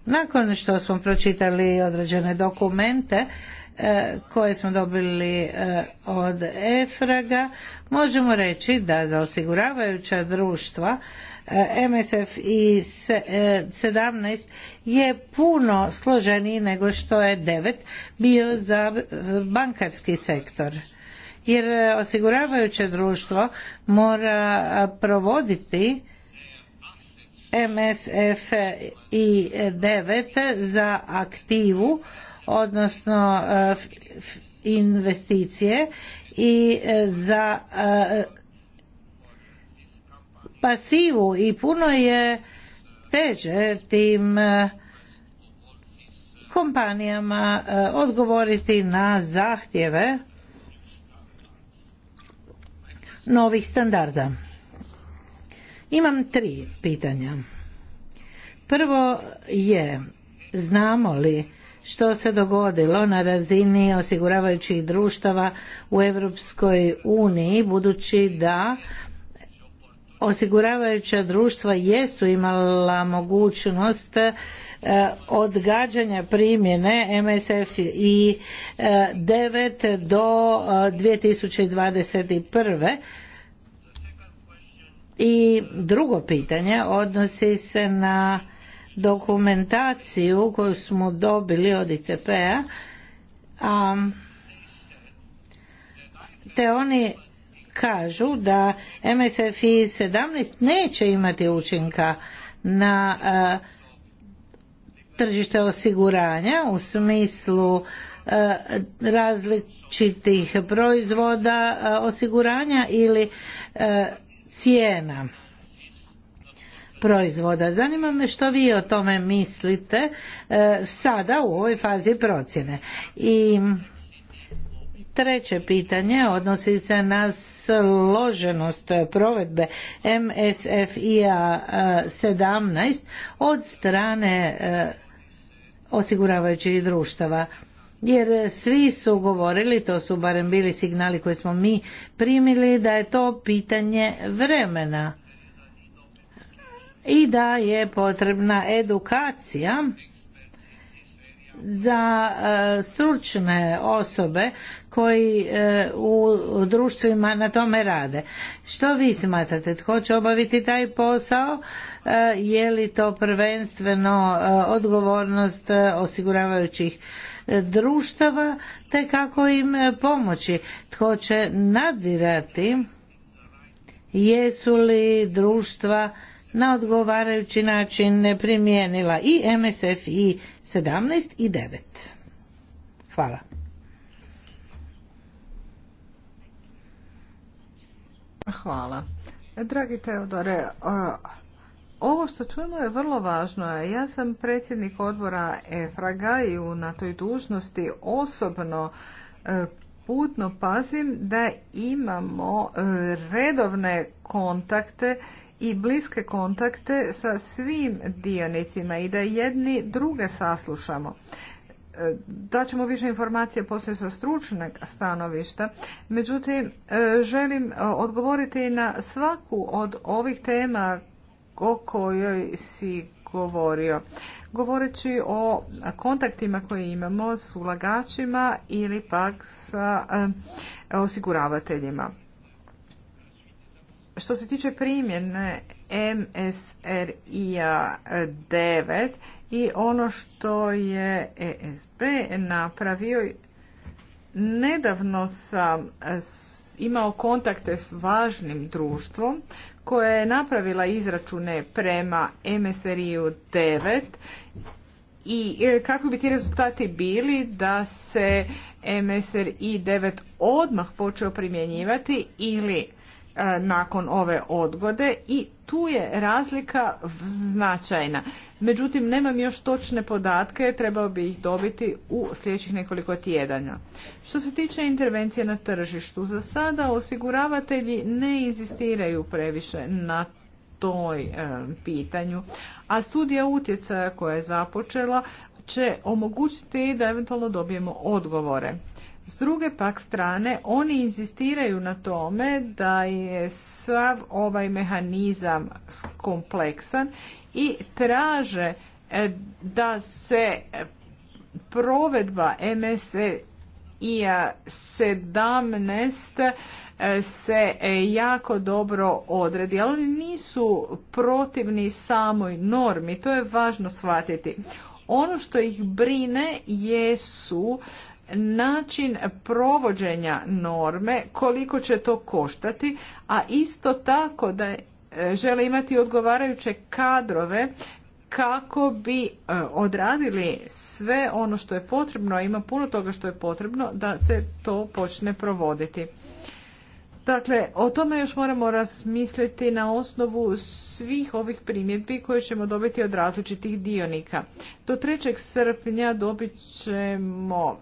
nakon što smo pročitali određene dokumente E, koje smo dobili e, od EFRAGA možemo reći da za osiguravajuća društva e, MSF i 17 je puno složeniji nego što je 9 bio za bankarski sektor jer osiguravajuće društvo mora provoditi MSF i 9 za aktivu odnosno e, investicije i e, za e, pasivu i puno je teže tim kompanijama odgovoriti na zahtjeve novih standarda. Imam tri pitanja. Prvo je znamo li što se dogodilo na razini osiguravajućih društava u Europskoj uniji budući da osiguravajuća društva jesu imala mogućnost e, odgađanja primjene MSF i 9 e, do 2021. E, I drugo pitanje odnosi se na dokumentaciju koju smo dobili od ICP-a te oni kažu da MSFI 17 neće imati učinka na e, tržište osiguranja u smislu e, različitih proizvoda e, osiguranja ili cijena proizvoda. Zanima me što vi o tome mislite e, sada u ovoj fazi procjene. I treće pitanje odnosi se na složenost provedbe MSFIA 17 e, od strane e, osiguravajućih društava jer svi su govorili, to su barem bili signali koje smo mi primili, da je to pitanje vremena i da je potrebna edukacija za e, stručne osobe koji e, u društvima na tome rade. Što vi smatrate? Tko će obaviti taj posao? E, je li to prvenstveno odgovornost osiguravajućih društava te kako im pomoći? Tko će nadzirati jesu li društva na odgovarajući način primijenila i MSF i 17 i 9. Hvala. Hvala. Dragi Teodore, ovo što čujemo je vrlo važno. Ja sam predsjednik odbora EFRAGA i na toj dužnosti osobno e, putno pazim da imamo e, redovne kontakte i bliske kontakte sa svim dionicima i da jedni druge saslušamo. E, da ćemo više informacije poslije sa stručnog stanovišta. Međutim, e, želim e, odgovoriti na svaku od ovih tema o kojoj si govorio. Govoreći o kontaktima koje imamo s ulagačima ili pak sa osiguravateljima. Što se tiče primjene MSRI-a 9 i ono što je ESB napravio, nedavno sam imao kontakte s važnim društvom koje je napravila izračune prema MSRI-u 9 i e, kako bi ti rezultati bili da se MSRI 9 odmah počeo primjenjivati ili E, nakon ove odgode i tu je razlika značajna. Međutim, nemam još točne podatke, trebao bi ih dobiti u sljedećih nekoliko tjedana. Što se tiče intervencije na tržištu, za sada osiguravatelji ne inzistiraju previše na toj e, pitanju, a studija utjecaja koja je započela će omogućiti da eventualno dobijemo odgovore. S druge pak strane, oni inzistiraju na tome da je sav ovaj mehanizam kompleksan i traže e, da se provedba MSE i 17 se e, jako dobro odredi, ali oni nisu protivni samoj normi, to je važno shvatiti. Ono što ih brine jesu način provođenja norme, koliko će to koštati, a isto tako da e, žele imati odgovarajuće kadrove kako bi e, odradili sve ono što je potrebno, a ima puno toga što je potrebno da se to počne provoditi. Dakle, o tome još moramo razmisliti na osnovu svih ovih primjedbi koje ćemo dobiti od različitih dionika. Do 3. srpnja dobit ćemo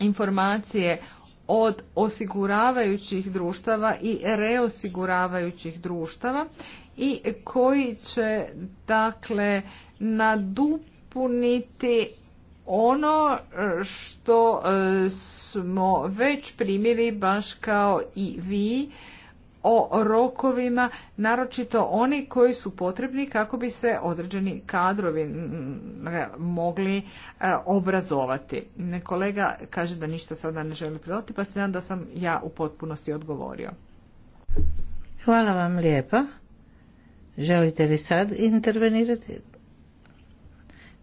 informacije od osiguravajućih društava i reosiguravajućih društava i koji će dakle nadupuniti ono e, što e, smo već primili baš kao i vi o rokovima, naročito oni koji su potrebni kako bi se određeni kadrovi e, mogli e, obrazovati. Kolega kaže da ništa sada ne želi prodati, pa se nadam da sam ja u potpunosti odgovorio. Hvala vam lijepa. Želite li sad intervenirati?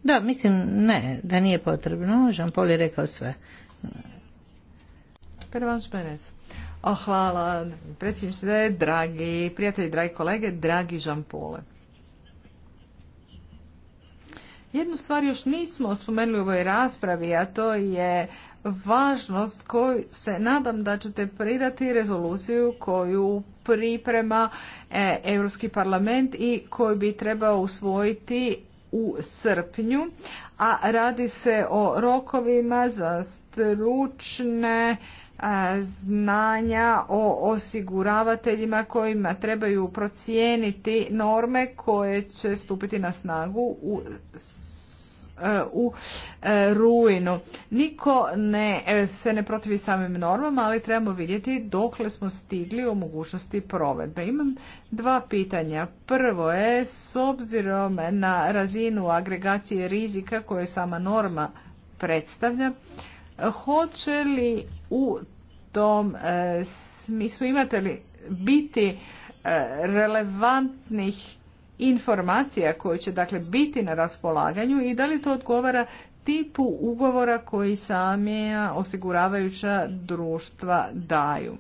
Da, mislim ne, da nije potrebno. Jean Paul je rekao sve. Pervanš Perez hvala predsjedniče, dragi prijatelji, dragi kolege, dragi Žampole. Jednu stvar još nismo spomenuli u ovoj raspravi, a to je važnost koju se nadam da ćete pridati rezoluciju koju priprema e, Europski parlament i koju bi trebao usvojiti u srpnju, a radi se o rokovima za stručne znanja o osiguravateljima kojima trebaju procijeniti norme koje će stupiti na snagu u e, u e, ruinu. Niko ne, e, se ne protivi samim normama, ali trebamo vidjeti dokle smo stigli u mogućnosti provedbe. Imam dva pitanja. Prvo je, s obzirom na razinu agregacije rizika koje sama norma predstavlja, Hoće li u tom e, smislu imate li biti e, relevantnih informacija koje će dakle biti na raspolaganju i da li to odgovara tipu ugovora koji sami osiguravajuća društva daju.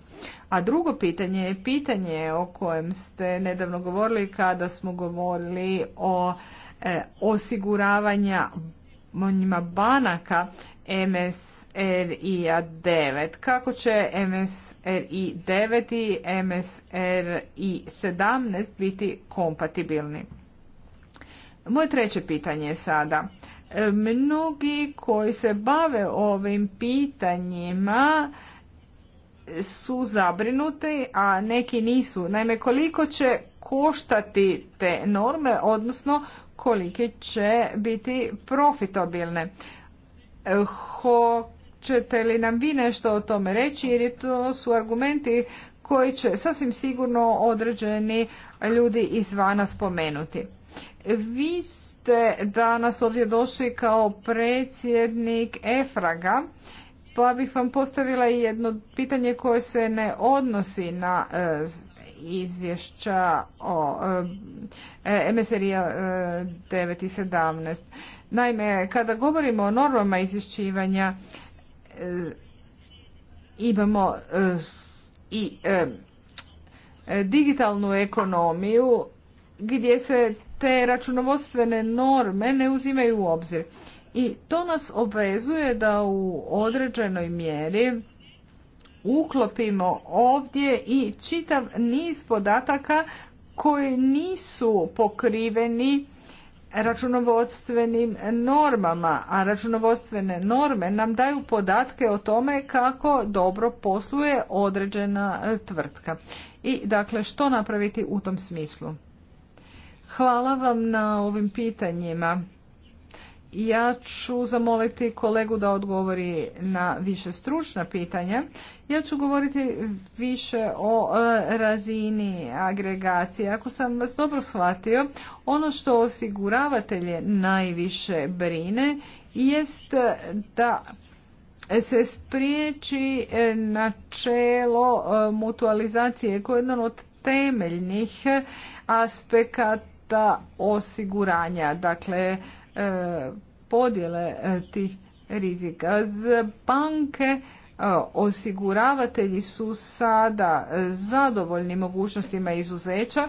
A drugo pitanje je pitanje o kojem ste nedavno govorili kada smo govorili o e, osiguravanja banaka MS msri 9. Kako će MSRI 9 i MSRI 17 biti kompatibilni? Moje treće pitanje je sada. Mnogi koji se bave ovim pitanjima su zabrinuti, a neki nisu. Naime, koliko će koštati te norme, odnosno kolike će biti profitabilne ćete li nam vi nešto o tome reći jer to su argumenti koji će sasvim sigurno određeni ljudi izvana spomenuti. Vi ste danas ovdje došli kao predsjednik Efraga, pa bih vam postavila i jedno pitanje koje se ne odnosi na e, izvješća o e, e, MSR MSRI i Naime, kada govorimo o normama izvješćivanja, E, imamo e, i e, digitalnu ekonomiju gdje se te računovodstvene norme ne uzimaju u obzir. I to nas obvezuje da u određenoj mjeri uklopimo ovdje i čitav niz podataka koji nisu pokriveni računovodstvenim normama, a računovodstvene norme nam daju podatke o tome kako dobro posluje određena e, tvrtka. I dakle, što napraviti u tom smislu? Hvala vam na ovim pitanjima. Ja ću zamoliti kolegu da odgovori na više stručna pitanja. Ja ću govoriti više o e, razini agregacije. Ako sam vas dobro shvatio, ono što osiguravatelje najviše brine jest da se spriječi e, načelo e, mutualizacije koje je jedan od temeljnih aspekata osiguranja. Dakle, E, podjele e, tih rizika. banke e, osiguravatelji su sada zadovoljni mogućnostima izuzeća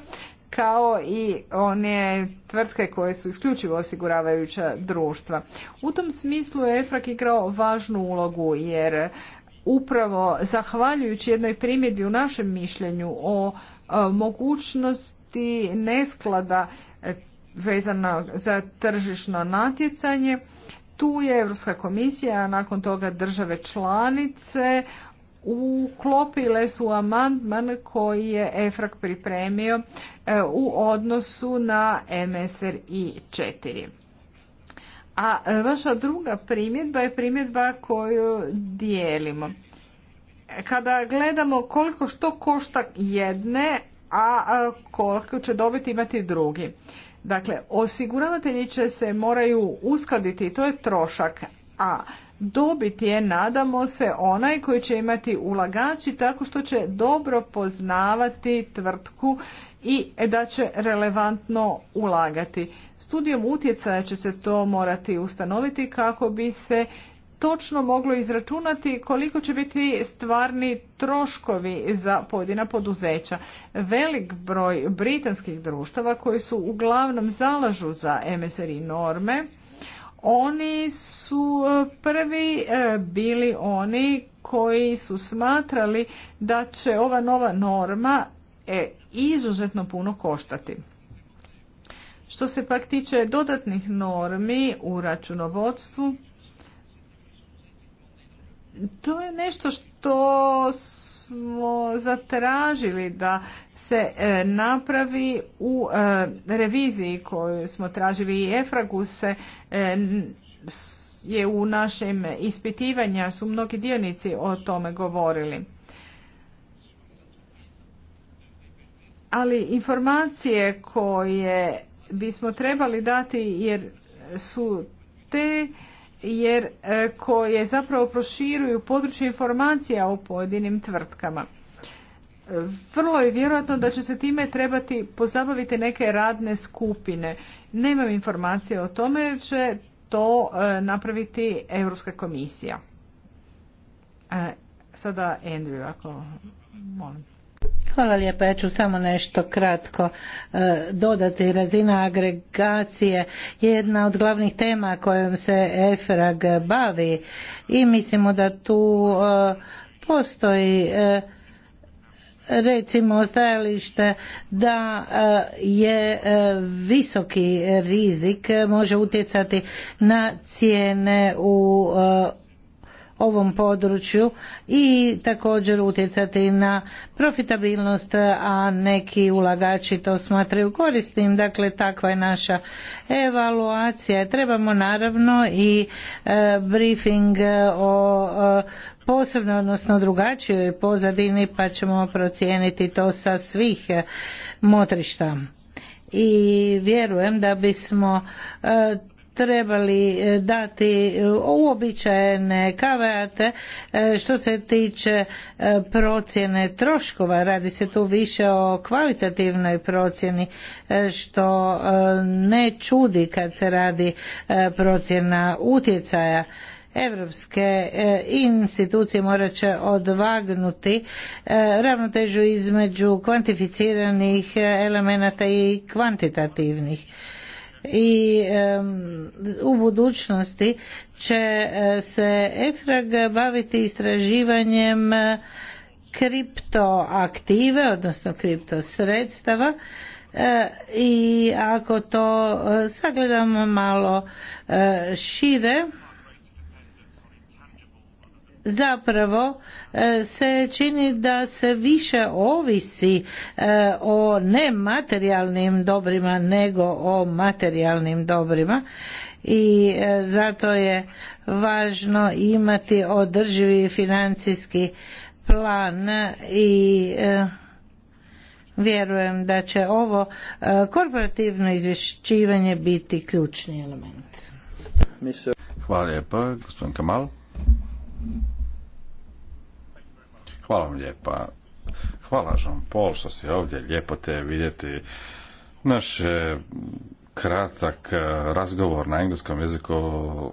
kao i one tvrtke koje su isključivo osiguravajuća društva. U tom smislu je EFRAK igrao važnu ulogu jer upravo zahvaljujući jednoj primjedbi u našem mišljenju o mogućnosti nesklada vezana za tržišno natjecanje. Tu je Europska komisija, a nakon toga države članice uklopile su amandman koji je EFRAK pripremio e, u odnosu na i 4. A e, vaša druga primjedba je primjedba koju dijelimo. Kada gledamo koliko što košta jedne, a koliko će dobiti imati drugi. Dakle, osiguravatelji će se moraju uskladiti i to je trošak, a dobit je, nadamo se, onaj koji će imati ulagači tako što će dobro poznavati tvrtku i da će relevantno ulagati. Studijom utjecaja će se to morati ustanoviti kako bi se točno moglo izračunati koliko će biti stvarni troškovi za pojedina poduzeća. Velik broj britanskih društava koji su uglavnom zalažu za MSRI norme, oni su e, prvi e, bili oni koji su smatrali da će ova nova norma e, izuzetno puno koštati. Što se pak tiče dodatnih normi u računovodstvu, to je nešto što smo zatražili da se e, napravi u e, reviziji koju smo tražili i EFRAGU se e, je u našem ispitivanja su mnogi dionici o tome govorili. Ali informacije koje bismo trebali dati jer su te jer e, koje zapravo proširuju područje informacija o pojedinim tvrtkama. E, vrlo je vjerojatno da će se time trebati pozabaviti neke radne skupine. Nemam informacije o tome jer će to e, napraviti Europska komisija. Sada Andrew, ako molim. Hvala lijepa, ja ću samo nešto kratko e, dodati. Razina agregacije je jedna od glavnih tema kojom se EFRAG bavi i mislimo da tu e, postoji e, recimo stajalište da je visoki rizik može utjecati na cijene u ovom području i također utjecati na profitabilnost, a neki ulagači to smatraju korisnim. Dakle, takva je naša evaluacija. Trebamo naravno i e, briefing e, o e, posebno, odnosno drugačijoj pozadini, pa ćemo procijeniti to sa svih e, motrišta. I vjerujem da bismo e, trebali e, dati e, uobičajene kaveate. E, što se tiče procjene troškova. Radi se tu više o kvalitativnoj procjeni što ne čudi kad se radi procjena utjecaja europske institucije morat će odvagnuti ravnotežu između kvantificiranih elemenata i kvantitativnih i u budućnosti će e, se EFRAG baviti istraživanjem e, kriptoaktive, odnosno kriptosredstava e, i ako to sagledamo malo šire, zapravo e, se čini da se više ovisi e, o nematerijalnim dobrima nego o materijalnim dobrima i e, zato je važno imati održivi financijski plan i vjerujem da će ovo korporativno izvješćivanje biti ključni element. Hvala lijepa, gospodin Kamal. Hvala vam lijepa. Hvala Jean Paul što si ovdje. Lijepo te vidjeti. Naš e, kratak e, razgovor na engleskom jeziku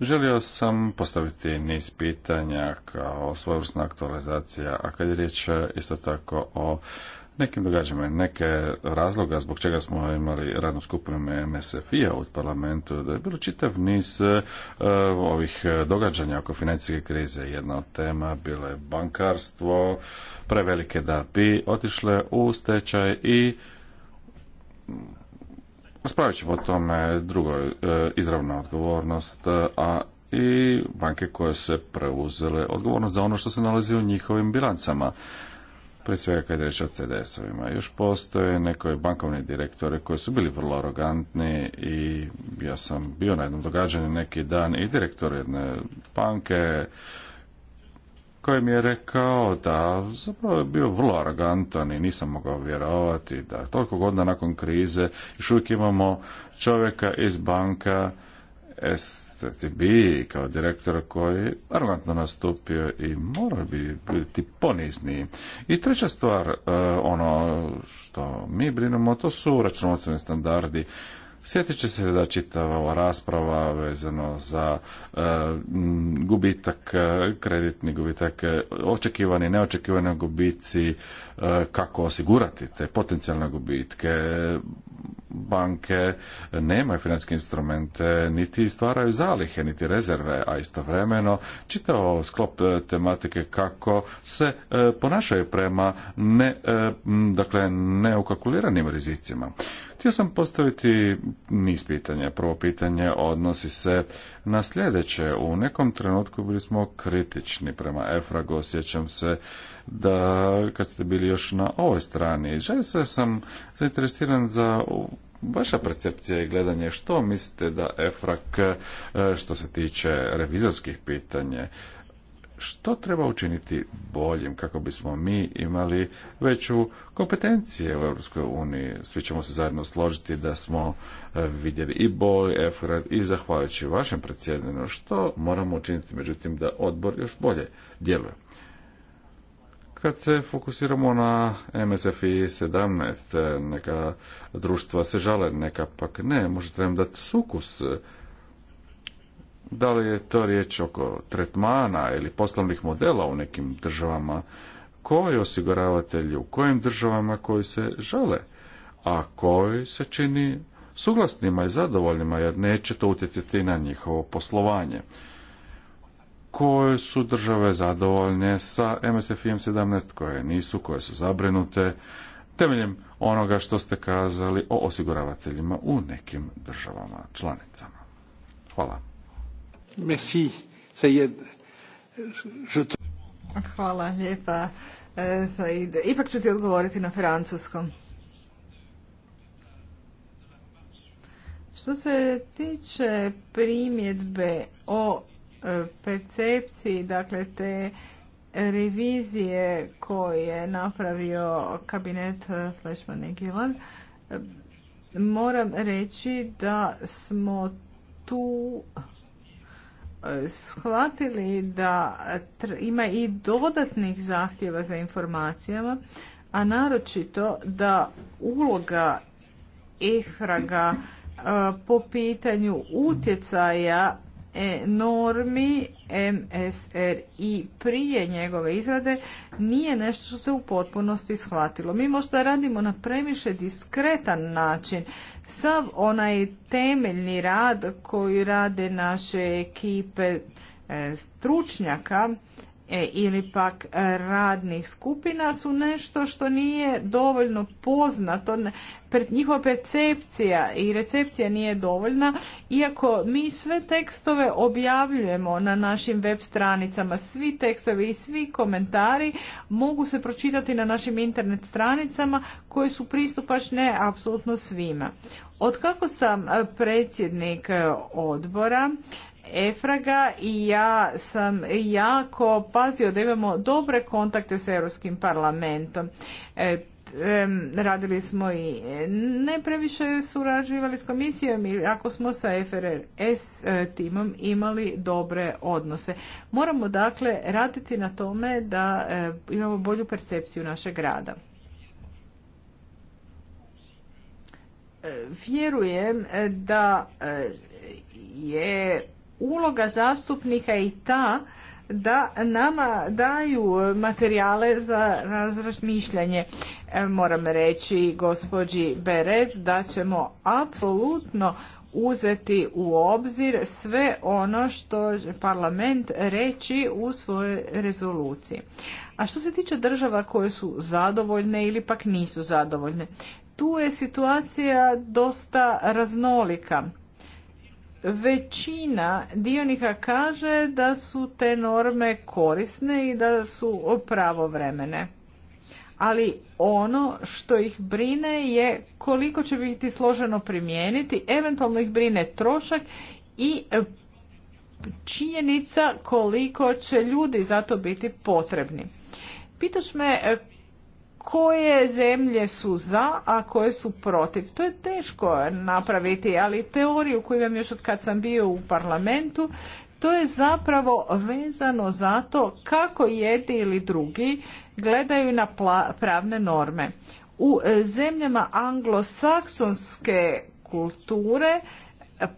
Želio sam postaviti niz pitanja kao svojevrsna aktualizacija, a kad je riječ e, isto tako o nekim događajima, neke razloga zbog čega smo imali radnu skupinu MSF-ija u parlamentu, da je bilo čitav niz e, ovih događanja oko financijske krize. Jedna od tema bilo je bankarstvo, prevelike da bi otišle u stečaj i raspravit ćemo o tome drugo e, izravna odgovornost, e, a i banke koje se preuzele odgovornost za ono što se nalazi u njihovim bilancama. Prije svega kad je o CDS-ovima. Još postoje neke bankovni direktore koji su bili vrlo arogantni i ja sam bio na jednom događanju neki dan i direktor jedne banke koji mi je rekao da zapravo je bio vrlo arogantan i nisam mogao vjerovati da toliko godina nakon krize još uvijek imamo čovjeka iz banka STB kao direktor koji arrogantno nastupio i mora bi biti ponizniji. I treća stvar, e, ono što mi brinemo, to su računovodstveni standardi Sjetit će se da čitava ova rasprava vezano za e, gubitak, e, kreditni gubitak, e, očekivani, neočekivani gubici, kako osigurati te potencijalne gubitke. Banke nemaju financijske instrumente, niti stvaraju zalihe, niti rezerve, a istovremeno čitava sklop tematike kako se ponašaju prema ne, dakle, neukalkuliranim rizicima. Htio sam postaviti niz pitanja. Prvo pitanje odnosi se na sljedeće. U nekom trenutku bili smo kritični prema Efragu, osjećam se da kad ste bili još na ovoj strani. Želim se sam zainteresiran za vaša percepcija i gledanje što mislite da EFRAK e, što se tiče revizorskih pitanja što treba učiniti boljim kako bismo mi imali veću kompetencije u Europskoj uniji. Svi ćemo se zajedno složiti da smo e, vidjeli i bolj efekt i zahvaljujući vašem predsjedanju što moramo učiniti, međutim da odbor još bolje djeluje. Kad se fokusiramo na MSF i 17, e, neka društva se žale, neka pak ne, možda nam dati sukus da li je to riječ oko tretmana ili poslovnih modela u nekim državama, koji osiguravatelji u kojim državama koji se žele? a koji se čini suglasnima i zadovoljnima jer neće to utjecati na njihovo poslovanje. Koje su države zadovoljne sa MSFIM 17, koje nisu, koje su zabrinute, temeljem onoga što ste kazali o osiguravateljima u nekim državama članicama. Hvala. Hvala lijepa, e, Ipak ću ti odgovoriti na francuskom. Što se tiče primjedbe o e, percepciji, dakle te revizije koje je napravio kabinet e, Flešman i Gilan, moram reći da smo tu shvatili da ima i dodatnih zahtjeva za informacijama, a naročito da uloga ehraga po pitanju utjecaja E, normi i prije njegove izrade nije nešto što se u potpunosti shvatilo. Mi možda radimo na previše diskretan način. Sav onaj temeljni rad koji rade naše ekipe e, stručnjaka E, ili pak e, radnih skupina su nešto što nije dovoljno poznato. Njihova percepcija i recepcija nije dovoljna, iako mi sve tekstove objavljujemo na našim web stranicama. Svi tekstovi i svi komentari mogu se pročitati na našim internet stranicama koje su pristupačne apsolutno svima. Od kako sam e, predsjednik odbora, EFRAGA i ja sam jako pazio da imamo dobre kontakte s Europskim parlamentom. E, radili smo i e, ne previše surađivali s komisijom i ako smo sa FRS e, timom imali dobre odnose. Moramo dakle raditi na tome da imamo bolju percepciju našeg rada. Vjerujem da je uloga zastupnika je i ta da nama daju e, materijale za razmišljanje. E, moram reći gospođi Beret da ćemo apsolutno uzeti u obzir sve ono što parlament reći u svojoj rezoluciji. A što se tiče država koje su zadovoljne ili pak nisu zadovoljne, tu je situacija dosta raznolika većina dionika kaže da su te norme korisne i da su pravovremene. Ali ono što ih brine je koliko će biti složeno primijeniti, eventualno ih brine trošak i činjenica koliko će ljudi za to biti potrebni. Pitaš me koje zemlje su za, a koje su protiv. To je teško napraviti, ali teoriju koju imam još od kad sam bio u parlamentu, to je zapravo vezano za to kako jedni ili drugi gledaju na pravne norme. U e, zemljama anglosaksonske kulture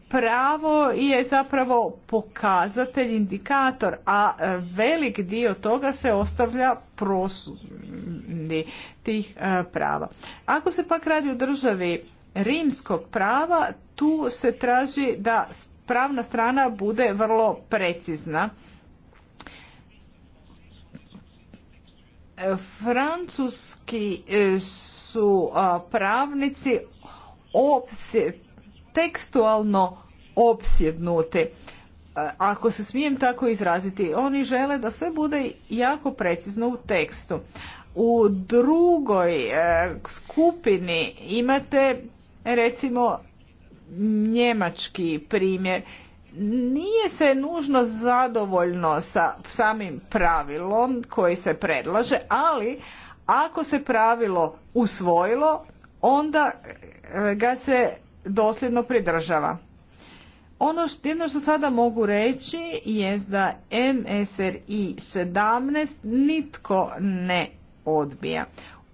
pravo je zapravo pokazatelj, indikator, a e, velik dio toga se ostavlja prosudni tih e, prava. Ako se pak radi o državi rimskog prava, tu se traži da pravna strana bude vrlo precizna. Francuski e, su pravnici opsje tekstualno opsjednuti. E, ako se smijem tako izraziti, oni žele da sve bude jako precizno u tekstu. U drugoj e, skupini imate recimo njemački primjer. Nije se nužno zadovoljno sa samim pravilom koji se predlaže, ali ako se pravilo usvojilo, onda e, ga se dosljedno pridržava. Ono što, jedno što sada mogu reći je da MSRI 17 nitko ne odbija.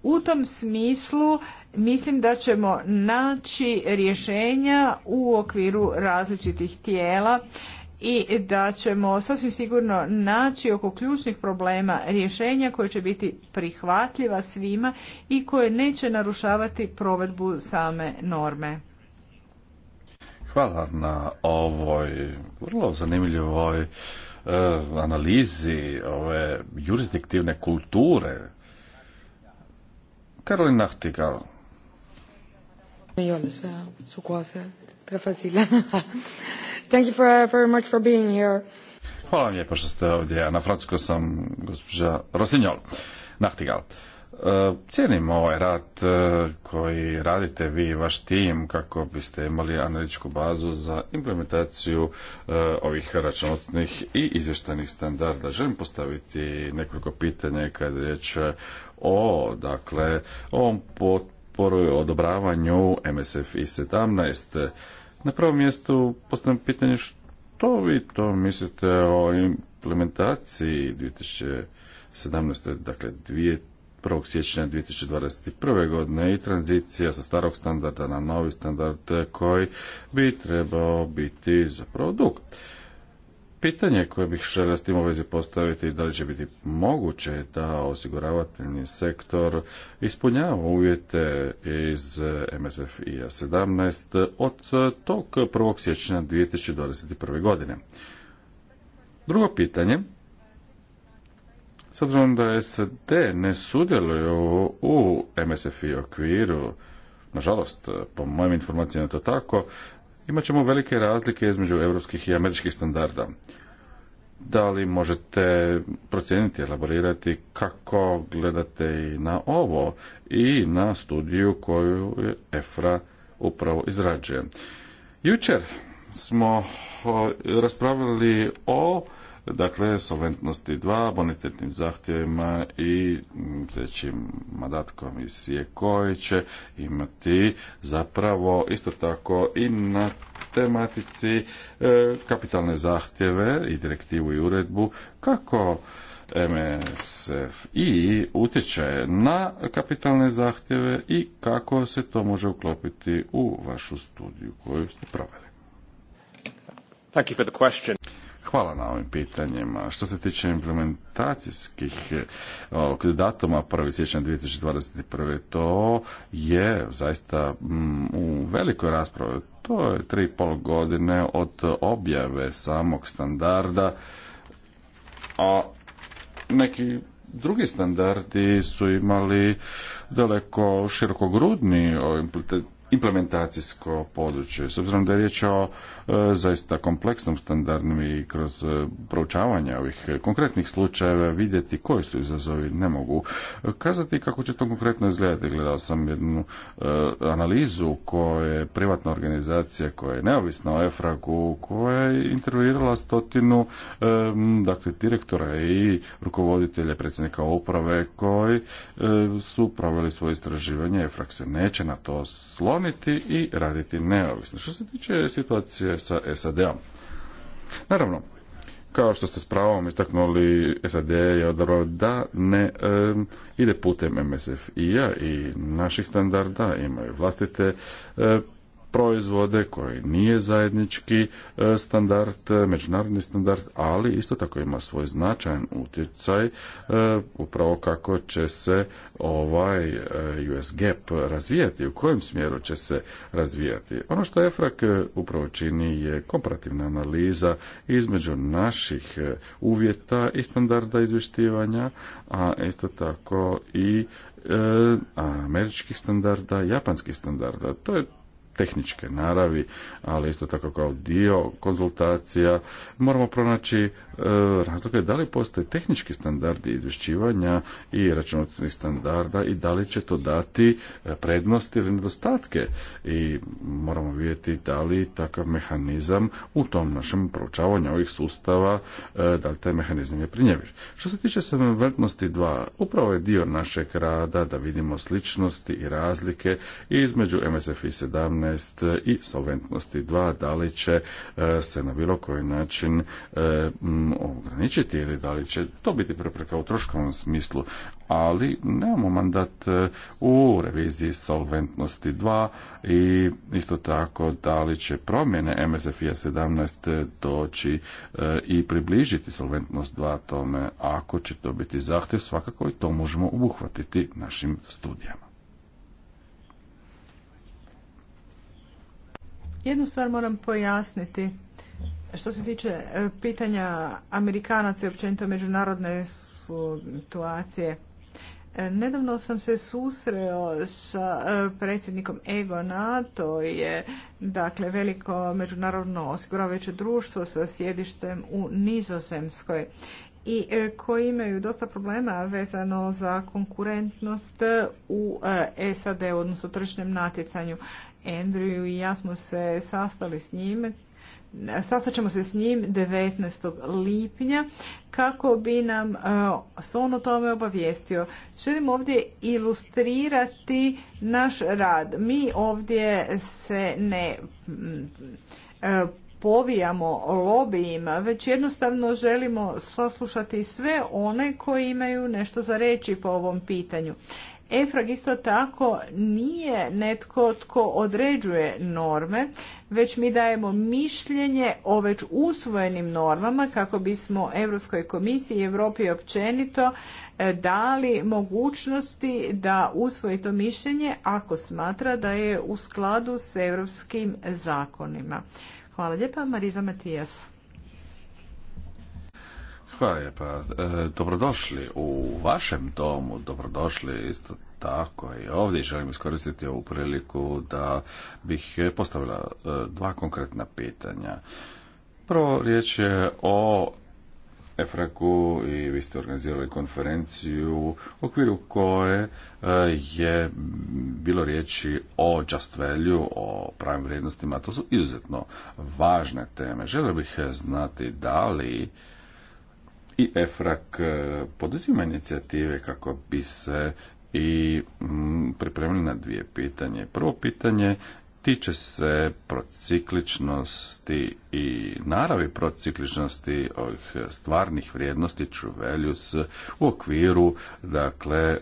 U tom smislu mislim da ćemo naći rješenja u okviru različitih tijela i da ćemo sasvim sigurno naći oko ključnih problema rješenja koje će biti prihvatljiva svima i koje neće narušavati provedbu same norme. Hvala na ovoj vrlo zanimljivoj e, analizi ove jurisdiktivne kulture. Karolina Nachtigal. Thank you for, very much for being here. Hvala vam lijepo što ste ovdje. Na francusku sam gospođa Rossignol. Nachtigal. E, cijenim ovaj rad e, koji radite vi i vaš tim kako biste imali analitičku bazu za implementaciju e, ovih računovodstvenih i izvještajnih standarda. Želim postaviti nekoliko pitanja kada je riječ o dakle ovom potporu i odobravanju i 17. Na prvom mjestu postavljam pitanje što vi to mislite o implementaciji 2017. dakle dvije 1. siječnja 2021. godine i tranzicija sa starog standarda na novi standard koji bi trebao biti zapravo dug. Pitanje koje bih želio s tim u vezi postaviti da li će biti moguće da osiguravateljni sektor ispunjava uvjete iz MSF i 17 od tog 1. siječnja 2021. godine. Drugo pitanje s obzirom da SAD ne sudjeluju u MSF-i okviru, nažalost, po mojim informacijama je to tako, imat ćemo velike razlike između europskih i američkih standarda. Da li možete procijeniti, elaborirati kako gledate i na ovo i na studiju koju je EFRA upravo izrađuje. Jučer smo raspravljali o dakle, solventnosti dva, bonitetnim zahtjevima i sljedećim mandatkom iz koji će imati zapravo isto tako i na tematici e, kapitalne zahtjeve i direktivu i uredbu kako MSF i utječe na kapitalne zahtjeve i kako se to može uklopiti u vašu studiju koju ste proveli. Hvala na ovim pitanjima. Što se tiče implementacijskih eh, datuma 1. siječnja 2021. to je zaista mm, u velikoj raspravi. To je tri pol godine od objave samog standarda, a neki drugi standardi su imali daleko širokogrudni implementacijsko područje. S obzirom da je riječ o E, zaista kompleksnom standardom i kroz e, proučavanje ovih konkretnih slučajeva vidjeti koji su izazovi. Ne mogu e, kazati kako će to konkretno izgledati. Gledao sam jednu analizu koja je privatna organizacija koja je neovisna o EFRAG-u, koja je intervjuirala stotinu dakle, direktora i rukovoditelja predsjednika uprave koji su proveli svoje istraživanje. EFRAG se neće na to sloniti i raditi neovisno. Što se tiče situacije sa sad a Naravno, kao što ste s pravom istaknuli, SAD je odabrao da ne ide putem MSFI-a i naših standarda, imaju vlastite proizvode koji nije zajednički e, standard, međunarodni standard, ali isto tako ima svoj značajan utjecaj e, upravo kako će se ovaj e, US gap razvijati, u kojem smjeru će se razvijati. Ono što EFRAK upravo čini je komparativna analiza između naših uvjeta i standarda izvještivanja, a isto tako i američkih standarda, japanskih standarda. To je tehničke naravi, ali isto tako kao dio konzultacija moramo pronaći e, razloge da li postoje tehnički standardi izvješćivanja i računovodstvenih standarda i da li će to dati e, prednosti ili nedostatke i moramo vidjeti da li takav mehanizam u tom našem proučavanju ovih sustava e, da li taj mehanizam je prinjeviš. Što se tiče samovrtnosti 2, upravo je dio našeg rada da vidimo sličnosti i razlike između i 17 i solventnosti 2, da li će e, se na bilo koji način e, ograničiti ili da li će to biti prepreka u troškovnom smislu, ali nemamo mandat e, u reviziji solventnosti 2 i isto tako da li će promjene MSFI 17 doći i približiti solventnost 2 tome ako će to biti zahtjev svakako i to možemo obuhvatiti našim studijama. Jednu stvar moram pojasniti. Što se tiče e, pitanja Amerikanaca i općenito međunarodne situacije, e, Nedavno sam se susreo sa e, predsjednikom Egona, to je dakle veliko međunarodno osiguravajuće društvo sa sjedištem u Nizozemskoj i koji imaju dosta problema vezano za konkurentnost u SAD, odnosno tržišnom natjecanju. Andrew i ja smo se sastali s njim Sastat ćemo se s njim 19. lipnja kako bi nam e, s on o tome obavijestio. Želim ovdje ilustrirati naš rad. Mi ovdje se ne e, povijamo lobijima, već jednostavno želimo saslušati sve one koji imaju nešto za reći po ovom pitanju. EFRAG isto tako nije netko tko određuje norme, već mi dajemo mišljenje o već usvojenim normama kako bismo Europskoj komisiji i Europi općenito e, dali mogućnosti da usvoji to mišljenje ako smatra da je u skladu s europskim zakonima. Hvala lijepa, Mariza Matijas. Hvala lijepa. E, dobrodošli u vašem domu, dobrodošli isto tako i ovdje želim iskoristiti ovu priliku da bih postavila e, dva konkretna pitanja. Prvo riječ je o EFRAKu i vi ste organizirali konferenciju u okviru koje e, je bilo riječi o just value, o pravim vrijednostima. To su izuzetno važne teme. Želio bih znati da li i EFRAK e, poduzima inicijative kako bi se i mm, pripremili na dvije pitanje. Prvo pitanje tiče se procikličnosti i naravi procikličnosti ovih stvarnih vrijednosti true values u okviru dakle e,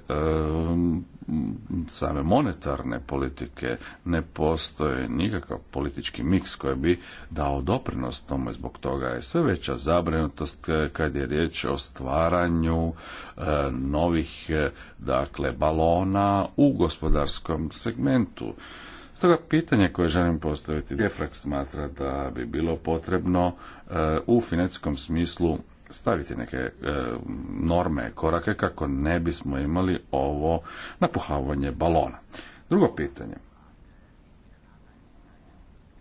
same monetarne politike ne postoji nikakav politički miks koji bi dao doprinos tome. Zbog toga je sve veća zabrinutost kad je riječ o stvaranju e, novih e, dakle balona u gospodarskom segmentu. Stoga pitanje koje želim postaviti, Jefrak smatra da bi bilo potrebno e, u financijskom smislu staviti neke e, norme, korake kako ne bismo imali ovo napuhavanje balona. Drugo pitanje.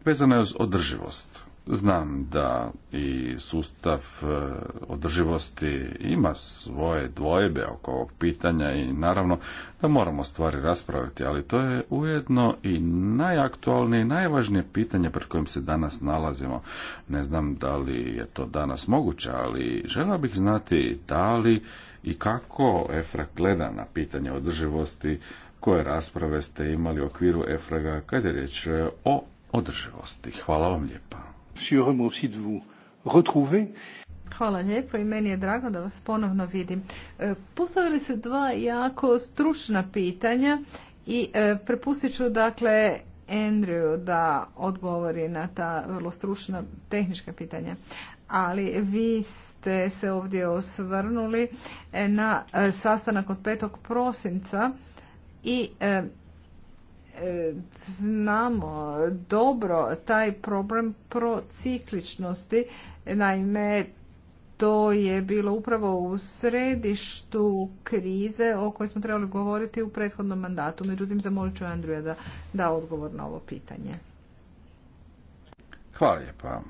Vezano je uz održivost. Znam da i sustav e, održivosti ima svoje dvojbe oko ovog pitanja i naravno da moramo stvari raspraviti, ali to je ujedno i najaktualnije i najvažnije pitanje pred kojim se danas nalazimo. Ne znam da li je to danas moguće, ali želio bih znati da li i kako EFRA gleda na pitanje održivosti, koje rasprave ste imali u okviru EFRAGA kada je riječ o održivosti. Hvala vam lijepa. Hvala lijepo i meni je drago da vas ponovno vidim. E, postavili se dva jako stručna pitanja i e, prepustit ću dakle Andrew da odgovori na ta vrlo stručna tehnička pitanja. Ali vi ste se ovdje osvrnuli e, na sastanak od 5. prosinca i E, znamo dobro taj problem procikličnosti. Naime, to je bilo upravo u središtu krize o kojoj smo trebali govoriti u prethodnom mandatu. Međutim, zamolit ću Andrija da da odgovor na ovo pitanje. Hvala lijepa.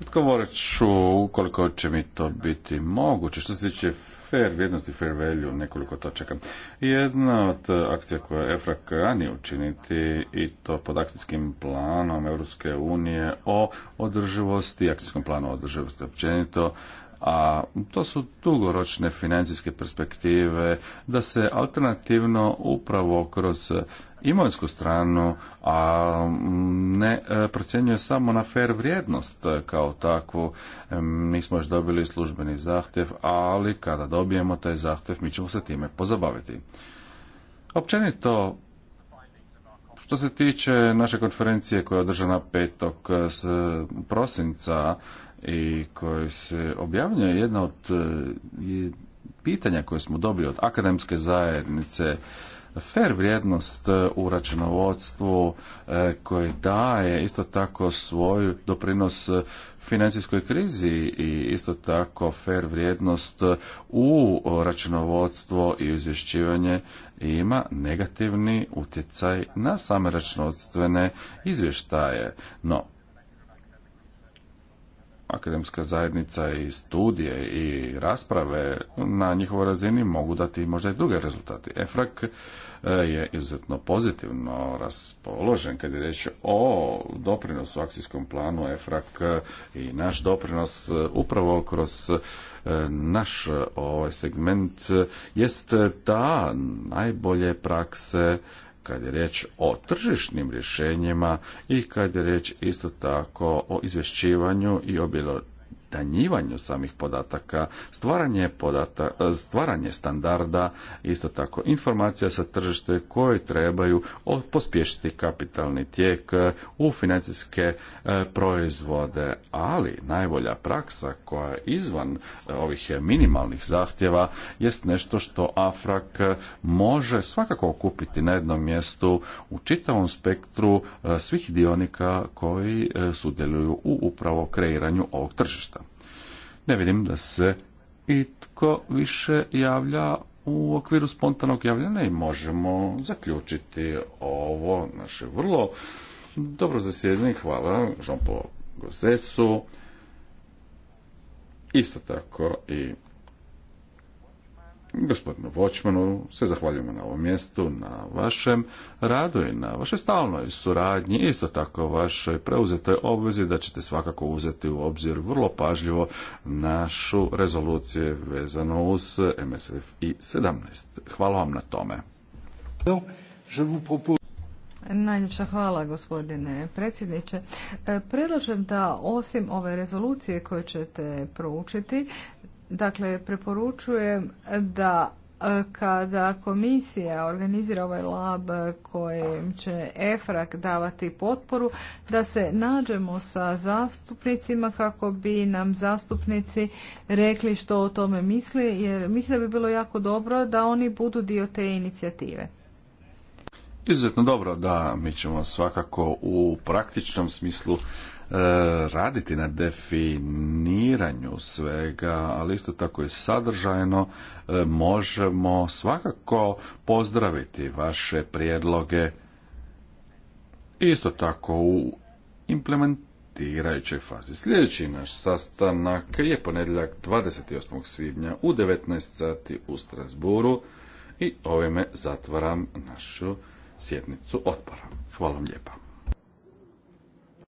Odgovorit ću ukoliko će mi to biti moguće. Što se tiče fair vrijednosti, fair value, nekoliko točaka. Jedna od akcija koja je EFRAK ani učiniti i to pod akcijskim planom Europske unije o održivosti, akcijskom planu o održivosti općenito, a to su dugoročne financijske perspektive da se alternativno upravo kroz imovinsku stranu, a ne e, procjenjuje samo na fair vrijednost kao takvu. E, mi smo još dobili službeni zahtjev, ali kada dobijemo taj zahtjev mi ćemo se time pozabaviti. Općenito, što se tiče naše konferencije koja je održana s prosinca i koja se objavljuje jedna od e, pitanja koje smo dobili od akademske zajednice fer vrijednost e, u računovodstvu e, koje daje isto tako svoj doprinos e, financijskoj krizi i isto tako fer vrijednost u računovodstvo i izvješćivanje ima negativni utjecaj na same računovodstvene izvještaje. No, akademska zajednica i studije i rasprave na njihovoj razini mogu dati možda i druge rezultate. EFRAK e, je izuzetno pozitivno raspoložen kad je riječ o doprinosu akcijskom planu EFRAK e, i naš doprinos e, upravo kroz naš ovaj segment jest ta najbolje prakse kad je riječ o tržišnim rješenjima i kad je riječ isto tako o izvješćivanju i objelo danjivanju samih podataka, stvaranje, podata, e, stvaranje standarda, isto tako informacija sa tržište koje trebaju pospješiti kapitalni tijek e, u financijske e, proizvode, ali najbolja praksa koja je izvan ovih minimalnih zahtjeva jest nešto što AFRAK može svakako okupiti na jednom mjestu u čitavom spektru svih dionika koji sudjeluju u upravo kreiranju ovog tržišta. Ne vidim da se itko više javlja u okviru spontanog javljanja i možemo zaključiti ovo naše vrlo dobro zasjedanje. Hvala Jean-Paul Gossesu. Isto tako i gospodinu Vočmanu, se zahvaljujemo na ovom mjestu, na vašem radu i na vašoj stalnoj suradnji, isto tako vašoj preuzetoj obvezi da ćete svakako uzeti u obzir vrlo pažljivo našu rezoluciju vezano uz MSF i 17. Hvala vam na tome. Najljepša hvala gospodine predsjedniče. E, predlažem da osim ove rezolucije koje ćete proučiti, Dakle, preporučujem da e, kada komisija organizira ovaj lab kojem će EFRAK davati potporu, da se nađemo sa zastupnicima kako bi nam zastupnici rekli što o tome misli, jer mislim da bi bilo jako dobro da oni budu dio te inicijative. Izuzetno dobro, da, mi ćemo svakako u praktičnom smislu E, raditi na definiranju svega, ali isto tako i sadržajno e, možemo svakako pozdraviti vaše prijedloge isto tako u implementirajućoj fazi. Sljedeći naš sastanak je ponedjeljak 28. svibnja u 19 sati u Strasburu i ovime zatvaram našu sjednicu odbora. Hvala vam lijepa.